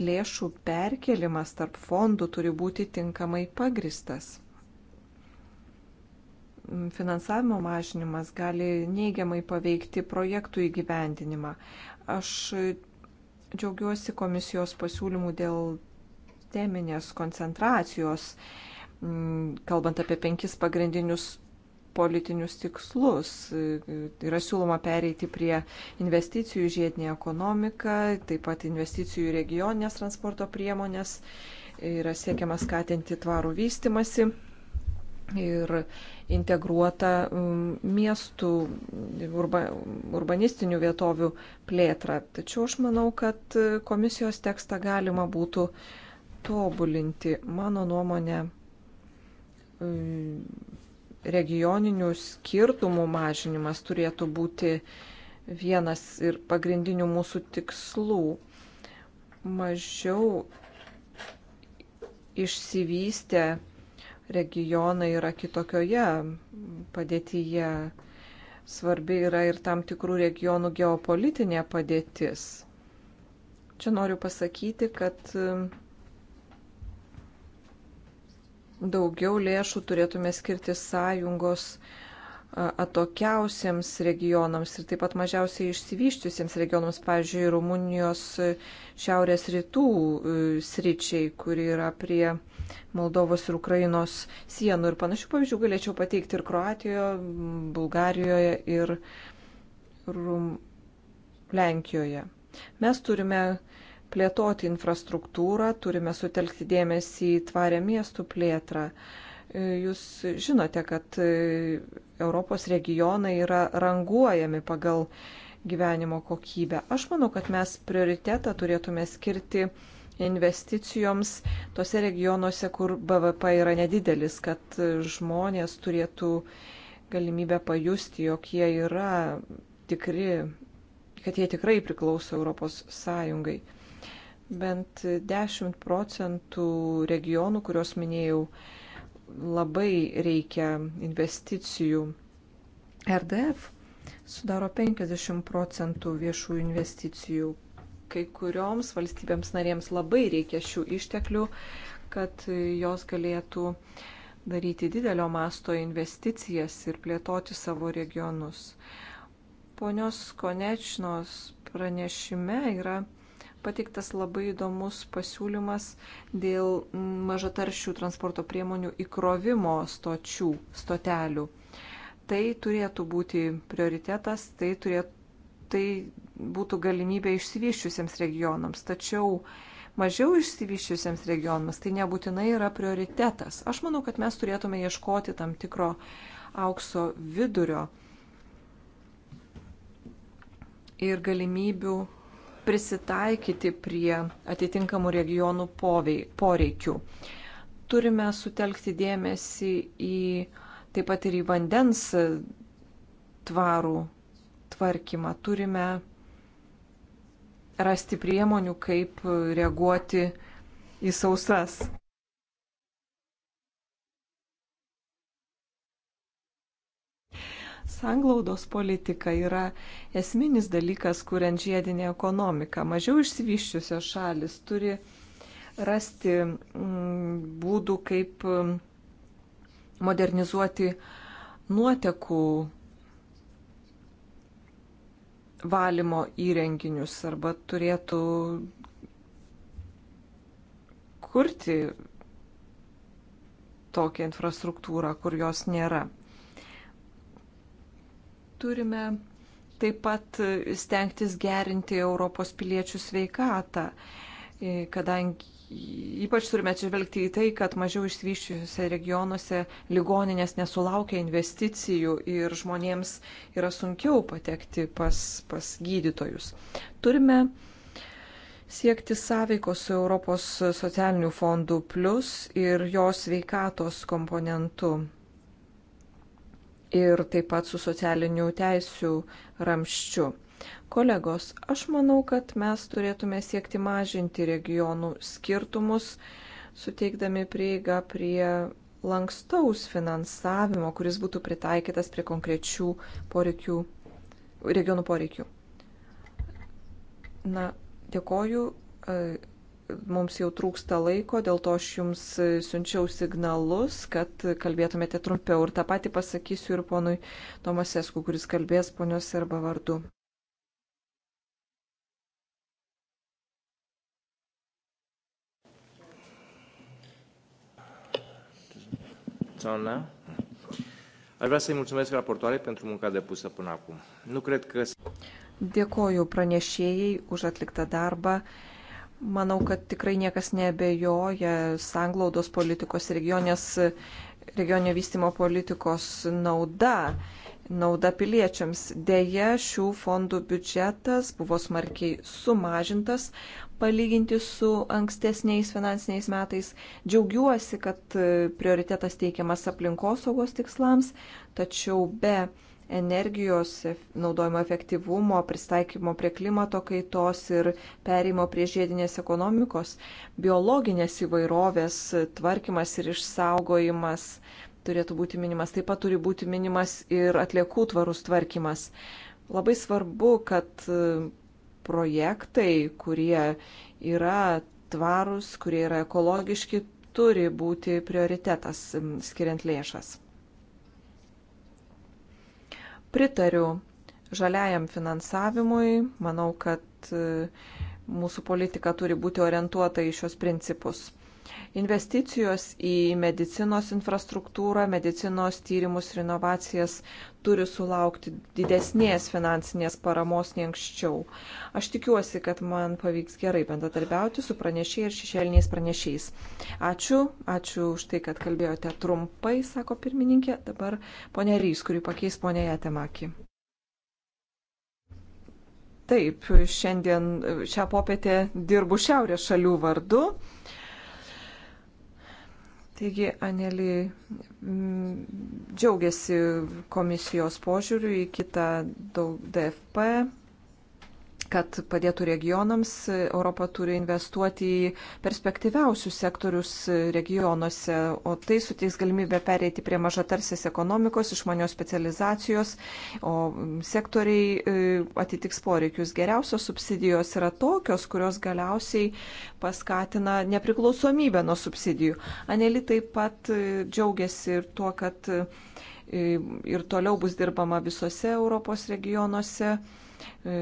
Speaker 3: lėšų perkelimas tarp fondų turi būti tinkamai pagristas. Finansavimo mažinimas gali neigiamai paveikti projektų įgyvendinimą. Aš džiaugiuosi komisijos pasiūlymų dėl teminės koncentracijos, kalbant apie penkis pagrindinius politinius tikslus. Yra siūloma pereiti prie investicijų į žiedinį ekonomiką, taip pat investicijų į regioninės transporto priemonės, yra siekiama skatinti tvarų vystimasi ir integruota mm, miestų urba, urbanistinių vietovių plėtrą. Tačiau aš manau, kad komisijos tekstą galima būtų tobulinti. Mano nuomonė, mm, regioninių skirtumų mažinimas turėtų būti vienas ir pagrindinių mūsų tikslų. Mažiau išsivystę regionai yra kitokioje padėtyje. Svarbi yra ir tam tikrų regionų geopolitinė padėtis. Čia noriu pasakyti, kad daugiau lėšų turėtume skirti sąjungos atokiausiems regionams ir taip pat mažiausiai išsivyščiusiems regionams, pavyzdžiui, Rumunijos e, šiaurės rytų e, sričiai, kuri yra prie Moldovos ir Ukrainos sienų. Ir panašių pavyzdžių galėčiau pateikti ir Kroatijoje, Bulgarijoje ir Rum... Lenkijoje. Mes turime uh, plėtoti infrastruktūrą, turime sutelkti dėmesį į tvarę miestų plėtrą. E, jūs žinote, kad e, Europos regionai yra ranguojami pagal gyvenimo kokybę. Aš manau, kad mes prioritetą turėtume skirti investicijoms tose regionuose, kur BVP yra nedidelis, kad e, žmonės turėtų galimybę pajusti, jog jie yra tikri, kad jie tikrai priklauso Europos Sąjungai bent 10 procentų regionų, kuriuos minėjau, labai reikia investicijų. RDF sudaro 50 procentų viešų investicijų. Kai kurioms valstybėms narėms labai reikia šių išteklių, kad jos galėtų daryti didelio masto investicijas ir plėtoti savo regionus. Ponios Konečnos pranešime yra pateiktas labai įdomus pasiūlymas dėl mažataršių transporto priemonių įkrovimo stočių, stotelių. Tai turėtų būti prioritetas, tai, turėtų, tai būtų galimybė išsivyščiusiems regionams. Tačiau mažiau išsivyščiusiems regionams tai nebūtinai yra prioritetas. Aš manau, kad mes turėtume ieškoti tam tikro aukso vidurio ir galimybių prisitaikyti prie atitinkamų regionų povei, poreikių. Turime sutelkti dėmesį į taip pat ir į vandens tvarų tvarkymą. Turime rasti priemonių, kaip reaguoti į sausras. Sanglaudos politika yra esminis dalykas, kuriant žiedinį ekonomiką. Mažiau išsivyščiusios šalis turi rasti mm, būdų, kaip mm, modernizuoti nuotekų valymo įrenginius arba turėtų kurti tokią infrastruktūrą, kur jos nėra. Turime taip pat stengtis gerinti Europos piliečių sveikatą, e, kadangi ypač turime atsižvelgti į tai, kad mažiau išsivyščiusiuose regionuose ligoninės nesulaukia investicijų ir žmonėms yra sunkiau patekti pas, pas gydytojus. Turime siekti sąveikos su Europos socialinių fondų plus ir jos veikatos komponentu ir taip pat su socialinių teisių ramščiu. Kolegos, aš manau, kad mes turėtume siekti mažinti regionų skirtumus, suteikdami prieigą prie lankstaus finansavimo, kuris būtų pritaikytas prie konkrečių poreikių, regionų poreikių. Na, dėkoju. E, mums jau trūksta laiko, dėl to aš jums e, siunčiau signalus, kad kalbėtumėte trumpiau. Ir tą patį pasakysiu ir ponui Tomasesku, kuris kalbės ponios arba vardu.
Speaker 4: Doamna, aș vrea să-i mulțumesc raportoare pentru munca depusă până acum. Nu cred că...
Speaker 3: Dėkoju pranešėjai už atliktą darbą. Uh, Manau, kad tikrai niekas nebejoja sanglaudos politikos regionės, regionio vystimo politikos nauda, nauda piliečiams. Deja, šių fondų biudžetas buvo smarkiai sumažintas palyginti su ankstesniais finansiniais metais. Džiaugiuosi, kad prioritetas teikiamas aplinkosaugos tikslams, tačiau be energijos naudojimo efektyvumo, pristaikymo prie klimato kaitos ir perimo prie žiedinės ekonomikos, biologinės įvairovės tvarkymas ir išsaugojimas turėtų būti minimas. Taip pat turi būti minimas ir atliekų tvarus tvarkymas. Labai svarbu, kad e, projektai, kurie yra tvarus, kurie yra ekologiški, turi būti prioritetas skiriant lėšas. Pritariu žaliajam finansavimui. Manau, kad e, mūsų politika turi būti orientuota į šios principus. Investicijos į medicinos infrastruktūrą, medicinos tyrimus ir inovacijas turi sulaukti didesnės finansinės paramos nei anksčiau. Aš tikiuosi, kad man pavyks gerai bendradarbiauti su pranešėjai ir šešėliniais pranešėjais. Ačiū, ačiū už tai, kad kalbėjote trumpai, sako pirmininkė. Dabar ponė Rys, kurį pakeis ponė Jatemaki. Taip, šiandien šią popietę dirbu šiaurės šalių vardu. Uh, Taigi, Anelį džiaugiasi komisijos požiūriu į kitą DFP kad padėtų regionams, Europa turi investuoti į perspektyviausius sektorius regionuose, o tai suteiks galimybę pereiti prie mažatarsės ekonomikos, išmanios specializacijos, o sektoriai e, atitiks poreikius. Geriausios subsidijos yra tokios, kurios galiausiai paskatina nepriklausomybę nuo subsidijų. Aneli taip pat e, džiaugiasi ir tuo, kad e, ir toliau bus dirbama visose Europos regionuose E,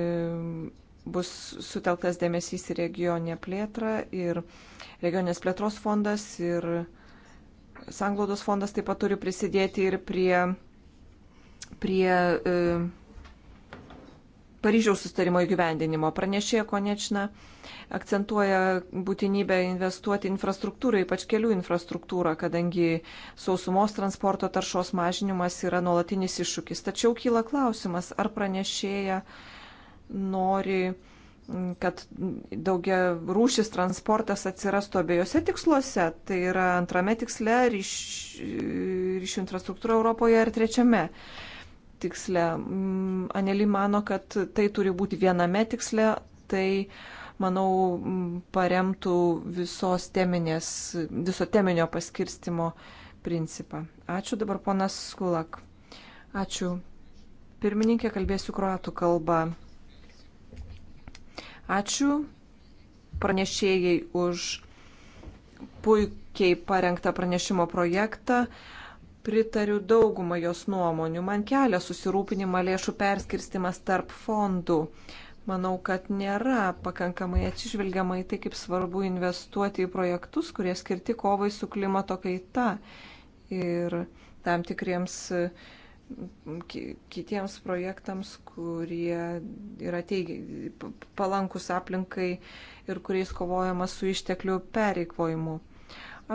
Speaker 3: bus sutelktas dėmesys į regioninę plėtrą ir regioninės plėtros fondas ir sanglaudos fondas taip pat turi prisidėti ir prie, prie e, Paryžiaus sustarimo įgyvendinimo. Pranešėja Konečna. E, akcentuoja būtinybę investuoti infrastruktūrą, ypač kelių infrastruktūrą, kadangi sausumos transporto taršos mažinimas yra nuolatinis iššūkis. Tačiau kyla klausimas, ar pranešėja nori kad daugia rūšis transportas atsirastų abiejose tiksluose, tai yra antrame tiksle ryš, ryšių infrastruktūra Europoje ir trečiame tiksle. Aneli mano, kad tai turi būti viename tiksle, tai manau, paremtų visos teminės, viso teminio paskirstimo principą. Ačiū dabar ponas Skulak. Ačiū. Pirmininkė, kalbėsiu kruatų kalbą. Ačiū pranešėjai už puikiai parengtą pranešimo projektą pritariu daugumą jos nuomonių. Man kelia susirūpinimą lėšų perskirstimas tarp fondų. Manau, kad nėra pakankamai atsižvelgiama į tai, kaip svarbu investuoti į projektus, kurie skirti kovai su klimato kaita ir tam tikriems kitiems projektams, kurie yra teigi, palankus aplinkai ir kuriais kovojama su išteklių pereikvojimu.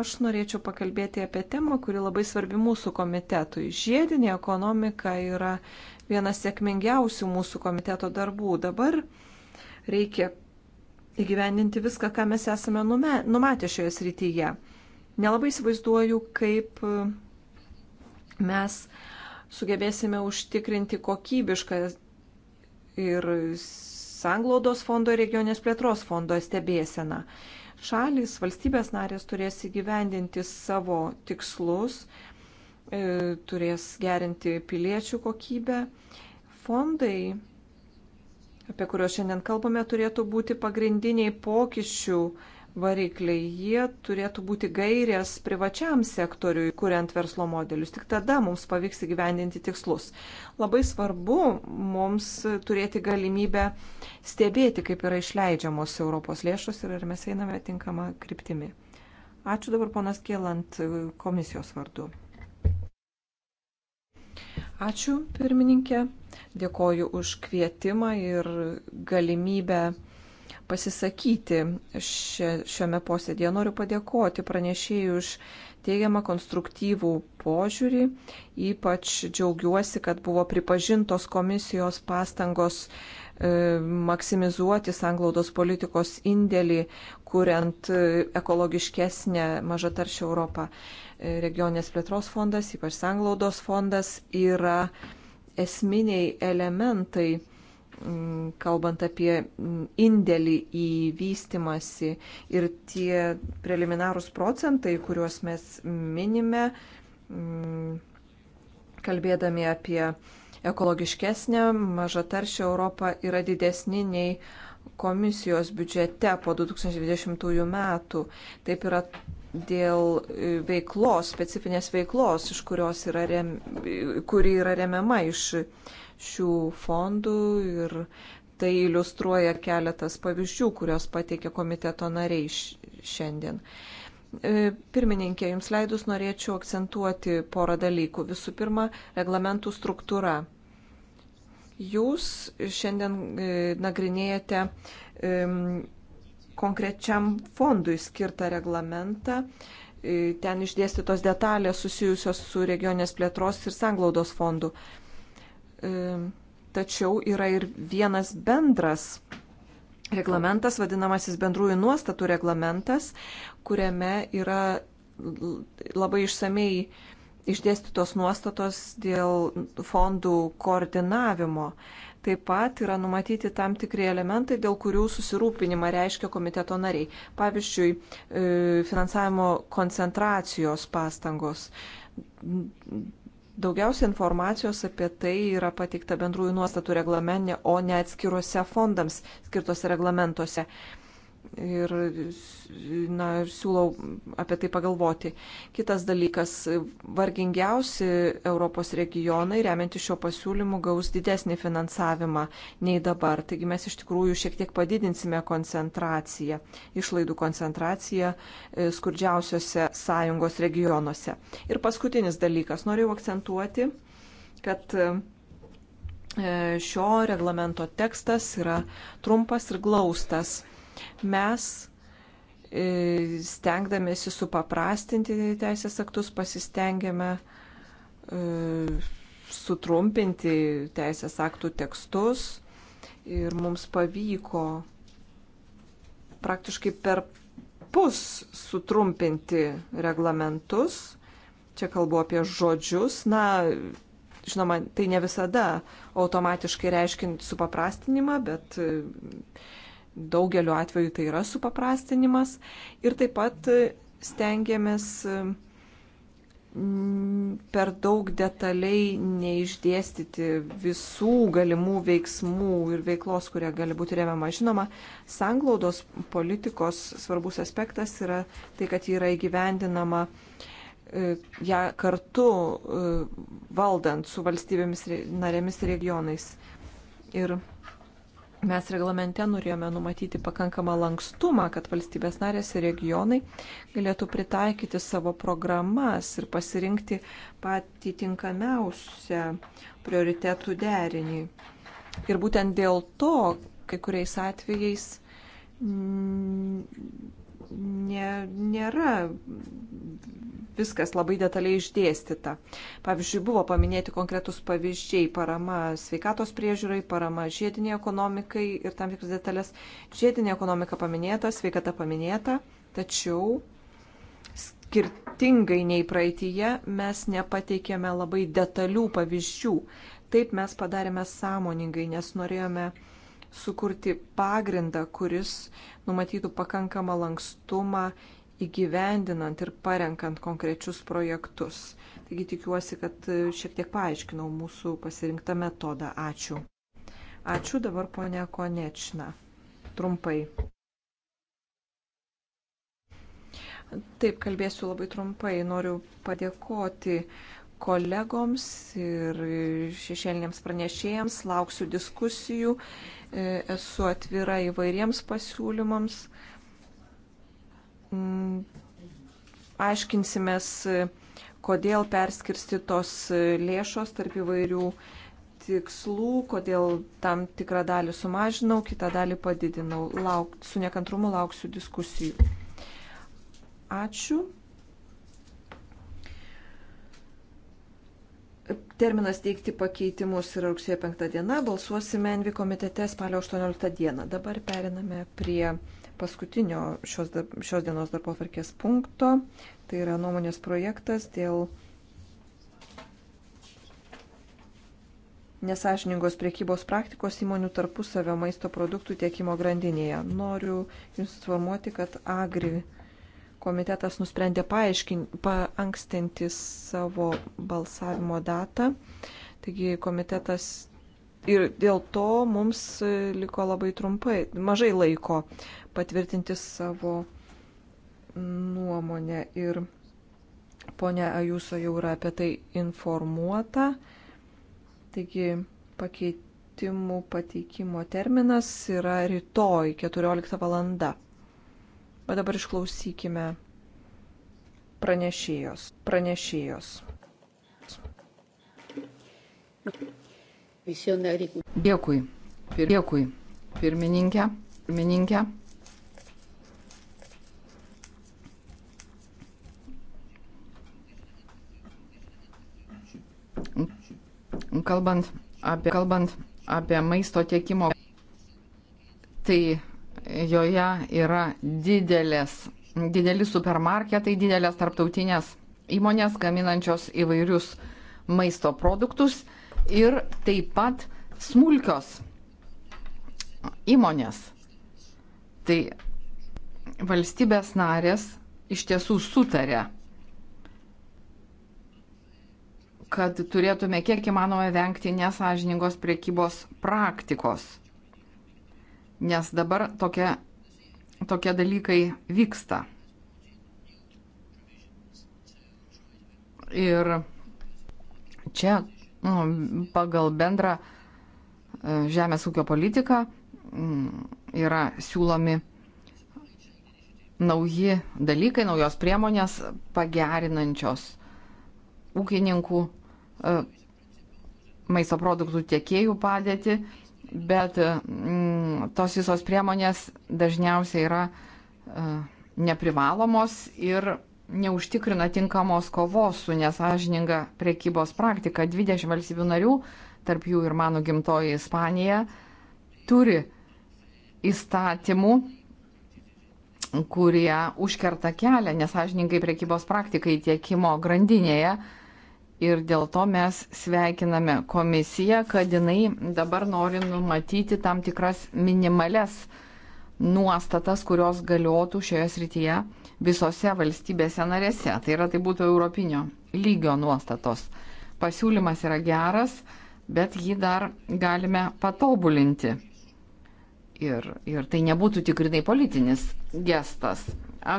Speaker 3: Aš norėčiau pakalbėti apie temą, kuri labai svarbi mūsų komitetui. Žiedinė ekonomika yra vienas sėkmingiausių mūsų komiteto darbų. Dabar reikia įgyvendinti viską, ką mes esame numatę šioje srityje. Nelabai įsivaizduoju, kaip e, mes sugebėsime užtikrinti kokybišką ir sanglaudos fondo ir regionės plėtros fondo stebėseną. Šalis, valstybės narės turės įgyvendinti savo tikslus, E, turės gerinti piliečių kokybę. Fondai, apie kuriuos šiandien kalbame, turėtų būti pagrindiniai pokyčių varikliai. Jie turėtų būti gairės privačiam sektoriui, kuriant verslo modelius. Tik tada mums pavyks įgyvendinti tikslus. Labai svarbu mums turėti galimybę stebėti, kaip yra išleidžiamos Europos lėšos ir ar mes einame tinkamą kryptimį. Ačiū dabar ponas Kielant e, komisijos vardu. Ačiū, pirmininkė. Dėkoju už kvietimą ir galimybę pasisakyti šiame posėdėje. Noriu padėkoti pranešėjui už teigiamą konstruktyvų požiūrį. Ypač džiaugiuosi, kad buvo pripažintos komisijos pastangos e, maksimizuoti sanglaudos politikos indėlį, kuriant e, ekologiškesnę mažataršį Europą regioninės plėtros fondas, ypač sanglaudos fondas, yra esminiai elementai, mm, kalbant apie mm, indėlį į vystimąsi ir tie preliminarūs procentai, kuriuos mes minime, mm, kalbėdami apie ekologiškesnę, mažataršę Europą, yra didesni nei komisijos biudžete po 2020 metų. Taip yra dėl e, veiklos, specifinės veiklos, iš kurios yra, rem, kuri yra remiama iš šių fondų ir tai iliustruoja keletas pavyzdžių, kurios pateikė komiteto nariai šiandien. E, pirmininkė, jums leidus norėčiau akcentuoti porą dalykų. Visų pirma, reglamentų struktūra. Jūs šiandien e, nagrinėjate konkrečiam fondui skirtą reglamentą. E, ten išdėstytos detalės susijusios su regionės plėtros ir sanglaudos fondu. E, tačiau yra ir vienas bendras reglamentas, vadinamasis bendrųjų nuostatų reglamentas, kuriame yra labai išsamei išdėstytos nuostatos dėl fondų koordinavimo. Uh, Taip pat yra numatyti tam tikri elementai, dėl kurių susirūpinimą reiškia komiteto nariai. Pavyzdžiui, e, finansavimo koncentracijos pastangos. Daugiausia informacijos apie tai yra pateikta bendrųjų nuostatų reglamente, o ne atskiruose fondams skirtose reglamentuose ir na, siūlau apie tai pagalvoti. Kitas dalykas, vargingiausi Europos regionai, remianti šio pasiūlymu, gaus didesnį finansavimą nei dabar. Taigi mes iš tikrųjų šiek tiek padidinsime koncentraciją, išlaidų koncentraciją e, skurdžiausiose sąjungos regionuose. Ir paskutinis dalykas, noriu akcentuoti, kad e, Šio reglamento tekstas yra trumpas ir glaustas Mes e, stengdamėsi supaprastinti teisės aktus, pasistengėme e, sutrumpinti teisės aktų tekstus ir mums pavyko praktiškai per pus sutrumpinti reglamentus. Čia kalbu apie žodžius. Na, žinoma, tai ne visada automatiškai reiškint supaprastinimą, bet daugeliu atveju tai yra supaprastinimas ir taip pat stengiamės mm, per daug detaliai neišdėstyti visų galimų veiksmų ir veiklos, kurie gali būti remiama. Žinoma, sanglaudos politikos svarbus aspektas yra tai, kad ji yra įgyvendinama e, ją ja, kartu e, valdant su valstybėmis narėmis regionais. Ir Mes reglamente norėjome numatyti pakankamą lankstumą, kad valstybės narės ir regionai galėtų pritaikyti savo programas ir pasirinkti patį tinkamiausią prioritetų derinį. Ir būtent dėl to kai kuriais atvejais nė, nėra viskas labai detaliai išdėstyta. Pavyzdžiui, buvo paminėti konkretus pavyzdžiai - parama sveikatos priežiūrai, parama žiediniai ekonomikai ir tam tikras detalės. Žiedinė ekonomika paminėta, sveikata paminėta, tačiau skirtingai nei praeitįje mes nepateikėme labai detalių pavyzdžių. Taip mes padarėme sąmoningai, nes norėjome uh, sukurti pagrindą, kuris numatytų pakankamą lankstumą įgyvendinant ir parenkant konkrečius projektus. Taigi tikiuosi, kad šiek tiek paaiškinau mūsų pasirinktą metodą. Ačiū. Ačiū dabar ponia Konečna. Trumpai. Taip, kalbėsiu labai trumpai. Noriu padėkoti kolegoms ir šešėlinėms pranešėjams, lauksiu diskusijų, e, esu atvira įvairiems pasiūlymams. Mm, aiškinsimės, kodėl perskirstytos lėšos tarp įvairių tikslų, kodėl tam tikrą dalį sumažinau, kitą dalį padidinau. Lauk, su nekantrumu lauksiu diskusijų. Ačiū. Terminas teikti pakeitimus yra rugsėjo 5 diena, balsuosime Envi komitete spalio 18 dieną. Dabar periname prie paskutinio šios, šios dienos darbo atvarkės punkto. Tai yra nuomonės projektas dėl nesažiningos priekybos praktikos įmonių tarpusavio maisto produktų tiekimo grandinėje. Noriu Jūs informuoti, kad Agri komitetas nusprendė paankstinti savo balsavimo datą. Taigi komitetas ir dėl to mums liko labai trumpai, mažai laiko patvirtinti savo nuomonę. Ir ponia Ajuso jau yra apie tai informuota. Taigi pakeitimų pateikimo terminas yra rytoj 14 valanda. Bet dabar išklausykime pranešėjos.
Speaker 1: Pranešėjos. Dėkui. Pir, dėkui. Pirmininkė. Pirmininkė. Kalbant apie, kalbant apie maisto tiekimo, tai Joje yra didelės, dideli supermarketai, didelės tarptautinės įmonės gaminančios įvairius maisto produktus ir taip pat smulkios įmonės. Tai valstybės narės iš tiesų sutarė, kad turėtume kiek įmanoma vengti nesažiningos priekybos praktikos nes dabar tokie, tokie dalykai vyksta. Ir čia nu, pagal bendrą e, žemės ūkio politiką mm, yra siūlomi nauji dalykai, naujos priemonės pagerinančios ūkininkų e, maisto produktų tiekėjų padėti bet mm, tos visos priemonės dažniausiai yra uh, neprivalomos ir neužtikrina tinkamos kovos su nesažininga priekybos praktika. 20 valstybių narių, tarp jų ir mano gimtoji Ispanija, turi įstatymų, kurie užkerta kelią nesažiningai priekybos praktikai tiekimo grandinėje. Uh, ir dėl to mes sveikiname komisiją, kad jinai dabar nori numatyti tam tikras minimales nuostatas, kurios galiotų šioje srityje visose valstybėse narėse. Tai yra, tai būtų europinio lygio nuostatos. Pasiūlymas yra geras, bet jį dar galime patobulinti. Ir, ir tai nebūtų tikrinai politinis gestas.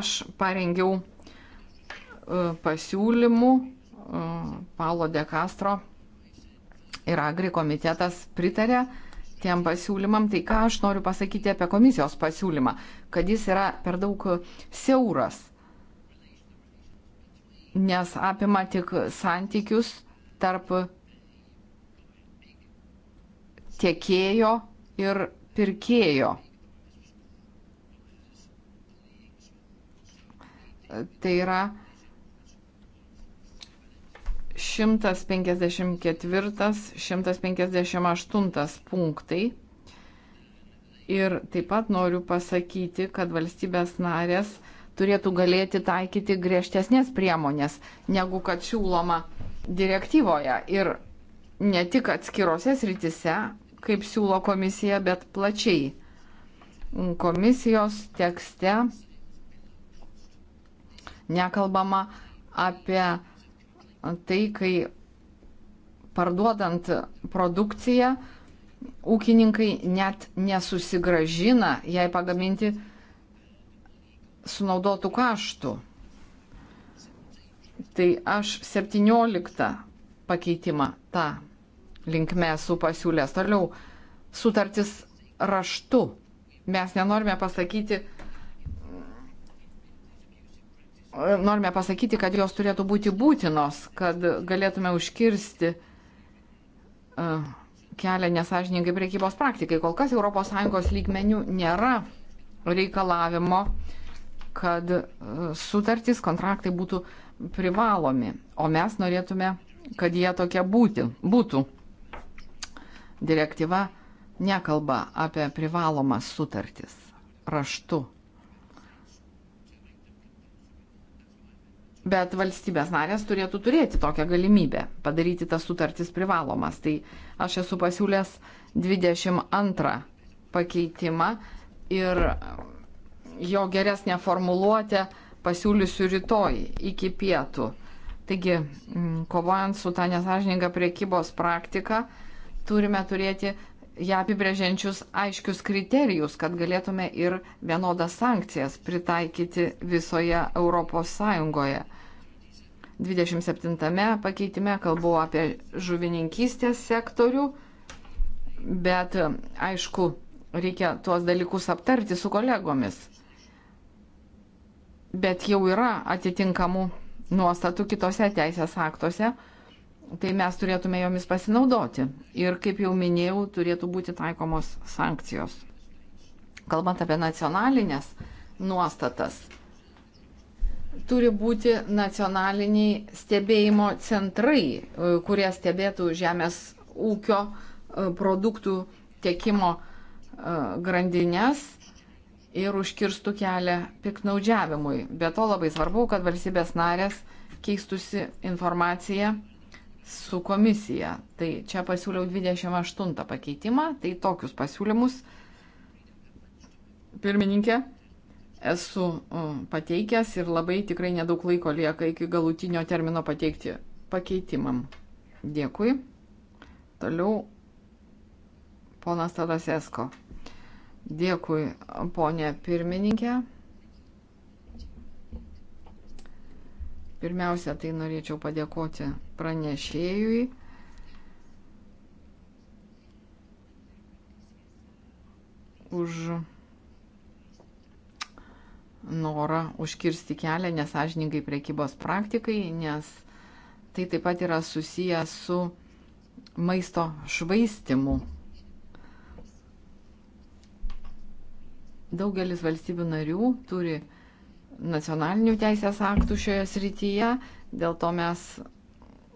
Speaker 1: Aš parengiau e, pasiūlymų Paulo De Castro ir Agri komitetas pritarė tiem pasiūlymam. Tai ką aš noriu pasakyti apie komisijos pasiūlymą, kad jis yra per daug siauras, nes apima tik santykius tarp tiekėjo ir pirkėjo. Tai yra 154-158 punktai. Ir taip pat noriu pasakyti, kad valstybės narės turėtų galėti taikyti griežtesnės priemonės, negu kad siūloma direktyvoje. Ir ne tik atskirose srityse, kaip siūlo komisija, bet plačiai. Komisijos tekste nekalbama apie tai, kai parduodant produkciją, ūkininkai net nesusigražina jai pagaminti sunaudotų kaštų. Tai aš 17 pakeitimą tą linkme esu pasiūlęs. Toliau sutartis raštu. Mes nenorime pasakyti, norime pasakyti, kad jos turėtų būti būtinos, kad galėtume užkirsti e, kelią nesažininkai priekybos praktikai. Kol kas ES lygmenių nėra reikalavimo, kad e, sutartys, kontraktai būtų privalomi, o mes norėtume, kad jie tokie būti, būtų. Direktyva nekalba apie privalomas sutartis raštu Bet valstybės narės turėtų turėti tokią galimybę padaryti tas sutartis privalomas. Tai aš esu pasiūlęs 22 pakeitimą ir jo geresnę formuluotę pasiūlysiu rytoj iki pietų. Taigi, kovojant su tą nesažininką priekybos praktiką, turime turėti ją apibrėžiančius aiškius kriterijus, kad galėtume ir vienodas sankcijas pritaikyti visoje Europos Sąjungoje. 27 pakeitime kalbu apie žuvininkystės sektorių, bet aišku, reikia tuos dalykus aptarti su kolegomis. Bet jau yra atitinkamų nuostatų kitose teisės aktuose, tai mes turėtume jomis pasinaudoti. Ir kaip jau minėjau, turėtų būti taikomos sankcijos. Kalbant apie nacionalinės nuostatas, turi būti nacionaliniai stebėjimo centrai, e, kurie stebėtų žemės ūkio e, produktų tiekimo e, grandinės ir užkirstų kelią piknaudžiavimui. Be to labai svarbu, kad valstybės narės keistusi informaciją su komisija. Tai čia pasiūliau 28 pakeitimą, tai tokius pasiūlymus pirmininkė esu pateikęs ir labai tikrai nedaug laiko lieka iki galutinio termino pateikti pakeitimam. Dėkui. Toliau ponas Tadasesko. Dėkui, ponė pirmininkė. Pirmiausia, tai norėčiau padėkoti pranešėjui. už norą užkirsti kelią nesažiningai priekybos praktikai, nes tai taip pat yra susiję su maisto švaistimu. Daugelis valstybių narių turi nacionalinių teisės aktų šioje srityje, dėl to mes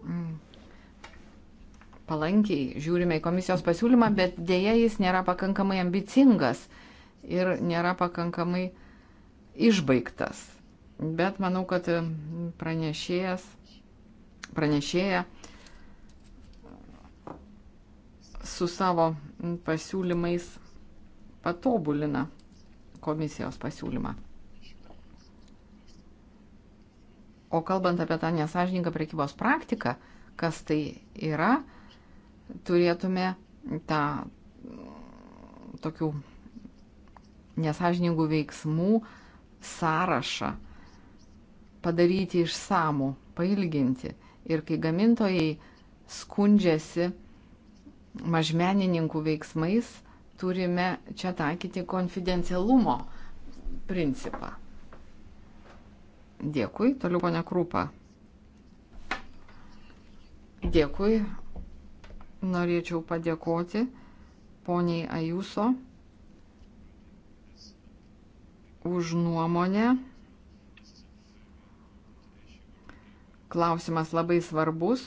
Speaker 1: Mm. palankiai žiūrime į komisijos pasiūlymą, bet dėja jis nėra pakankamai ambicingas ir nėra pakankamai išbaigtas. Bet manau, kad mm, pranešėjas, pranešėja su savo mm, pasiūlymais patobulina komisijos pasiūlymą. O kalbant apie tą nesažininką prekybos praktiką, kas tai yra, turėtume tą tokių nesažiningų veiksmų sąrašą padaryti išsamų, pailginti. Ir kai gamintojai skundžiasi mažmenininkų veiksmais, turime čia taikyti konfidencialumo principą. Dėkui, toliau ponia Krūpa. Dėkui, norėčiau padėkoti poniai Ajuso už nuomonę. Klausimas labai svarbus.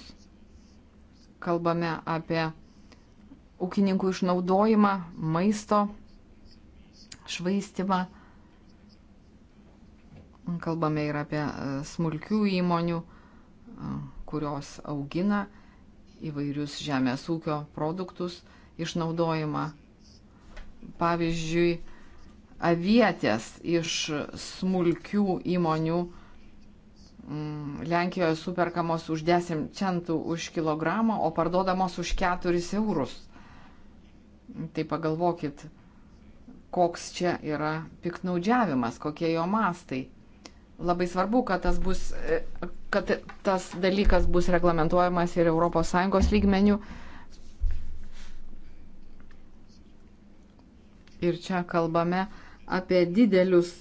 Speaker 1: Kalbame apie ūkininkų išnaudojimą, maisto švaistimą. Kalbame ir apie e, smulkių įmonių, e, kurios augina įvairius žemės ūkio produktus išnaudojimą. Pavyzdžiui, avietės iš smulkių įmonių mm, Lenkijoje superkamos už 10 centų už kilogramą, o parduodamos už 4 eurus. Tai pagalvokit, koks čia yra piknaudžiavimas, kokie jo mastai. Labai svarbu, kad tas, bus, e, kad tas dalykas bus reglamentuojamas ir ES lygmenių. Ir čia kalbame apie didelius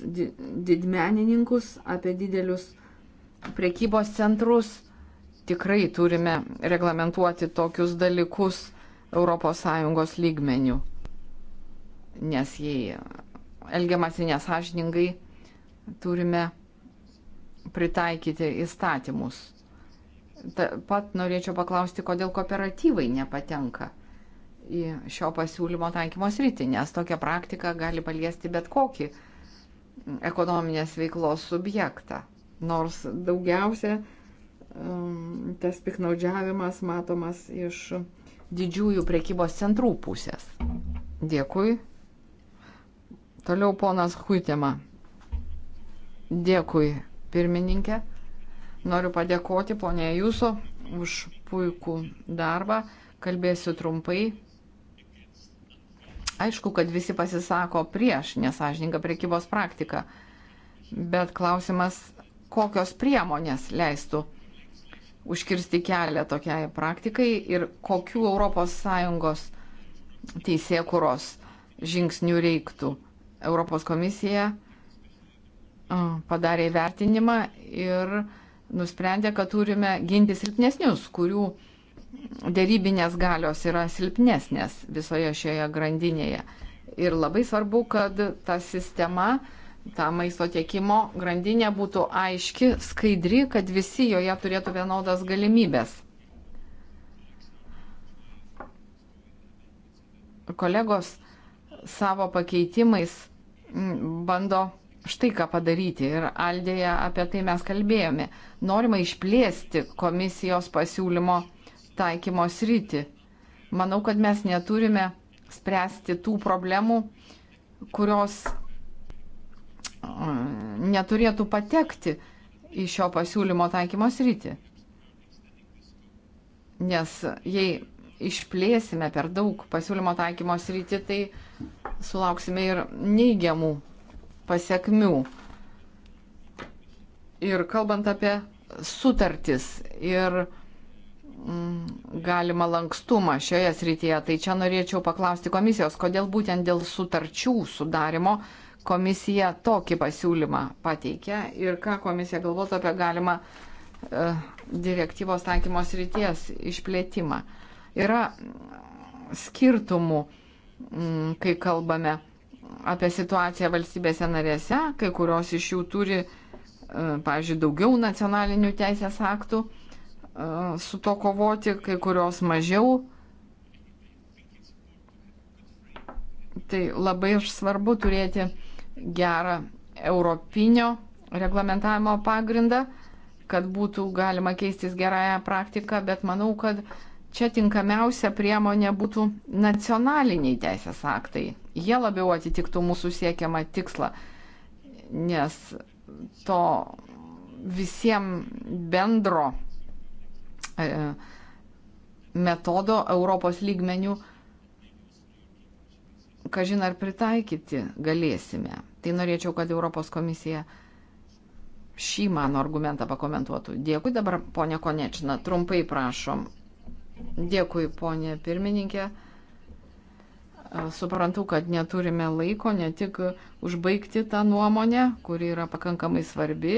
Speaker 1: didmenininkus, apie didelius prekybos centrus. Tikrai turime reglamentuoti tokius dalykus ES lygmenių. Nes jei elgiamasi nesažiningai, turime pritaikyti įstatymus. Ta, pat norėčiau paklausti, kodėl kooperatyvai nepatenka į šio pasiūlymo taikymo sritį, nes tokia praktika gali paliesti bet kokį ekonominės veiklos subjektą. Nors daugiausia um, tas piknaudžiavimas matomas iš didžiųjų prekybos centrų pusės. Dėkui. Toliau ponas Huitema. Dėkui, pirmininkė. Noriu padėkoti ponė Jūso už puikų darbą. Kalbėsiu trumpai. Aišku, kad visi pasisako prieš nesažininką priekybos praktiką, bet klausimas, kokios priemonės leistų užkirsti kelią tokiai praktikai ir kokių ES teisėkuros žingsnių reiktų. Europos komisija padarė vertinimą ir nusprendė, kad turime ginti silpnesnius, kurių dėrybinės galios yra silpnesnės visoje šioje grandinėje. Ir labai svarbu, kad ta sistema, ta maisto tiekimo grandinė būtų aiški, skaidri, kad visi joje turėtų vienodas galimybės. Kolegos savo pakeitimais bando štai ką padaryti ir Aldėje apie tai mes kalbėjome. Norima išplėsti komisijos pasiūlymo taikymo sritį. Manau, kad mes neturime spręsti tų problemų, kurios neturėtų patekti į šio pasiūlymo taikymo sritį. Nes jei išplėsime per daug pasiūlymo taikymo sritį, tai sulauksime ir neigiamų pasiekmių. Ir kalbant apie sutartis ir mm, galima lankstumą šioje srityje, tai čia norėčiau paklausti komisijos, kodėl būtent dėl sutarčių sudarimo komisija tokį pasiūlymą pateikė ir ką komisija galvotų apie galimą e, direktyvos taikymos ryties išplėtimą. Yra skirtumų, mm, kai kalbame apie situaciją valstybėse narėse, kai kurios iš jų turi, e, pavyzdžiui, daugiau nacionalinių teisės aktų e, su to kovoti, kai kurios mažiau. Tai labai svarbu turėti gerą europinio reglamentavimo pagrindą, kad būtų galima keistis gerąją praktiką, bet manau, kad uh, čia tinkamiausia priemonė būtų nacionaliniai teisės aktai. Jie labiau atitiktų mūsų siekiamą tikslą, nes to visiems bendro e, metodo Europos lygmenių, kažin ar pritaikyti galėsime. Tai norėčiau, kad Europos komisija šį mano argumentą pakomentuotų. Dėkui dabar, ponia Konečina, trumpai prašom. Dėkui, ponė pirmininkė. Suprantu, kad neturime laiko ne tik užbaigti tą nuomonę, kuri yra pakankamai svarbi,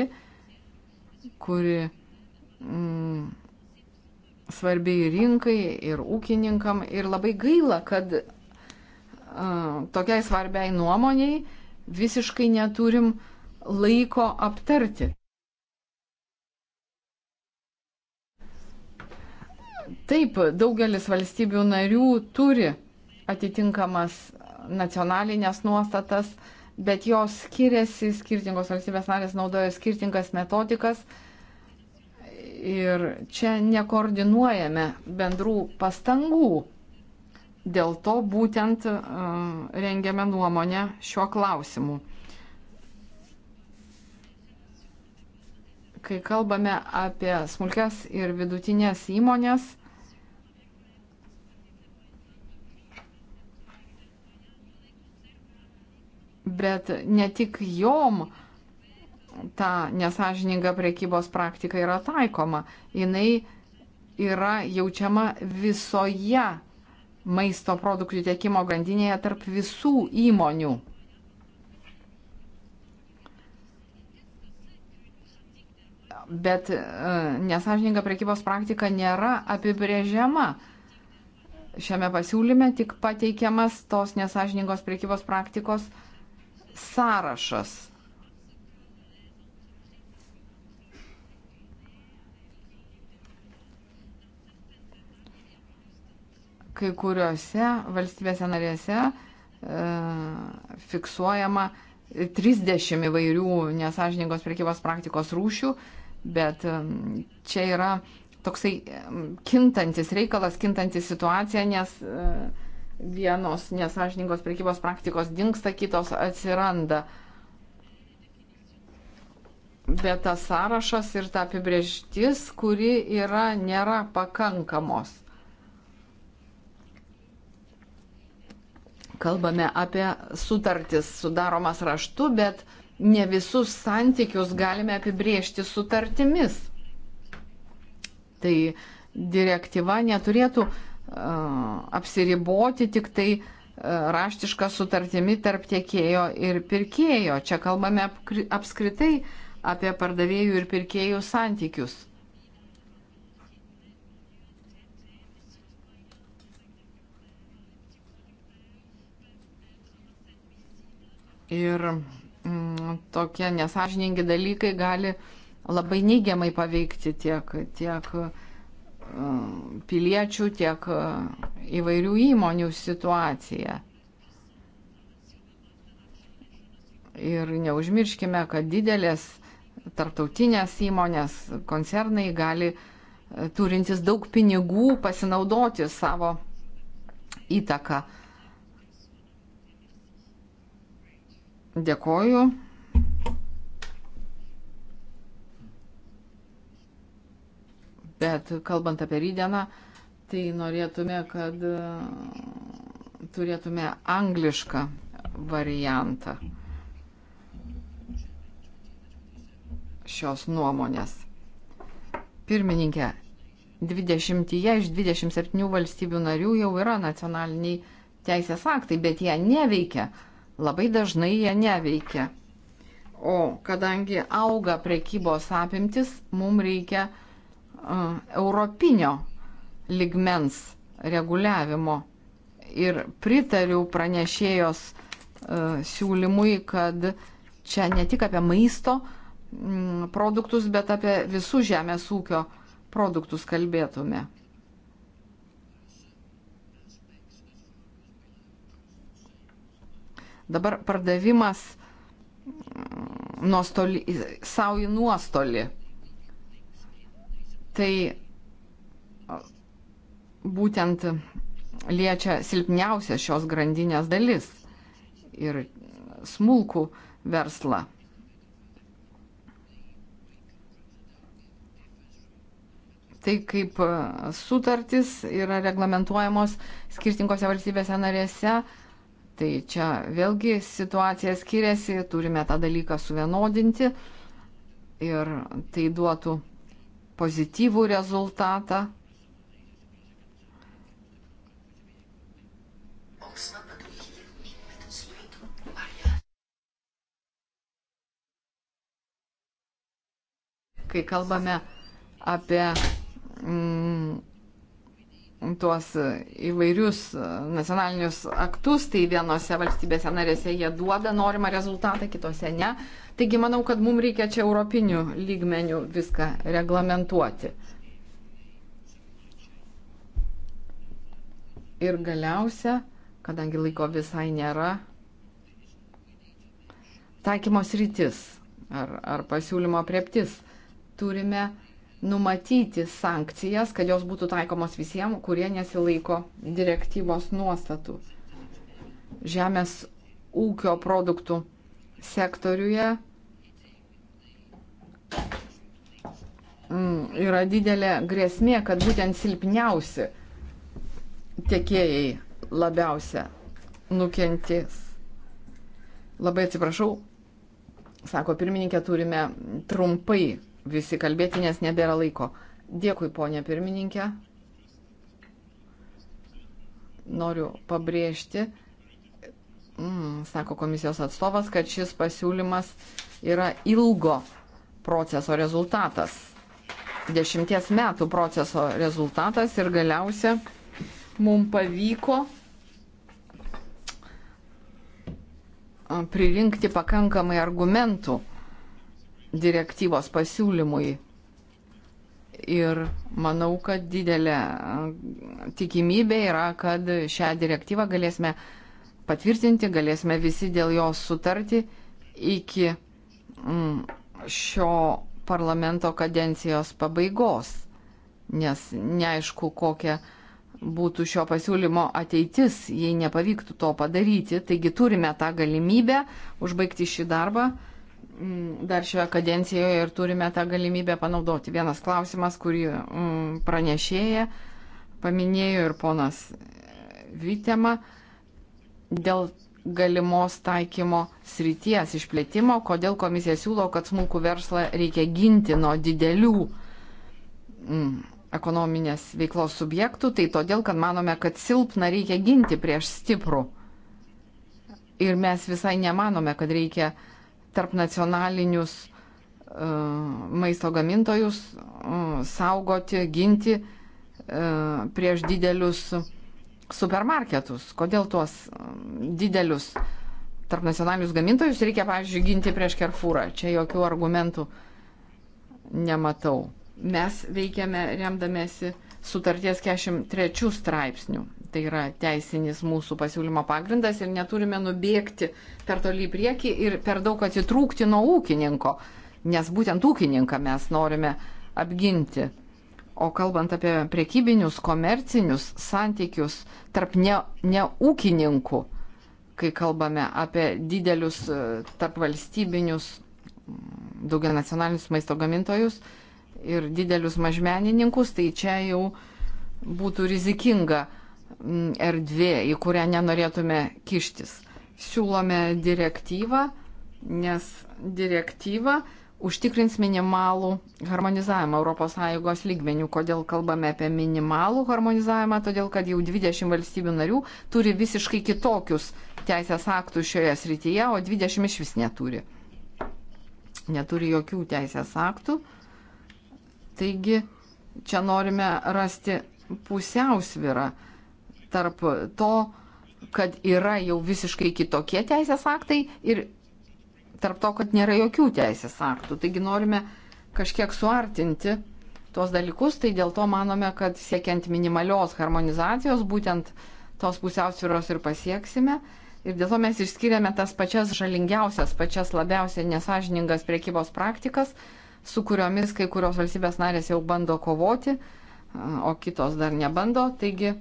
Speaker 1: kuri mm, svarbi ir rinkai, ir ūkininkam. Ir labai gaila, kad uh, tokiai svarbiai nuomoniai visiškai neturim laiko aptarti. Taip, daugelis valstybių narių turi atitinkamas nacionalinės nuostatas, bet jos skiriasi, skirtingos valstybės narės naudoja skirtingas metodikas ir čia nekoordinuojame bendrų pastangų. Dėl to būtent um, rengiame nuomonę šiuo klausimu. Kai kalbame apie smulkes ir vidutinės įmonės, bet ne tik jom ta nesažininga prekybos praktika yra taikoma, jinai yra jaučiama visoje maisto produktų tiekimo grandinėje tarp visų įmonių. Bet e, nesažininga prekybos praktika nėra apibrėžiama. Šiame pasiūlyme tik pateikiamas tos nesažiningos prekybos praktikos e, sąrašas. Kai kuriuose valstybėse narėse e, fiksuojama 30 įvairių nesažiningos prekybos praktikos rūšių, bet čia yra toksai kintantis reikalas, kintantis situacija, nes e, Vienos nesažiningos prekybos praktikos dinksta, kitos atsiranda. Bet tas sąrašas ir ta apibrieštis, kuri yra, nėra pakankamos. Kalbame apie sutartis sudaromas raštu, bet ne visus santykius galime apibriežti sutartimis. Tai direktyva neturėtų apsiriboti tik tai raštišką sutartimi tarp tiekėjo ir pirkėjo. Čia kalbame apskritai apie pardavėjų ir pirkėjų santykius. Ir mm, tokie nesažiningi dalykai gali labai neigiamai paveikti tiek, tiek uh, piliečių, tiek e, įvairių įmonių situaciją. Ir neužmirškime, kad didelės tarptautinės įmonės, koncernai gali, e, turintis daug pinigų, pasinaudoti savo įtaką. Dėkoju Bet kalbant apie rydieną, tai norėtume, kad e, turėtume anglišką variantą šios nuomonės. Pirmininkė, 20 iš 27 valstybių narių jau yra nacionaliniai teisės aktai, bet jie neveikia. Labai dažnai jie neveikia. O kadangi auga prekybos apimtis, mums reikia uh, europinio ligmens reguliavimo. Ir pritariu pranešėjos siūlymui, kad čia ne tik apie maisto produktus, bet apie visų žemės ūkio produktus kalbėtume. Dabar pardavimas nuostoli, savo į nuostolį tai būtent liečia silpniausias šios grandinės dalis ir smulkų verslą. Tai kaip e, sutartis yra reglamentuojamos skirtingose valstybėse narėse, tai čia vėlgi situacija skiriasi, turime tą dalyką suvienodinti ir tai duotų pozityvų rezultatą. Kai kalbame apie mm, tuos įvairius nacionalinius aktus, tai vienose valstybėse narėse jie duoda norimą rezultatą, kitose ne. Uh, Taigi manau, kad mums reikia čia europinių lygmenių viską reglamentuoti. Ir galiausia, kadangi laiko visai nėra, taikymos rytis ar, ar pasiūlymo prieptis. Turime numatyti sankcijas, kad jos būtų taikomos visiems, kurie nesilaiko direktyvos nuostatų. Žemės ūkio produktų sektoriuje mm, yra didelė grėsmė, kad būtent silpniausi tiekėjai labiausia nukentės. Labai atsiprašau, sako pirmininkė, turime trumpai visi kalbėti, nes nebėra laiko. Dėkui, ponė pirmininkė. Noriu pabrėžti, mm, sako komisijos atstovas, kad šis pasiūlymas yra ilgo proceso rezultatas. Dešimties metų proceso rezultatas ir galiausia mums pavyko pririnkti pakankamai argumentų direktyvos pasiūlymui. Ir manau, kad didelė tikimybė yra, kad šią direktyvą galėsime uh, patvirtinti, galėsime visi dėl jo sutarti iki mm, šio parlamento kadencijos pabaigos, nes neaišku, kokia būtų šio pasiūlymo ateitis, jei nepavyktų to padaryti. Taigi turime tą galimybę užbaigti šį darbą mm, dar šioje kadencijoje ir turime tą galimybę panaudoti. Vienas klausimas, kurį mm, pranešėja paminėjo ir ponas Vitema dėl galimos taikymo srities išplėtimo, kodėl komisija siūlo, kad smulkų verslą reikia ginti nuo didelių mm, ekonominės veiklos subjektų, tai todėl, kad manome, kad silpną reikia ginti prieš stiprų. Ir mes visai nemanome, kad reikia tarp nacionalinius uh, maisto gamintojus uh, saugoti, ginti uh, prieš didelius uh, supermarketus, kodėl tuos mm, didelius tarp nacionalinius gamintojus reikia, pavyzdžiui, ginti prieš kerfūrą. Čia jokių argumentų nematau. Mes veikiame remdamėsi sutarties 43 straipsnių. Tai yra teisinis mūsų pasiūlymo pagrindas ir neturime nubėgti per tolį priekį ir per daug atitrūkti nuo ūkininko, nes būtent ūkininką mes norime apginti. O kalbant apie prekybinius, komercinius santykius tarp neūkininkų, ne, ne kai kalbame apie didelius e, tarp valstybinius mm, daugia nacionalinius maisto gamintojus ir didelius mažmenininkus, tai čia jau būtų rizikinga mm, erdvė, į kurią nenorėtume kištis. Siūlome direktyvą, nes direktyva užtikrins minimalų harmonizavimą ES lygmenių. Kodėl kalbame apie minimalų harmonizavimą? Todėl, kad jau 20 valstybių narių turi visiškai kitokius teisės aktų šioje srityje, o 20 iš vis neturi. Neturi jokių teisės aktų. Taigi čia norime rasti pusiausvyrą tarp to, kad yra jau visiškai kitokie teisės aktai ir tarp to, kad nėra jokių teisės aktų. Taigi norime kažkiek suartinti tuos dalykus, tai dėl to manome, kad siekiant minimalios harmonizacijos būtent tos pusiausvyros ir pasieksime. Ir dėl to mes išskiriame tas pačias žalingiausias, pačias labiausiai nesažiningas priekybos praktikas, su kuriomis kai kurios valstybės narės jau bando kovoti, o kitos dar nebando. Taigi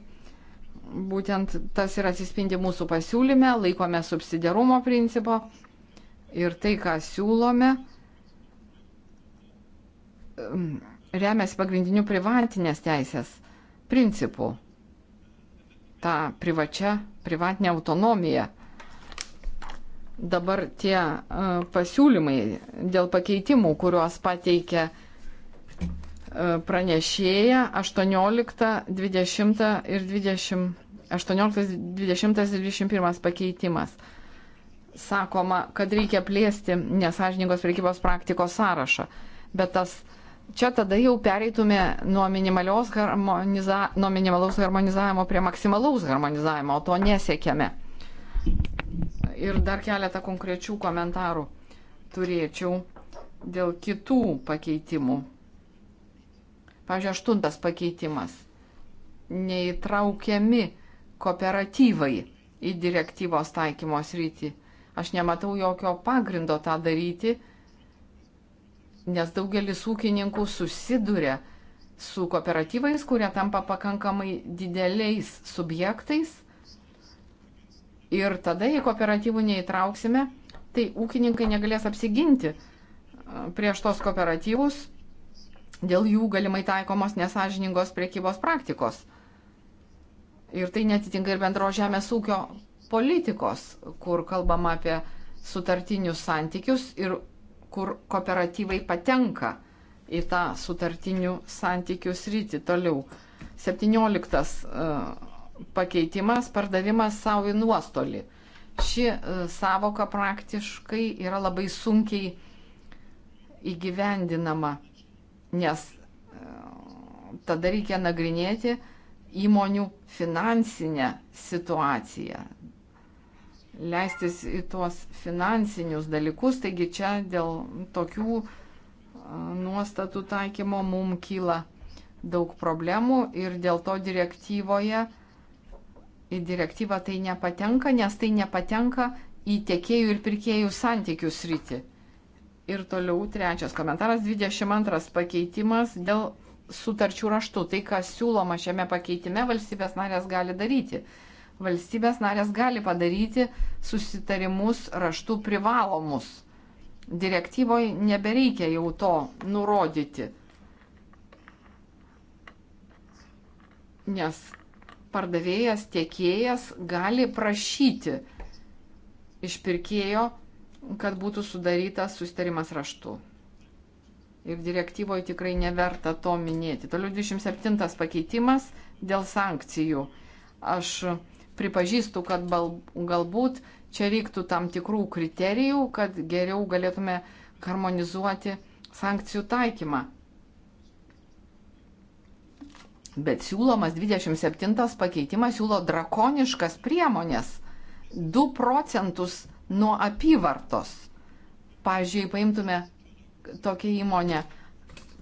Speaker 1: būtent tas ir atsispindi mūsų pasiūlyme, laikome subsidiarumo principo, ir tai, ką siūlome, remiasi pagrindiniu privatinės teisės principu. Ta privačia, privatinė autonomija. Dabar tie e, pasiūlymai dėl pakeitimų, kuriuos pateikia e, pranešėja 18, 20 ir 20, 18, 20 ir 21 pakeitimas sakoma, kad reikia plėsti nesažiningos prekybos praktikos sąrašą. Bet tas čia tada jau pereitume nuo, harmoniza, nuo minimalaus harmonizavimo prie maksimalaus harmonizavimo, o to nesiekėme. Ir dar keletą konkrečių komentarų turėčiau dėl kitų pakeitimų. Pavyzdžiui, aštuntas pakeitimas. Neįtraukiami kooperatyvai į direktyvos taikymos rytį. Aš nematau jokio pagrindo tą daryti, nes daugelis ūkininkų susiduria su kooperatyvais, kurie tampa pakankamai dideliais subjektais. Ir tada, jei kooperatyvų neįtrauksime, tai ūkininkai negalės apsiginti prieš tos kooperatyvus dėl jų galimai taikomos nesažiningos priekybos praktikos. Ir tai netitinka ir bendro žemės ūkio politikos, kur kalbama apie sutartinius santykius ir kur kooperatyvai patenka į tą sutartinių santykių sritį. Toliau, 17 e, pakeitimas - pardavimas savo į nuostolį. Ši e, savoka praktiškai yra labai sunkiai įgyvendinama, nes e, tada reikia nagrinėti įmonių finansinę situaciją leistis į tuos finansinius dalykus, taigi čia dėl tokių nuostatų taikymo mum kyla daug problemų ir dėl to direktyvoje į direktyvą tai nepatenka, nes tai nepatenka į tiekėjų ir pirkėjų santykių sritį. Ir toliau trečias komentaras, 22 pakeitimas dėl sutarčių raštų. Tai, kas siūloma šiame pakeitime, valstybės narės gali daryti. Uh, valstybės narės gali padaryti susitarimus raštų privalomus. Direktyvoje nebereikia jau to nurodyti, nes pardavėjas, tiekėjas gali prašyti iš pirkėjo, kad būtų sudarytas susitarimas raštu. Ir direktyvoje tikrai neverta to minėti. Toliau 27 pakeitimas dėl sankcijų. Aš pripažįstu, kad bal, galbūt čia reiktų tam tikrų kriterijų, kad geriau galėtume harmonizuoti sankcijų taikymą. Bet siūlomas 27 pakeitimas siūlo drakoniškas priemonės 2 procentus nuo apyvartos. Pavyzdžiui, paimtume tokią įmonę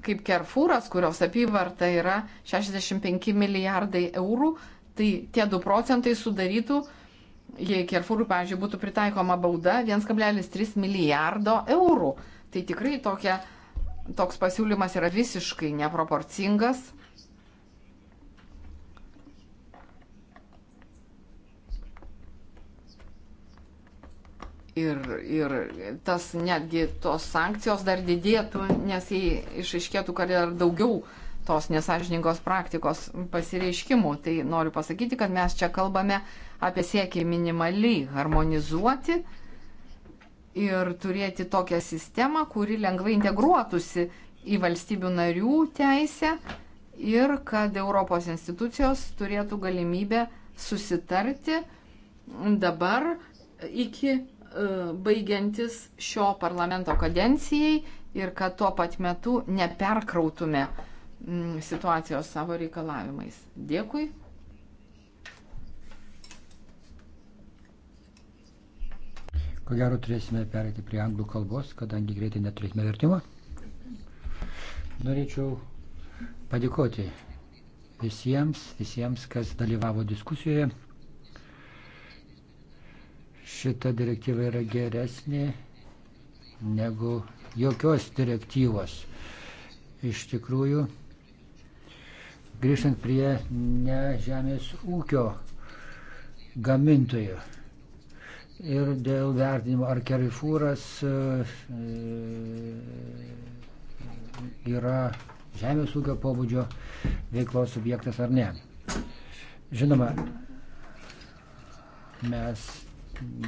Speaker 1: kaip Kerfūras, kurios apyvarta yra 65 milijardai eurų, tai tie 2 procentai sudarytų, jei Kerfūrui, pavyzdžiui, būtų pritaikoma bauda 1,3 milijardo eurų. Tai tikrai tokia, toks pasiūlymas yra visiškai neproporcingas. Ir, ir tas netgi tos sankcijos dar didėtų, nes jei išaiškėtų, kad yra daugiau uh, tos nesažiningos praktikos pasireiškimų. Tai noriu pasakyti, kad mes čia kalbame apie siekį minimaliai harmonizuoti ir turėti tokią sistemą, kuri lengvai integruotųsi į valstybių narių teisę ir kad Europos institucijos turėtų galimybę susitarti dabar iki e, baigiantis šio parlamento kadencijai ir kad tuo pat metu neperkrautume uh, Mm, situacijos savo reikalavimais. Dėkui.
Speaker 2: Ko gero turėsime perėti prie anglų kalbos, kadangi greitai neturėsime vertimo. Norėčiau padėkoti visiems, visiems, kas dalyvavo diskusijoje. Šita direktyva yra geresnė negu jokios direktyvos. Iš tikrųjų, grįžtant prie ne žemės ūkio gamintojų. Ir dėl vertinimo, ar kerifūras e, yra žemės ūkio pobūdžio veiklos subjektas ar ne. Žinoma, mes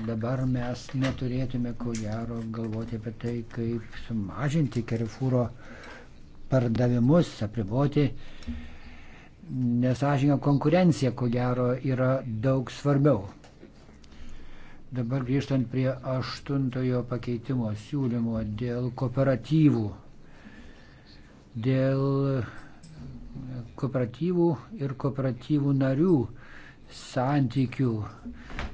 Speaker 2: dabar mes neturėtume ko gero galvoti apie tai, kaip sumažinti kerifūro pardavimus, apriboti uh, nesažinio konkurencija, ko gero, yra daug svarbiau. Dabar grįžtant prie aštuntojo pakeitimo siūlymo dėl kooperatyvų. Dėl e, kooperatyvų ir kooperatyvų narių santykių.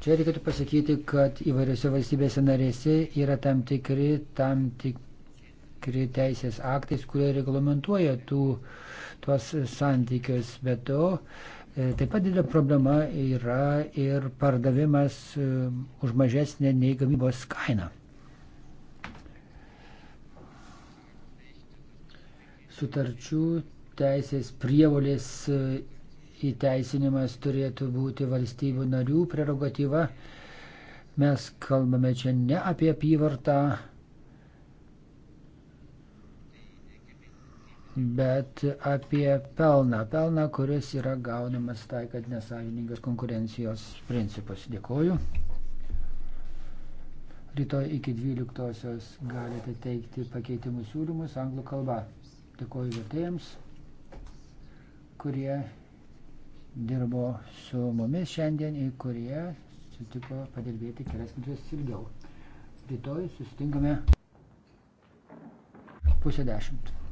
Speaker 2: Čia reikėtų pasakyti, kad įvairiose valstybėse narėse yra tam tikri, tam tikri teisės aktais, kurie reglamentuoja tų uh, tuos santykius, bet to e, taip pat didelė problema yra ir pardavimas e, už mažesnę nei gamybos kainą. Sutarčių teisės prievolės e, įteisinimas turėtų būti valstybių narių prerogatyva. Mes kalbame čia ne apie apyvartą, bet apie pelną. Pelną, kuris yra gaunamas taikant nesažiningas konkurencijos principus. Dėkoju. Rytoj iki 12 galite teikti pakeitimų siūlymus anglų kalba. Dėkoju vertėjams, kurie dirbo su mumis šiandien ir kurie sutiko padirbėti kelias minutės ilgiau. Rytoj susitinkame pusę dešimt.